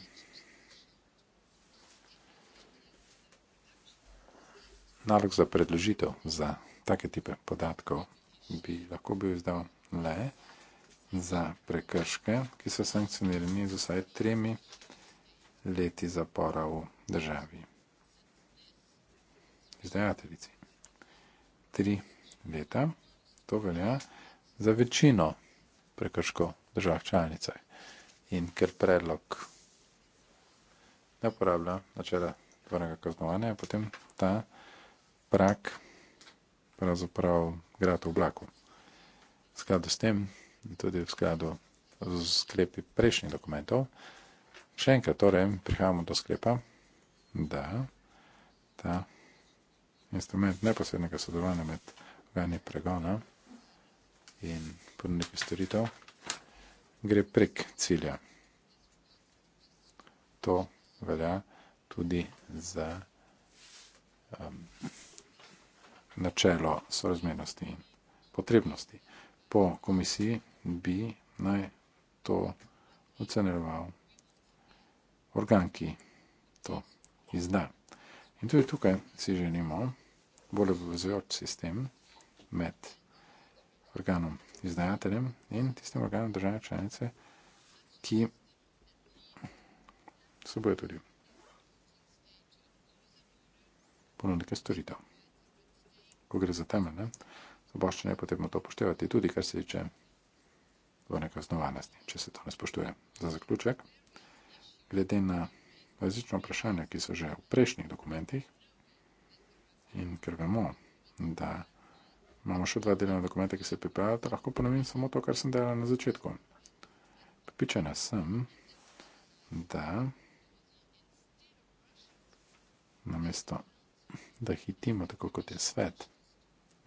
[SPEAKER 2] Nalog za predložitev za take tipe podatkov bi lahko bil izdal le za prekrške, ki so sankcionirani z vsaj tremi leti zapora v državi izdajateljici. Tri leta, to velja za večino prekrškov držav članicah. In ker predlog ne uporablja načela dvornega kaznovanja, potem ta prak pravzaprav grad v oblaku. V skladu s tem in tudi v skladu z sklepi prejšnjih dokumentov, še enkrat torej prihajamo do sklepa, da ta instrument neposrednega sodelovanja med vajanjem pregona in ponudniki storitev, gre prek cilja. To velja tudi za um, načelo sorazmernosti in potrebnosti. Po komisiji bi naj to oceneval organ, ki to izda. In tudi tukaj si želimo, bolj obvezujoč sistem med organom izdajateljem in tistim organom države članice, ki se bojo tudi ponudnike storitev. Ko gre za temelj, ne? Zboščine je potrebno to poštevati tudi, kar se tiče dvojnega osnovanosti, če se to ne spoštuje. Za zaključek, glede na različno vprašanje, ki so že v prejšnjih dokumentih, In ker vemo, da imamo še dva delena dokumenta, ki se pripravljata, lahko ponovim samo to, kar sem delala na začetku. Pripičena sem, da namesto, da hitimo tako, kot je svet,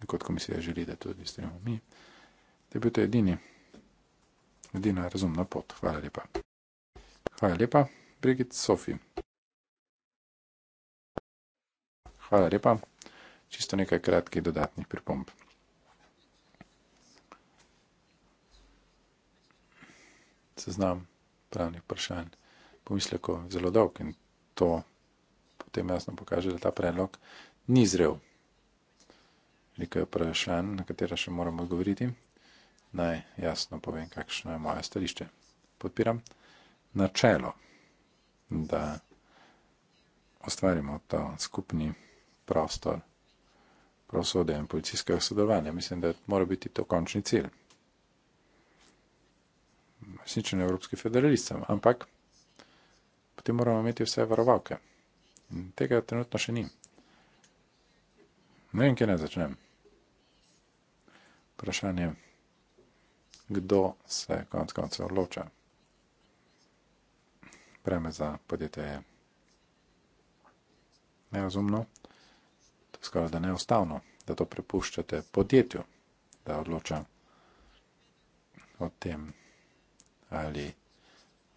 [SPEAKER 2] kot komisija želi, da tudi stremo mi, da je bil to edini, edina razumna pot. Hvala lepa. Hvala lepa, Brigit Sofi. Hvala lepa čisto nekaj kratkih dodatnih pripomb. Seznam pravnih vprašanj, pomisleko zelo dolg in to potem jasno pokaže, da ta predlog ni zrel. Veliko je vprašanj, na katera še moramo odgovoriti. Naj jasno povem, kakšno je moje stališče. Podpiram načelo, da ustvarimo ta skupni prostor pravosodja in policijskega sodelovanja. Mislim, da mora biti to končni cilj. Resničen evropski federalistom, ampak potem moramo imeti vse varovalke. In tega trenutno še ni. Ne vem, kje naj začnem. Vprašanje, kdo se konec konca odloča. Preme za podjetje je neozumno skoraj da neustavno, da to prepuščate podjetju, da odloča o tem, ali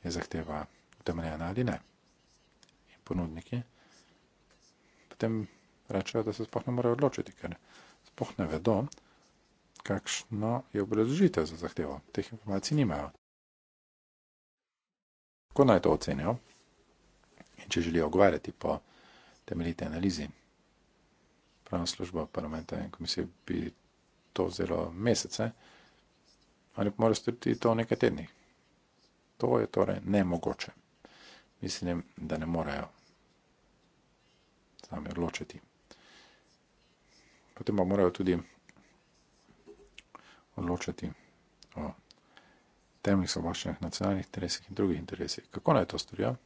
[SPEAKER 2] je zahteva utemeljena ali ne. In ponudniki potem rečejo, da se sploh ne morejo odločiti, ker sploh ne vedo, kakšno je obrazložitev za zahtevo. Teh informacij nimajo. Kako naj to ocenijo? In če želijo ogovarjati po temeljite analizi pravna služba parlamenta in komisije bi to vzelo mesece, ali pa mora storiti to v nekaj tednih. To je torej nemogoče. Mislim, da ne morejo sami odločiti. Potem pa morajo tudi odločiti o temeljih svoboščinah, nacionalnih interesih in drugih interesih. Kako naj to storijo?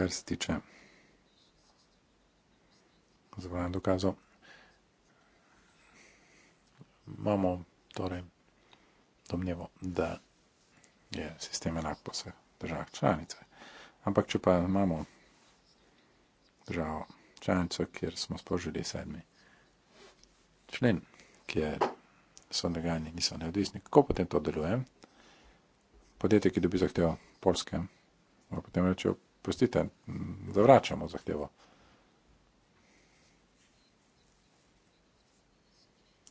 [SPEAKER 2] kar se tiče zavarovanja dokazov. Imamo torej domnevo, da je sistem enak po vseh državah članice. Ampak če pa imamo državo članico, kjer smo spožili sedmi člen, kjer so nagajani, niso neodvisni, kako potem to deluje? Podjetje, ki dobi zahtevo Polske, potem rečejo, Prostite, mm, zavračamo zahtevo.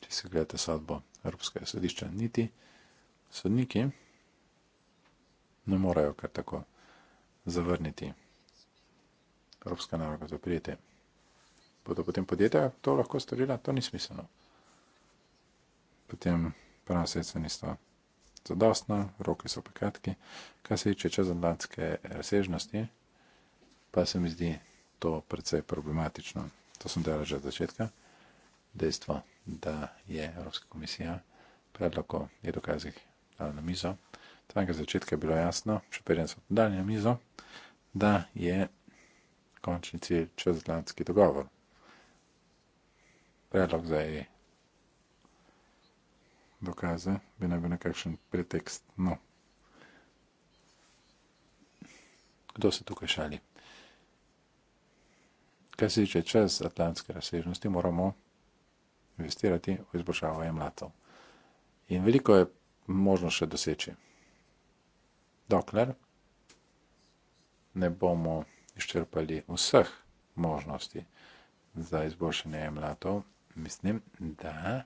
[SPEAKER 2] Če si gledate sodbo Evropskega sodišča, niti sodniki ne morejo kar tako zavrniti Evropska naloga za prijete. Bodo potem podjetja to lahko storila? To ni smiselno. Potem pravna sredstva niso zadostna, roki so prekratki. Kar se tiče čezatlantske razsežnosti, pa se mi zdi to precej problematično. To sem delal že od začetka. Dejstvo, da je Evropska komisija predlog o e-dokazih dala na mizo. Tam je začetka bilo jasno, še preden so dali na mizo, da je končni cilj čezatlantski dogovor. Predlog za je dokaze, bi naj bil nekakšen pretekst, no. Kdo se tukaj šali? kar se tiče čez atlantske razsežnosti, moramo investirati v izboljšavo jemlatov. In veliko je možno še doseči. Dokler ne bomo izčrpali vseh možnosti za izboljšanje jemlatov, mislim, da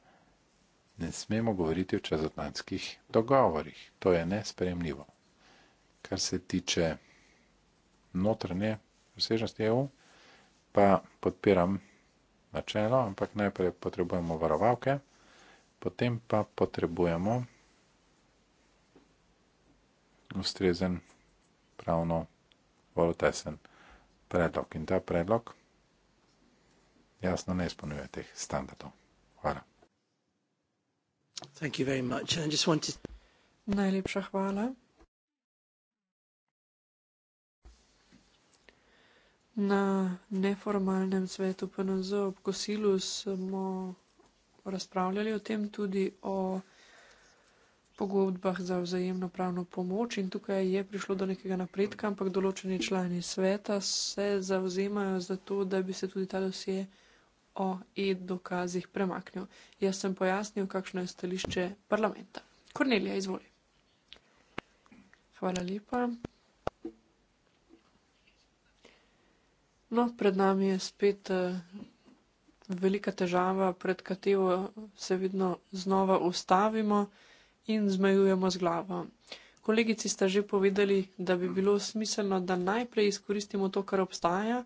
[SPEAKER 2] ne smemo govoriti o čezatlantskih dogovorih. To je nespremljivo. Kar se tiče notranje razsežnosti EU, pa podpiram načelo, ampak najprej potrebujemo varovalke, potem pa potrebujemo ustrezen pravno volotesen predlog. In ta predlog jasno ne izpolnjuje teh standardov. Hvala.
[SPEAKER 1] Thank you very much. And I just wanted...
[SPEAKER 3] Najlepša hvala. Na neformalnem svetu PNZ ob kosilu smo razpravljali o tem tudi o pogodbah za vzajemno pravno pomoč in tukaj je prišlo do nekega napredka, ampak določeni člani sveta se zauzemajo za to, da bi se tudi ta dosje o e-dokazih premaknil. Jaz sem pojasnil, kakšno je stališče parlamenta. Kornelija, izvoli. Hvala lepa. No, pred nami je spet uh, velika težava, pred katero se vedno znova ustavimo in zmejujemo z glavo. Kolegici sta že povedali, da bi bilo smiselno, da najprej izkoristimo to, kar obstaja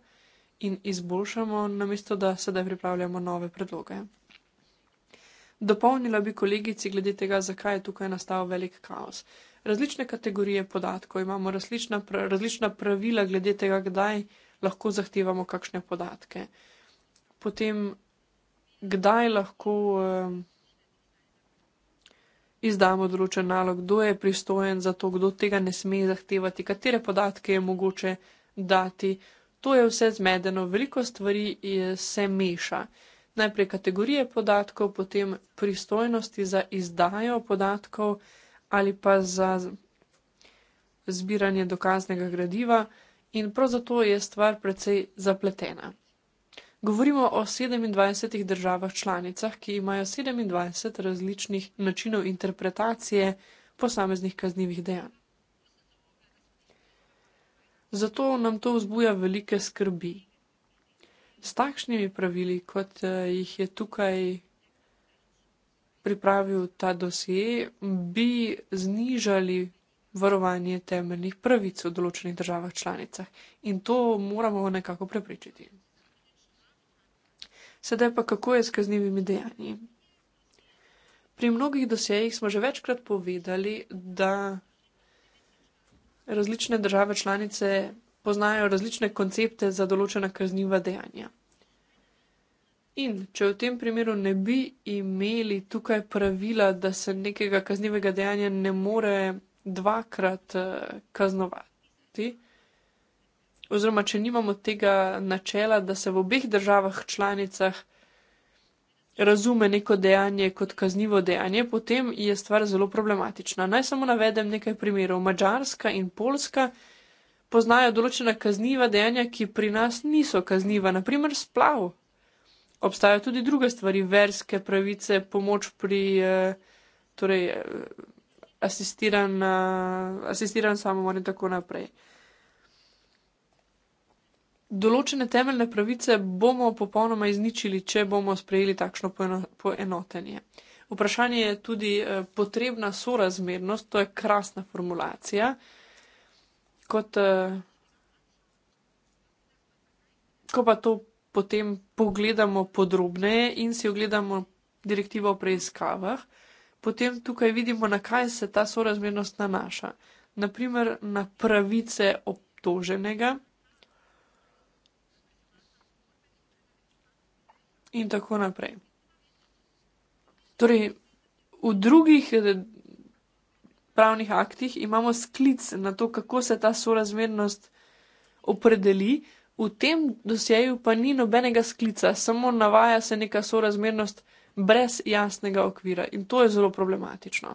[SPEAKER 3] in izboljšamo, namesto da sedaj pripravljamo nove predloge. Dopolnila bi kolegici glede tega, zakaj je tukaj nastal velik kaos. Različne kategorije podatkov, imamo različna, pra, različna pravila glede tega, kdaj lahko zahtevamo kakšne podatke. Potem, kdaj lahko eh, izdamo določen nalog, kdo je pristojen za to, kdo tega ne sme zahtevati, katere podatke je mogoče dati. To je vse zmedeno, veliko stvari eh, se meša. Najprej kategorije podatkov, potem pristojnosti za izdajo podatkov ali pa za zbiranje dokaznega gradiva in prav zato je stvar precej zapletena. Govorimo o 27 državah članicah, ki imajo 27 različnih načinov interpretacije posameznih kaznjivih dejanj. Zato nam to vzbuja velike skrbi. S takšnimi pravili, kot eh, jih je tukaj pripravil ta dosje, bi znižali varovanje temeljnih pravic v določenih državah članicah in to moramo nekako prepričati. Sedaj pa kako je s kaznjivimi dejanji? Pri mnogih dosejih smo že večkrat povedali, da različne države članice poznajo različne koncepte za določena kazniva dejanja. In če v tem primeru ne bi imeli tukaj pravila, da se nekega kaznjivega dejanja ne more dvakrat eh, kaznovati. Oziroma, če nimamo tega načela, da se v obeh državah članicah razume neko dejanje kot kaznivo dejanje, potem je stvar zelo problematična. Naj samo navedem nekaj primerov. Mačarska in Poljska poznajo določena kazniva dejanja, ki pri nas niso kazniva, naprimer splav. Obstajajo tudi druge stvari, verske pravice, pomoč pri. Eh, torej, eh, asistiran, uh, asistiran samomor in tako naprej. Določene temeljne pravice bomo popolnoma izničili, če bomo sprejeli takšno poenotenje. Vprašanje je tudi eh, potrebna sorazmernost, to je krasna formulacija. Kot, eh, ko pa to potem pogledamo podrobneje in si ogledamo direktivo o preiskavah, potem tukaj vidimo, na kaj se ta sorazmernost nanaša. Naprimer, na pravice obtoženega in tako naprej. Torej, v drugih eh, pravnih aktih imamo sklic na to, kako se ta sorazmernost opredeli, v tem dosjeju pa ni nobenega sklica, samo navaja se neka sorazmernost brez jasnega okvira in to je zelo problematično.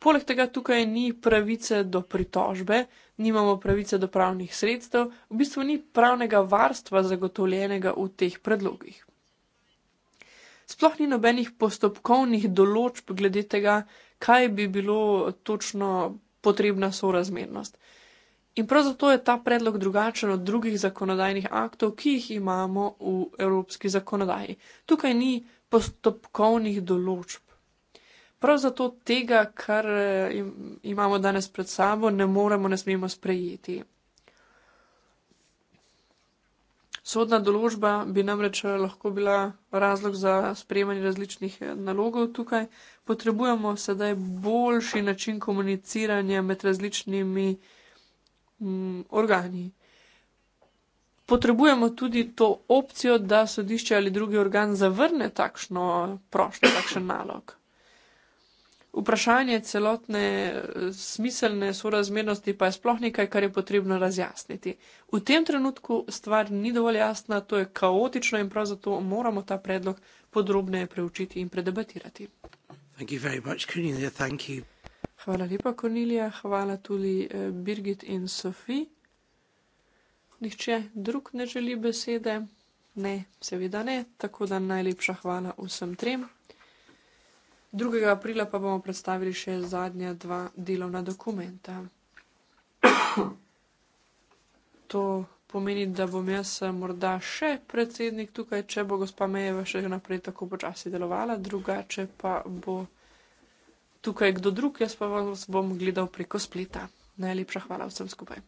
[SPEAKER 3] Poleg tega tukaj ni pravice do pritožbe, nimamo pravice do pravnih sredstev, v bistvu ni pravnega varstva zagotovljenega v teh predlogih. Sploh ni nobenih postopkovnih določb glede tega, kaj bi bilo točno potrebna sorazmernost. In prav zato je ta predlog drugačen od drugih zakonodajnih aktov, ki jih imamo v evropski zakonodaji. Tukaj ni postopkovnih določb. Prav zato tega, kar eh, imamo danes pred sabo, ne moremo, ne smemo sprejeti. Sodna določba bi namreč eh, lahko bila razlog za sprejemanje različnih eh, nalogov tukaj. Potrebujemo sedaj boljši način komuniciranja med različnimi mm, organi. Potrebujemo tudi to opcijo, da sodišče ali drugi organ zavrne takšno prošljo, takšen nalog. Vprašanje celotne eh, smiselne sorazmernosti pa je sploh nekaj, kar je potrebno razjasniti. V tem trenutku stvar ni dovolj jasna, to je kaotično in prav zato moramo ta predlog podrobneje preučiti in predebatirati.
[SPEAKER 1] Thank you very much, Karina. Thank you.
[SPEAKER 3] Hvala lepa, Kornilija, hvala tudi eh, Birgit in Sofi. Nihče drug ne želi besede? Ne, seveda ne, tako da najlepša hvala vsem trem. 2. aprila pa bomo predstavili še zadnja dva delovna dokumenta. To pomeni, da bom jaz eh, morda še predsednik tukaj, če bo gospa Mejeva še naprej tako počasi delovala, drugače pa bo tukaj kdo drug, jaz pa vas bom gledal preko spleta. Najlepša hvala vsem skupaj.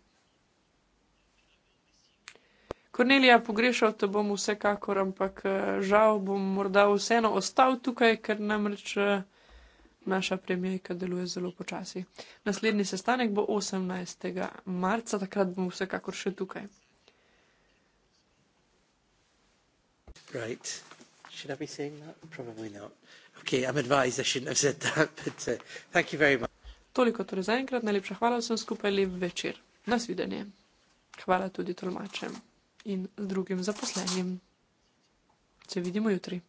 [SPEAKER 3] Kornelija, pogrešal te bom vsekakor, ampak eh, žal bom morda vseeno ostal tukaj, ker namreč eh, naša premijejka deluje zelo počasi. Naslednji sestanek bo 18. marca, takrat bom vsekakor še tukaj.
[SPEAKER 1] Right. Should I be saying that? Probably not. Uh, Toliko torej zaenkrat, najlepša hvala vsem skupaj,
[SPEAKER 3] lep večer. Nasvidenje. Hvala tudi tolmačem in drugim zaposlenim. Se vidimo jutri.